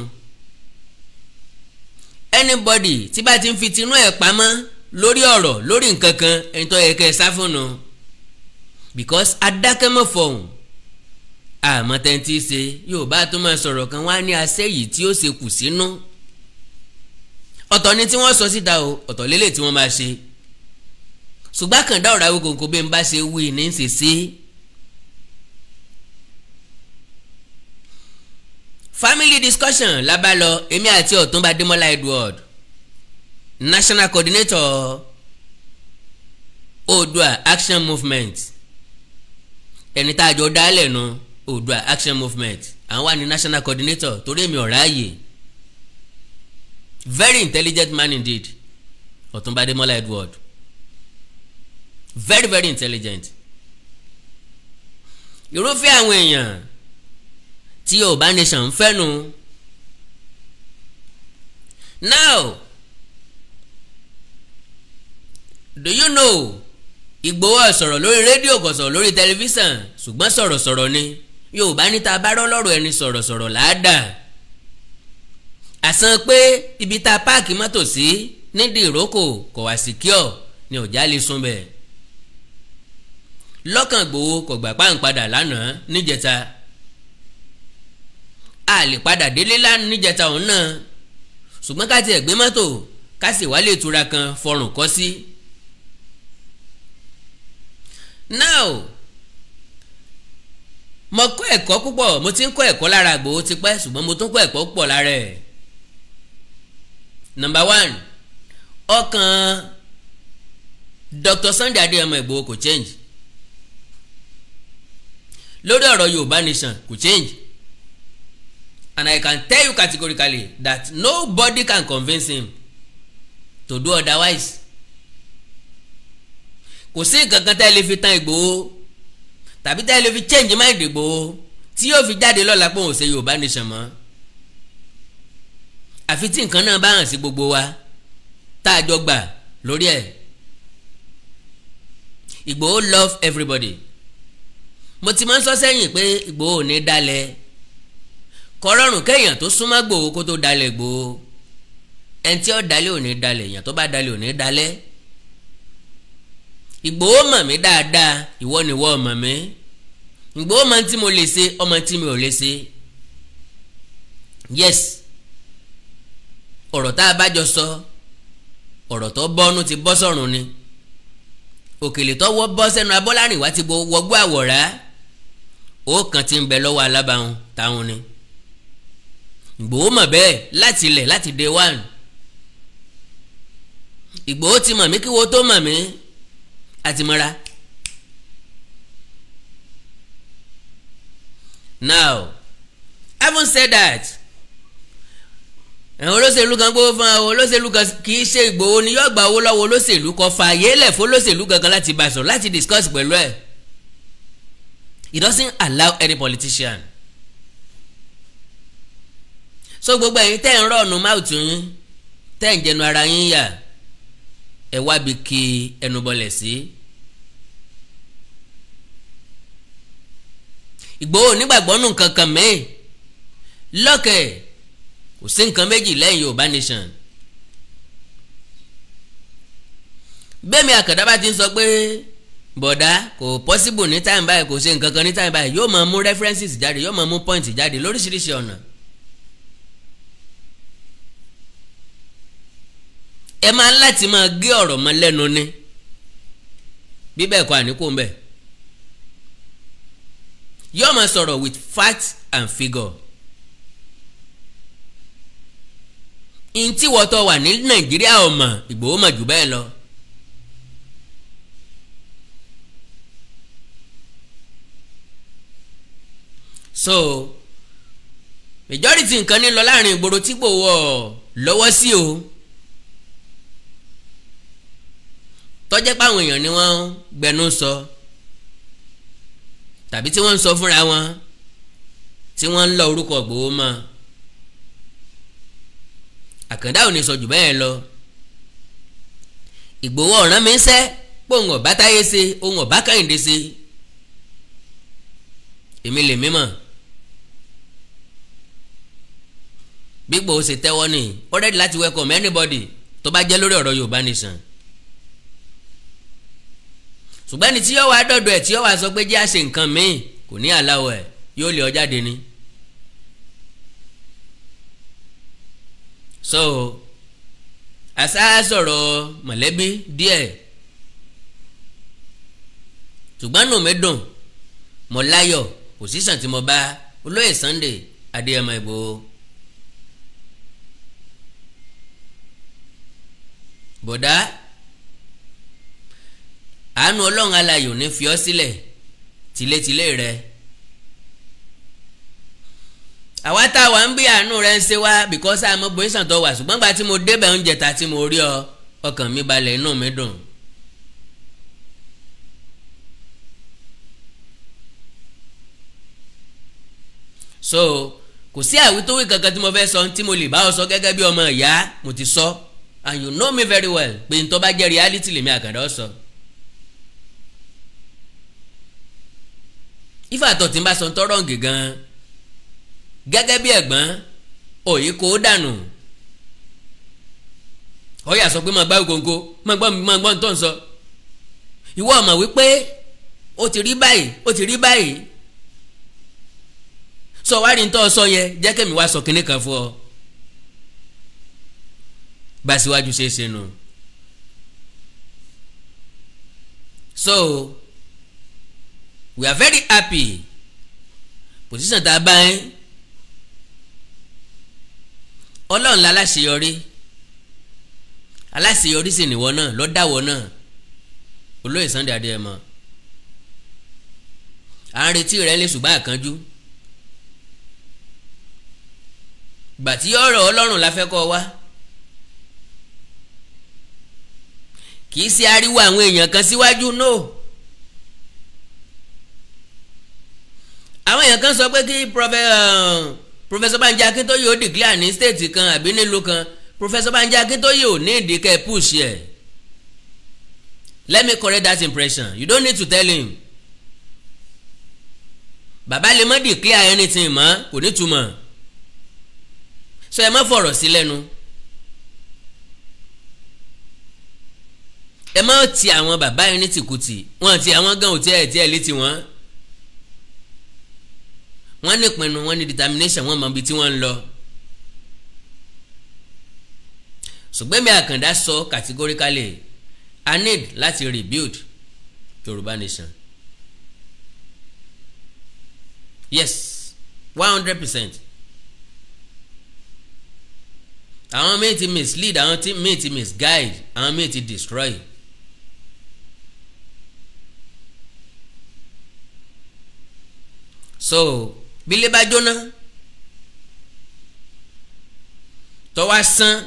anybody tí bá ti ń fi tinú ẹ̀ pamọ́ lórí ọ̀rọ̀ lórí nǹkan kan ẹni tó yẹ kẹ́ ẹ sá fún nù because adákẹ́mọ̀ fọ̀hún àmọ́ tẹ́ntì ṣe yóò bá tó máa sọ̀rọ̀ kan wá ní asẹ́ yìí tí ó ṣe kù sínú ọ̀tọ̀ ni tí wọ́n sọ síta o ọ̀tọ̀ lélẹ̀ tí wọ́n máa ṣe ṣùgbọ́n kàn dá ọ̀rọ̀ kòkó bí n bá ṣe wí ní ṣe family discussion la bá lọ èmi àti ọ̀túnba adémọ́lá edward national coordinator Odua action movement ẹni tá a jọ dálẹ̀ nu oòduà action movement àwọn wà ní national coordinator torí èmi ọ̀rá yìí very intelligent man indeed ọ̀túnba Demola edward very very intelligent irúfẹ́ àwọn èèyàn tí yorùbá nation ń fẹ́nu. now do you know Ìgbòho sọ̀rọ̀ lórí rédíò kò sọ̀rọ̀ lórí tẹlifíṣàn ṣùgbọ́n sọ̀rọ̀sọ̀rọ̀ ni yorùbá ní ta bá rọ́lọ́rọ̀ ẹni sọ̀rọ̀sọ̀rọ̀ làádàá àsan pé ibi tá a páàkì mọ́tò sí nídìí ìrókò kò wá síkíọ̀ ni ọ̀já lè sún bẹ́ẹ̀ lọ́kàn Ìgbòho kò gbà páǹpadà lánàá níjẹta a délé lánàá níjẹta òun náà ṣùgbọ́n ká tiẹ̀ gbé mọ́tò ká sì wálé ìtura kan fọrùn kọ́ sí. now mo kọ́ ẹ̀kọ́ púpọ̀ mo ti ń kọ́ ẹ̀kọ́ lára Ìgbòho tipẹ́ ṣùgbọ́n mo tún kọ́ ẹ̀kọ́ púpọ̀ lára ẹ̀. number one ọkàn Dr. Sunday Adéyẹmọ Ìgbòho kò change lórí ọ̀rọ̀ Yorùbá Nation kò change and I can tell you categorically that nobody can convince him to do otherwise. kò sí nǹkan kan tá ẹ lè fi tan Ìgbòho tàbí tá ẹ lè fi change mind Ìgbòho tí yóò fi jáde lọ́la pé òun ò ṣe Yorùbá nation mọ́ àfi tí nǹkan náà bá hàn sí gbogbo wa tá a jọ gbà lórí ẹ̀ Ìgbòho love everybody mo ti máa ń sọ sẹ́yìn pé Ìgbòho ò ní dalẹ̀ kọlọ́rùn kéèyàn tó súnmọ́ gbòó kó tó dalẹ̀ gbòó ẹni tí ó dalẹ̀ ò dalẹ̀ èèyàn tó bá dalẹ̀ òní ní dalẹ̀ ìgbòho mọ̀ mí dáadáa ìwọ ni ìwọ mọ̀ mí ìgbòho mọ̀ tí mo lè ṣe ọmọ tí mi ò lè ṣe yes ọ̀rọ̀ tá a bá jọ sọ ọ̀rọ̀ tó bọ́nu ti bọ́ sọ̀rùn ni òkèlè tó wọ́ bọ́ sẹ́nu abọ́lárìnwá ti wọgbó àwọ̀rá ó kàn ti ń bẹ lọ́wọ́ alábàáhùn táwọn ni. Ìgbòho mọ̀ bẹ́ẹ̀ láti ilẹ̀ láti day one Ìgbòho ti mọ̀ mí kí wo tó mọ̀ mí àti mọ́ra. Now, having said that àwọn olóṣèlú kan gbówó fún àwọn olóṣèlú kan kì í ṣe Ìgbòho ni yóò gba owó lọ́wọ́ olóṣèlú kan fa yélẹ̀ fún olóṣèlú kankan láti bá sọ̀rọ̀ láti discuss pẹ̀lú ẹ̀. It doesn't allow any politician so gbogbo ẹ̀yin tẹ́ ń rọ̀nù máùtù yín tẹ́ ń jẹnu ara yín yà ẹ wábi kí ẹnu bọlẹ̀ sí. Ìgbòho nígbàgbọ́ nù kankan mẹ́ẹ̀ lọ́kẹ̀ kò sí nǹkan méjì lẹ́yìn Yorùbá nation. bẹ́ẹ̀mi àkàndá bá ti ń sọ pé bọ̀dá kò possible ní time báyìí kò ṣe nǹkan kan ní time báyìí yóò máa mú references jáde yóò máa mú points jáde lóríṣiríṣi ọ̀nà. ẹ máa láti máa gé ọ̀rọ̀ mọ́ lẹ́nu ni bí bẹ́ẹ̀ kọ́ àníkó ń bẹ̀ yóò máa sọ̀rọ̀ with fact and figure ntíwọ́tọ̀ wà ní Nàìjíríà ọmọ Ìgbòho mà jù bẹ́ẹ̀ lọ. so majority nǹkan ní lọ láàrin ìgboro tí gbòòwò lọ́wọ́ sí o. Si tọ́jẹ́ páwọn èèyàn ni wọ́n gbẹnu sọ tàbí tí wọ́n ń sọ fúnra wọn tí wọ́n ń lọ orúkọ Ìgbòho mọ́ Àkàndá ò ní sọ jù bẹ́ẹ̀ lọ Ìgbòho ọ̀ràn mi ń sẹ́ pé òun ọ̀bá táyé ṣe òun ọ̀bá Kẹ́hìndé ṣe èmi lè mímọ̀ bí Ìgbòho ṣe tẹ́wọ́ nì ó ready láti welcome anybody tó bá jẹ́ lórí ọ̀rọ̀ Yorùbá nation ṣùgbọ́n ẹni tí yóò wá dọ̀dọ̀ ẹ̀ tí yóò wá sọ pé jẹ́ àṣe nǹkan míì kò ní àláwọ̀ ẹ̀ yóò lé ọ jáde ni. so àṣà sọ̀rọ̀ mọ̀lẹ́bí díẹ̀ ṣùgbọ́n nù mí dùn mo láyọ̀ kò sí sàn tí mo bá olóyè Sunday Adéyẹmọ Ìgbòho. bọ̀dá àánú ọlọ́run alayò ní fi ọ́ sílẹ̀ tìletìle rẹ àwa tá a wà ń bí àánú rẹ ń ṣe wá bìkọ́sì àmọ́ bóyísàn tó wà ṣùgbọ́n gba tí mo débẹ̀ oúnjẹ ta tí mo rí ọ ọkàn mi balẹ̀ inú mi dùn. so kò sí àwítówí kankan tí mo fẹ́ sọ tí mo lè bá ọ sọ gẹ́gẹ́ bí ọmọ ìyá mo ti sọ and you know me very well pé n tó bá jẹ́ reality lèmi àkàndá ọ sọ. So. ifeatọ tí n bá sọ ń tọrọ ǹgì gan gẹ́gẹ́ bí ẹ̀gbọ́n òye kò dànù ọyà sọ pé máa gbá gbòǹgbò máa gbọ́ máa gbọ́ nítorí sọ ìwọ ọmọ wípé ó ti rí báyìí ó ti rí báyìí sọ wá rí nítorí sọ yẹ jẹ́ kẹ́mi wá sọ kinní kan fún ọ bá síwájú ṣe é ṣe nù so we are very happy position tá a bá yín ọlọ́run la aláṣeyọrí aláṣeyọrí sì nìwọ náà lọ́dàwọ̀ náà olóyè Sunday Adéyẹmọ à ń retí rẹ lè ṣùgbọ́n àkànjú gbàtí ọ̀rọ̀ ọlọ́run la fẹ́ kọ́ wa kì í ṣe ariwo àwọn èèyàn kan síwájú náà. No àwọn èèyàn kan sọ pé kí um, professor Banji Akintoye ó declare ní state kan àbí nílùú kan professor Banji Akintoye ò ní ìdíkẹ́ push ẹ̀ let me correct that impression you don't need to tell him bàbá lè má declare anything mọ́ kò ní túmọ̀ so ẹ má fọ̀rọ̀ sí lẹ́nu ẹ má ti àwọn bàbá yẹn ní tìkùtì wọn àti àwọn gan òtí ẹ̀ tí ẹ̀ létí wọn wọ́n ní ìpinnu wọ́n ní determination wọ́n mọ ibi tí wọ́n ń lọ. ṣùgbọ́n mi àkàndá sọ categorically i need láti rebuild yorùbá nation. yes one hundred percent àwọn míì ti mislead àwọn míì ti misguide àwọn míì ti destroy. so Bile bá jóná tọ́wá sán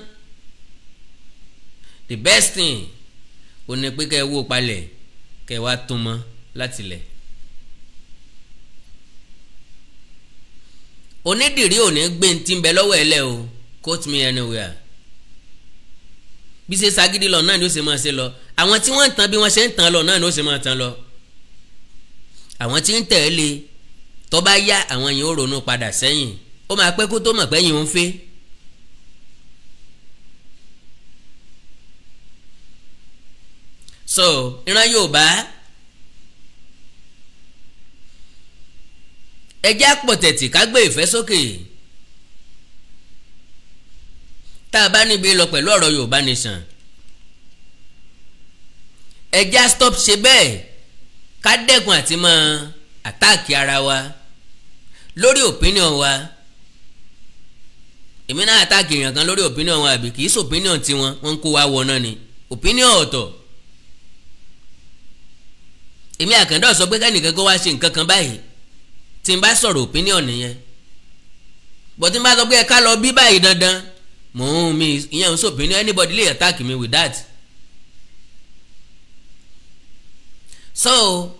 the best thing ò ní pé kẹ́ ẹ wó palẹ̀ kẹ́ ẹ wá tún mọ́ onídìrí ò gbé ti bẹ lọ́wọ́ ẹ lẹ́ o quote me anywhere bí ṣe ṣagídí lọ náà ni ó ṣe máa ṣe lọ àwọn tí wọ́n ń tan bí wọ́n ṣe ń tan lọ náà ni ó ṣe máa tan lọ àwọn tí ń tẹ̀lé tó bá yá àwọn yẹn ó ronú padà sẹ́yìn ó máa pẹ́ kó tó mọ̀ pé yìí ń fẹ́. so ìran Yorùbá ẹjẹ́ àpọ̀tẹ̀tì ká gbé ìfẹ́ sókè tá a bá níbi lọ pẹ̀lú ọ̀rọ̀ Yorùbá nation ẹjẹ́ stop ṣe bẹ́ẹ̀ ká dẹ́kun àti mọ́ àtáàkì ara wa lórí opinion wa èmi náà àtàkì èèyàn kan lórí opinion wa àbí kì í ṣe opinion tiwọn wọ́n ń kó wa wọnà ni opinion ọ̀tọ̀ èmi àkàndá sọ pé kẹ́nìkan kó wá ṣe nǹkan kan báyìí tí n bá sọ̀rọ̀ opinion nìyẹn bó tí n bá sọ pé ẹ ká lọ bí báyìí dandan mò ń mi ìyẹn ń sọ opinion anybody lè attack me with that. so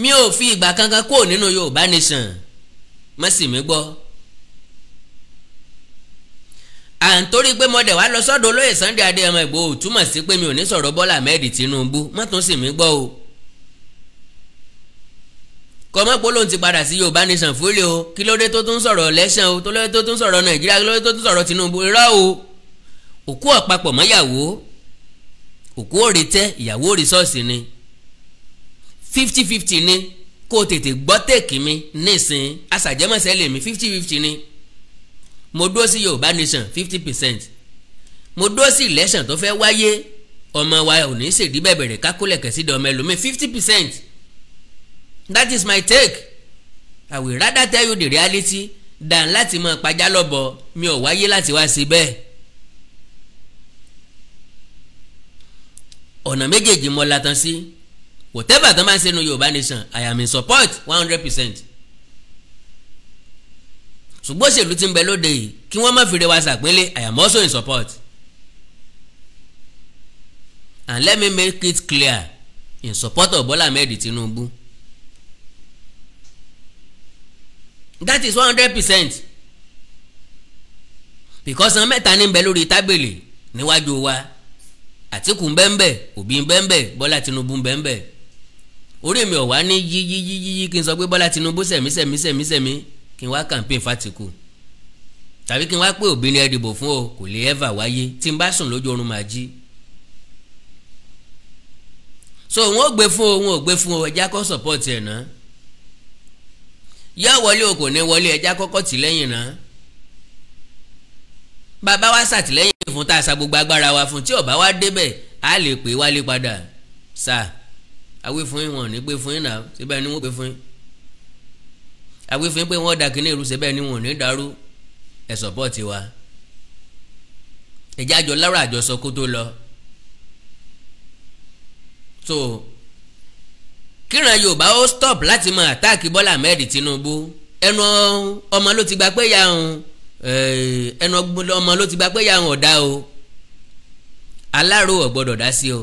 mi ò fi ìgbà kankan kúrò nínú Yorùbá nation má sì mí gbọ́. à ń torí pé mo dẹ̀ wá lọ sọ́dọ̀ olóyè Sunday Adéyẹmọ Ìgbòho túmọ̀ sí pé mi ò ní sọ̀rọ̀ Bọ́lá Ahmed Tinubu má tún sì mí gbọ́ o. kọ́mọ́ polóhùn ti padà sí Yorùbá Nation fúlẹ̀ o kí ló dé tó tún sọ̀rọ̀ lẹ́sàn o tó ló tó tún sọ̀rọ̀ Nàìjíríà kí ló dé tó tún sọ̀rọ̀ Tinubu irọ́ o òkú ọ̀pápọ̀ mọ́yàwó òkú òrìtẹ́ ìyàwó òrìsọ́ọ̀sì ni fifty fifty ni kó o tètè gbọ́ tèkì mi nísìn asàjẹmọ́sẹ̀ lè mi fifty fifty ni mo dúró sí yorùbá nation fifty percent mo dúró sí election tó fẹ́ wáyé ọmọ wa ò ní ṣèdí bẹ̀bẹ̀rẹ̀ kákólẹ̀kẹ̀ sí dọ̀mọ ẹlòmíì fifty percent that is my take I will rather tell you the reality than láti mọ pàjá lọ́bọ mi ò wáyé láti wá sí bẹ́ẹ̀. ọ̀nà méjèèjì mo la tán sí. Si whatever tó máa ń sẹ́nu yorùbá nation i am in support one hundred percent ṣùgbọ́n òṣèlú ti ń bẹ lóde yìí kí wọ́n má fi re ṣàpínlẹ̀ i am also in support and let me make it clear in support of Bola Ahmed Tinubu that is one hundred percent because àwọn mẹ́ta ní ń bẹ lórí tábìlì níwájú wa Àtíkù ń bẹ ń bẹ Òbí ń bẹ ń Bọ́lá Tinubu ń bẹ ń orí mi ò wá ní yí yí yí yí kí n sọ pé Bọ́lá Tinubu sẹ̀mí sẹ̀mí sẹ̀mí sẹ̀mí kí n wá campaign fatiku tàbí kí n wá pé òbí ni ẹ dìbò fún o kò lè ever wáyé tí n bá sùn lójú oorun máa jí so wọn ò gbé fún o wọn ò gbé fún o ẹja kọ́ support ẹ̀ náà yá wọlé o kò ní wọlé ẹja kọ́kọ́ tì lẹ́yìn náà bàbá wa ṣàtìlẹ́yìn fún tá a sa gbogbo agbára wa fún tí ọba wa débẹ̀ a lè pè wálé padà sáà awé fún yín wọn ní pé fún yín náà síbẹ̀ ni wọ́n pé fún yín awé fún yín pé wọ́n da kíní ìrú síbẹ̀ ni wọ́n ní dàrú ẹ̀ sọ́pọ́ọ̀tì wa ẹ̀jẹ̀ àjọ lára àjọsọ kó tó lọ so kíran yorùbá ó stop láti máa àtáàkì bọ́lá ahmed tinubu ẹnu ọmọ ló ti gba pé ya òun eh, ẹnu ọmọ ló ti gba pé ya òun ọ̀dà o aláró ò dá sí o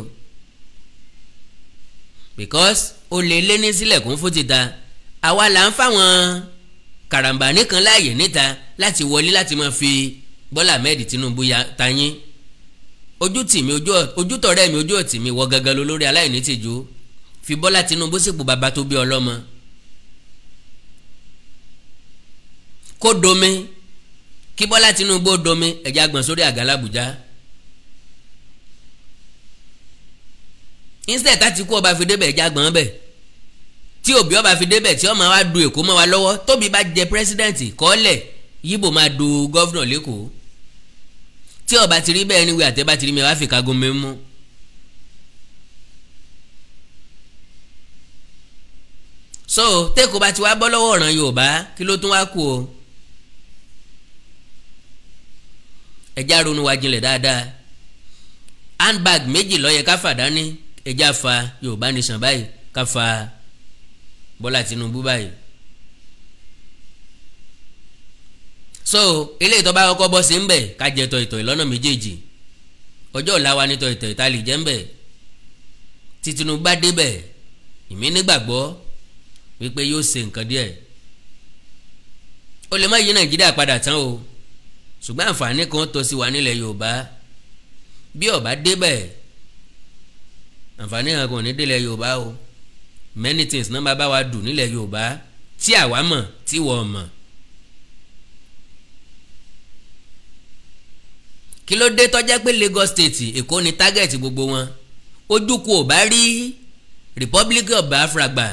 because o lè lé ní sílẹ̀kùn fún títa àwa là ń fáwọn karambà nìkan láàyè níta láti wọlé láti máa fi Bọ́lá Ahmed Tinubu ya tayín ojú tì ojú tọ̀rẹ́ mi ojú ọ̀tì mi wọ gangan lólórí aláìní tìjú fi Bọ́lá Tinubu sípò bàbá tó bí ọlọ́mọ kó domi kí Bọ́lá Tinubu domi ẹ̀jẹ̀ agbọ̀n sórí àga l'Àbújá. instead tàti kú ọba fi débẹ̀ jágbọ́n bẹ̀ tí òbí ọba fi débẹ̀ tí ọmọ wa du èkó mọ́ wa lọ́wọ́ tóbi bá jẹ president kọ́lẹ̀ yíbo máa du gọ́vnà lẹ́kọ̀ọ́ tí ọba ti rí bẹ́ẹ̀ ni wí àtẹ́bá ti rí mi wá fi kagun mi mú. so tẹ́kọ̀ọ́ bá ti wá bọ́ lọ́wọ́ ọ̀ràn Yorùbá kí ló tún wá kú o ẹja ronú wa jinlẹ̀ dáadáa handbag méjì ló yẹ ká fàdání ẹja fa Yorùbá Nation báyìí ká fa Bọ́lá Tinubu báyìí. so eléyìí tó bá kọ́kọ́ bọ́ sí ń bẹ̀ ká jẹ tọ̀ìtọ̀ì lọ́nà méjèèjì ọjọ́ ọ̀la wa ní tọ̀ìtọ̀ì tá a lè jẹ́ ń bẹ̀ tí Tinubu bá débẹ̀ ìmí nígbàgbọ́ wípé yóò ṣe nǹkan díẹ̀ ó lè má yí Nàìjíríà padà tán o ṣùgbọ́n àǹfààní kan tó sí wa nílẹ̀ Yorùbá bí ó débẹ̀ àǹfààní kan kò ní délẹ̀ yorùbá o many things náà bá bá wa dùn nílẹ̀ yorùbá tí àwa mọ̀ tí wọ́n mọ̀. kí ló dé tó pé Lagos State Èkó ni target gbogbo wọn ojúkú ò bá rí Republic of Biafra gbà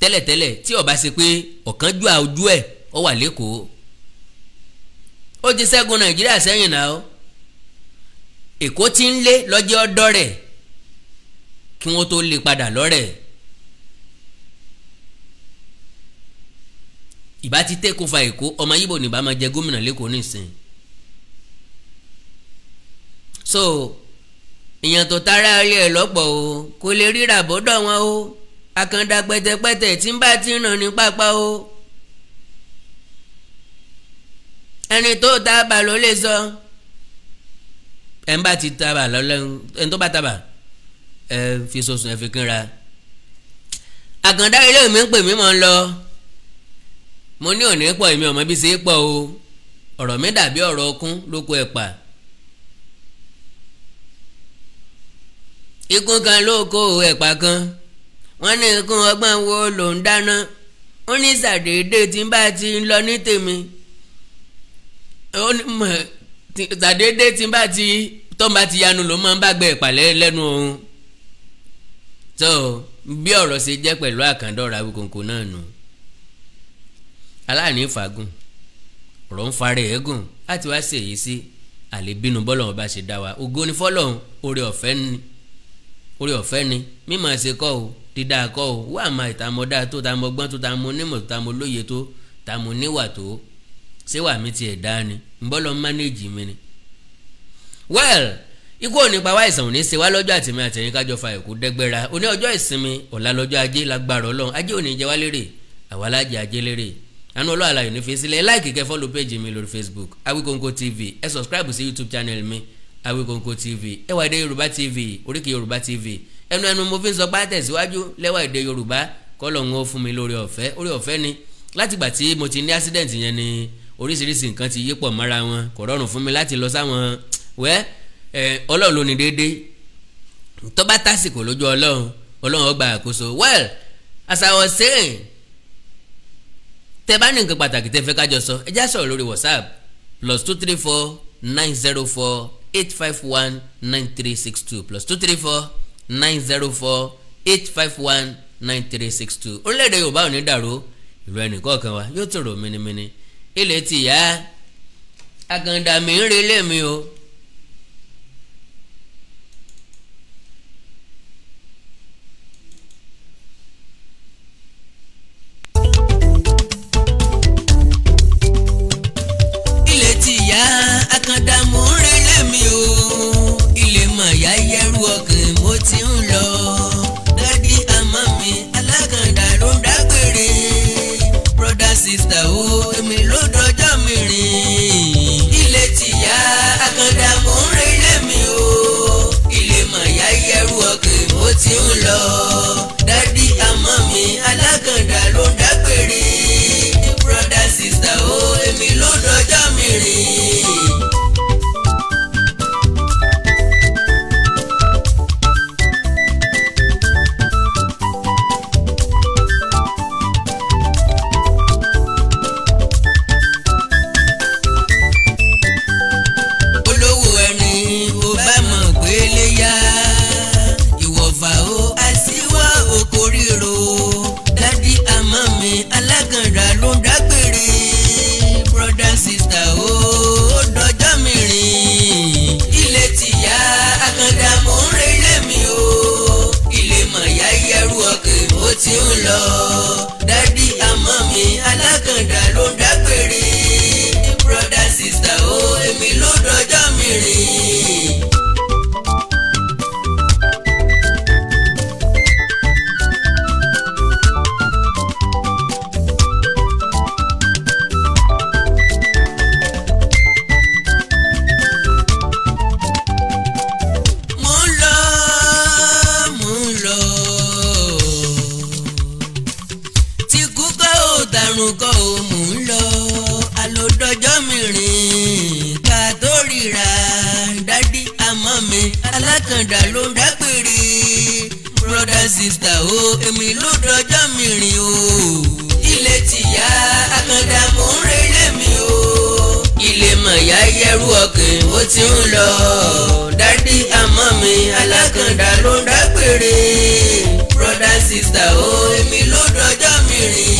tẹ́lẹ̀tẹ́lẹ̀ tí ó bá ṣe pé ọ̀kánjúà ojú ẹ̀ ó wà lẹ́kọ̀ọ́ ó ti ṣẹ́gun Nàìjíríà sẹ́yìn náà Èkó ti ń lé lọ́jọ́ ọdọ́ rẹ̀ kí wọ́n tó lè padà lọ́rẹ̀ ìbá ti tẹ́ kó èkó ọmọ yíbò nìbá máa jẹ gómìnà lẹ́kọ̀ọ́ nìsín so èèyàn tó tara ilé ẹ̀ lọ́pọ̀ o kò lè ríra bọ́dọ̀ wọn o àkàndá pẹ́tẹ́pẹ́tẹ́ tí ń bá ti ràn ní pápá o ẹni tó ta bà ló lè sọ ẹ̀ ń bá ta bà lọ́lẹ́ ẹni tó bá ta bà ẹ fi sọ̀sùn ẹ fi kínra àkàndá ilé mi ń pè mí mọ́ ń lọ mo ní òní pọ̀ èmi ọ̀mọ́ bí ṣe é pọ̀ o ọ̀rọ̀ mi dàbí ọ̀rọ̀ ọkún lóko ẹ̀pà ikún kan lóko ẹ̀pà kan wọ́n ní ikún ọgbọ́n wo ló ń dáná ó ní sàdédé tí n bá ti ń lọ ní tèmi ó ní mọ̀ sàdédé tí n bá ti tọ́ bá ti yanu ló máa ń bá gbẹ ẹ̀pà lẹ́nu òun so bí ọ̀rọ̀ ṣe jẹ́ pẹ̀lú àkàndọ́ra wíkòǹkò náà nù aláàní fagùn ọ̀rọ̀ ń farẹ̀ ẹ̀gùn láti wá ṣèyí sí àlébínú bọ́lọ̀hún bá ṣe dá wa ògo ni fọ́lọ́hún oore ọ̀fẹ́ ni oore ọ̀fẹ́ ni mímọ̀ ṣe kọ́ o dídá kọ́ o wà á ìtàmọ́dá tó tàmọ́gbọ́n tó tàmọ́nímọ̀ tó tàmọ́lóye tó tàmọ́níwà tó ṣé wà mí tiẹ̀ dá ni ń bọ́lọ́ mánéèjì mi ni well ikú òní pa wá àìsàn òní ṣe wá lọ́jọ́ àtìmí àtẹ̀yìn kájọ fa ẹ̀kú dẹ́gbẹ́ra òní ọjọ́ ìsinmi ọ̀la lọ́jọ́ ajé lágbára ọlọ́run ajé òní jẹ́ wá lérè àwa alájẹ ajé lérè àánú ọlọ́run àlàyé ní fèsì lẹ́ láìkì kẹ́ fọ́lù péjì mi lórí Facebook Awikonko TV ẹ sọ̀scribe sí YouTube channel mi Awikonko TV ẹ wà èdè Yorùbá TV oríkì Yorùbá TV ẹnu ẹnu mo fi ń sọ pátẹ̀ síwájú lẹ́wà èdè Yorùbá kọ́lọ́hún ó fún mi lórí ọ̀fẹ́ ni látìgbà tí mo ti ní accident yẹn ni oríṣiríṣi nǹkan ti yípọ̀ mọ́ra wọn kò rọrùn fún ọlọ́run ló ní déédéé tó bá tásìkò lójú ọlọ́run ọlọ́run ó gba àkóso well as I was saying tẹ bá ní nǹkan pàtàkì tẹ fẹ́ kájọ sọ ẹ já sọ̀rọ̀ lórí whatsapp plus two three four nine zero four eight five one nine three six two plus two three four nine zero four eight five one nine three six two orílẹ̀-èdè yorùbá ò ní dàrú ìlú ẹnìkọ̀ọ̀kan wa yóò tòrò minimini ilé ti yá agandami ń relé mi o. sister ó tí ń lọ dádì àmọ́ mi alákàndá ló ń dá. sísítà o èmi ló dọjọ́ mi rìn o. ilé tìyá akanda mò ń relé mi o. ilé mọ̀yá yẹrù ọ̀gìn ó ti ń lọ. dádì àmọ́ mi alákàndá ló ń dágbére. brother sísítà o èmi ló dọjọ́ mi rìn.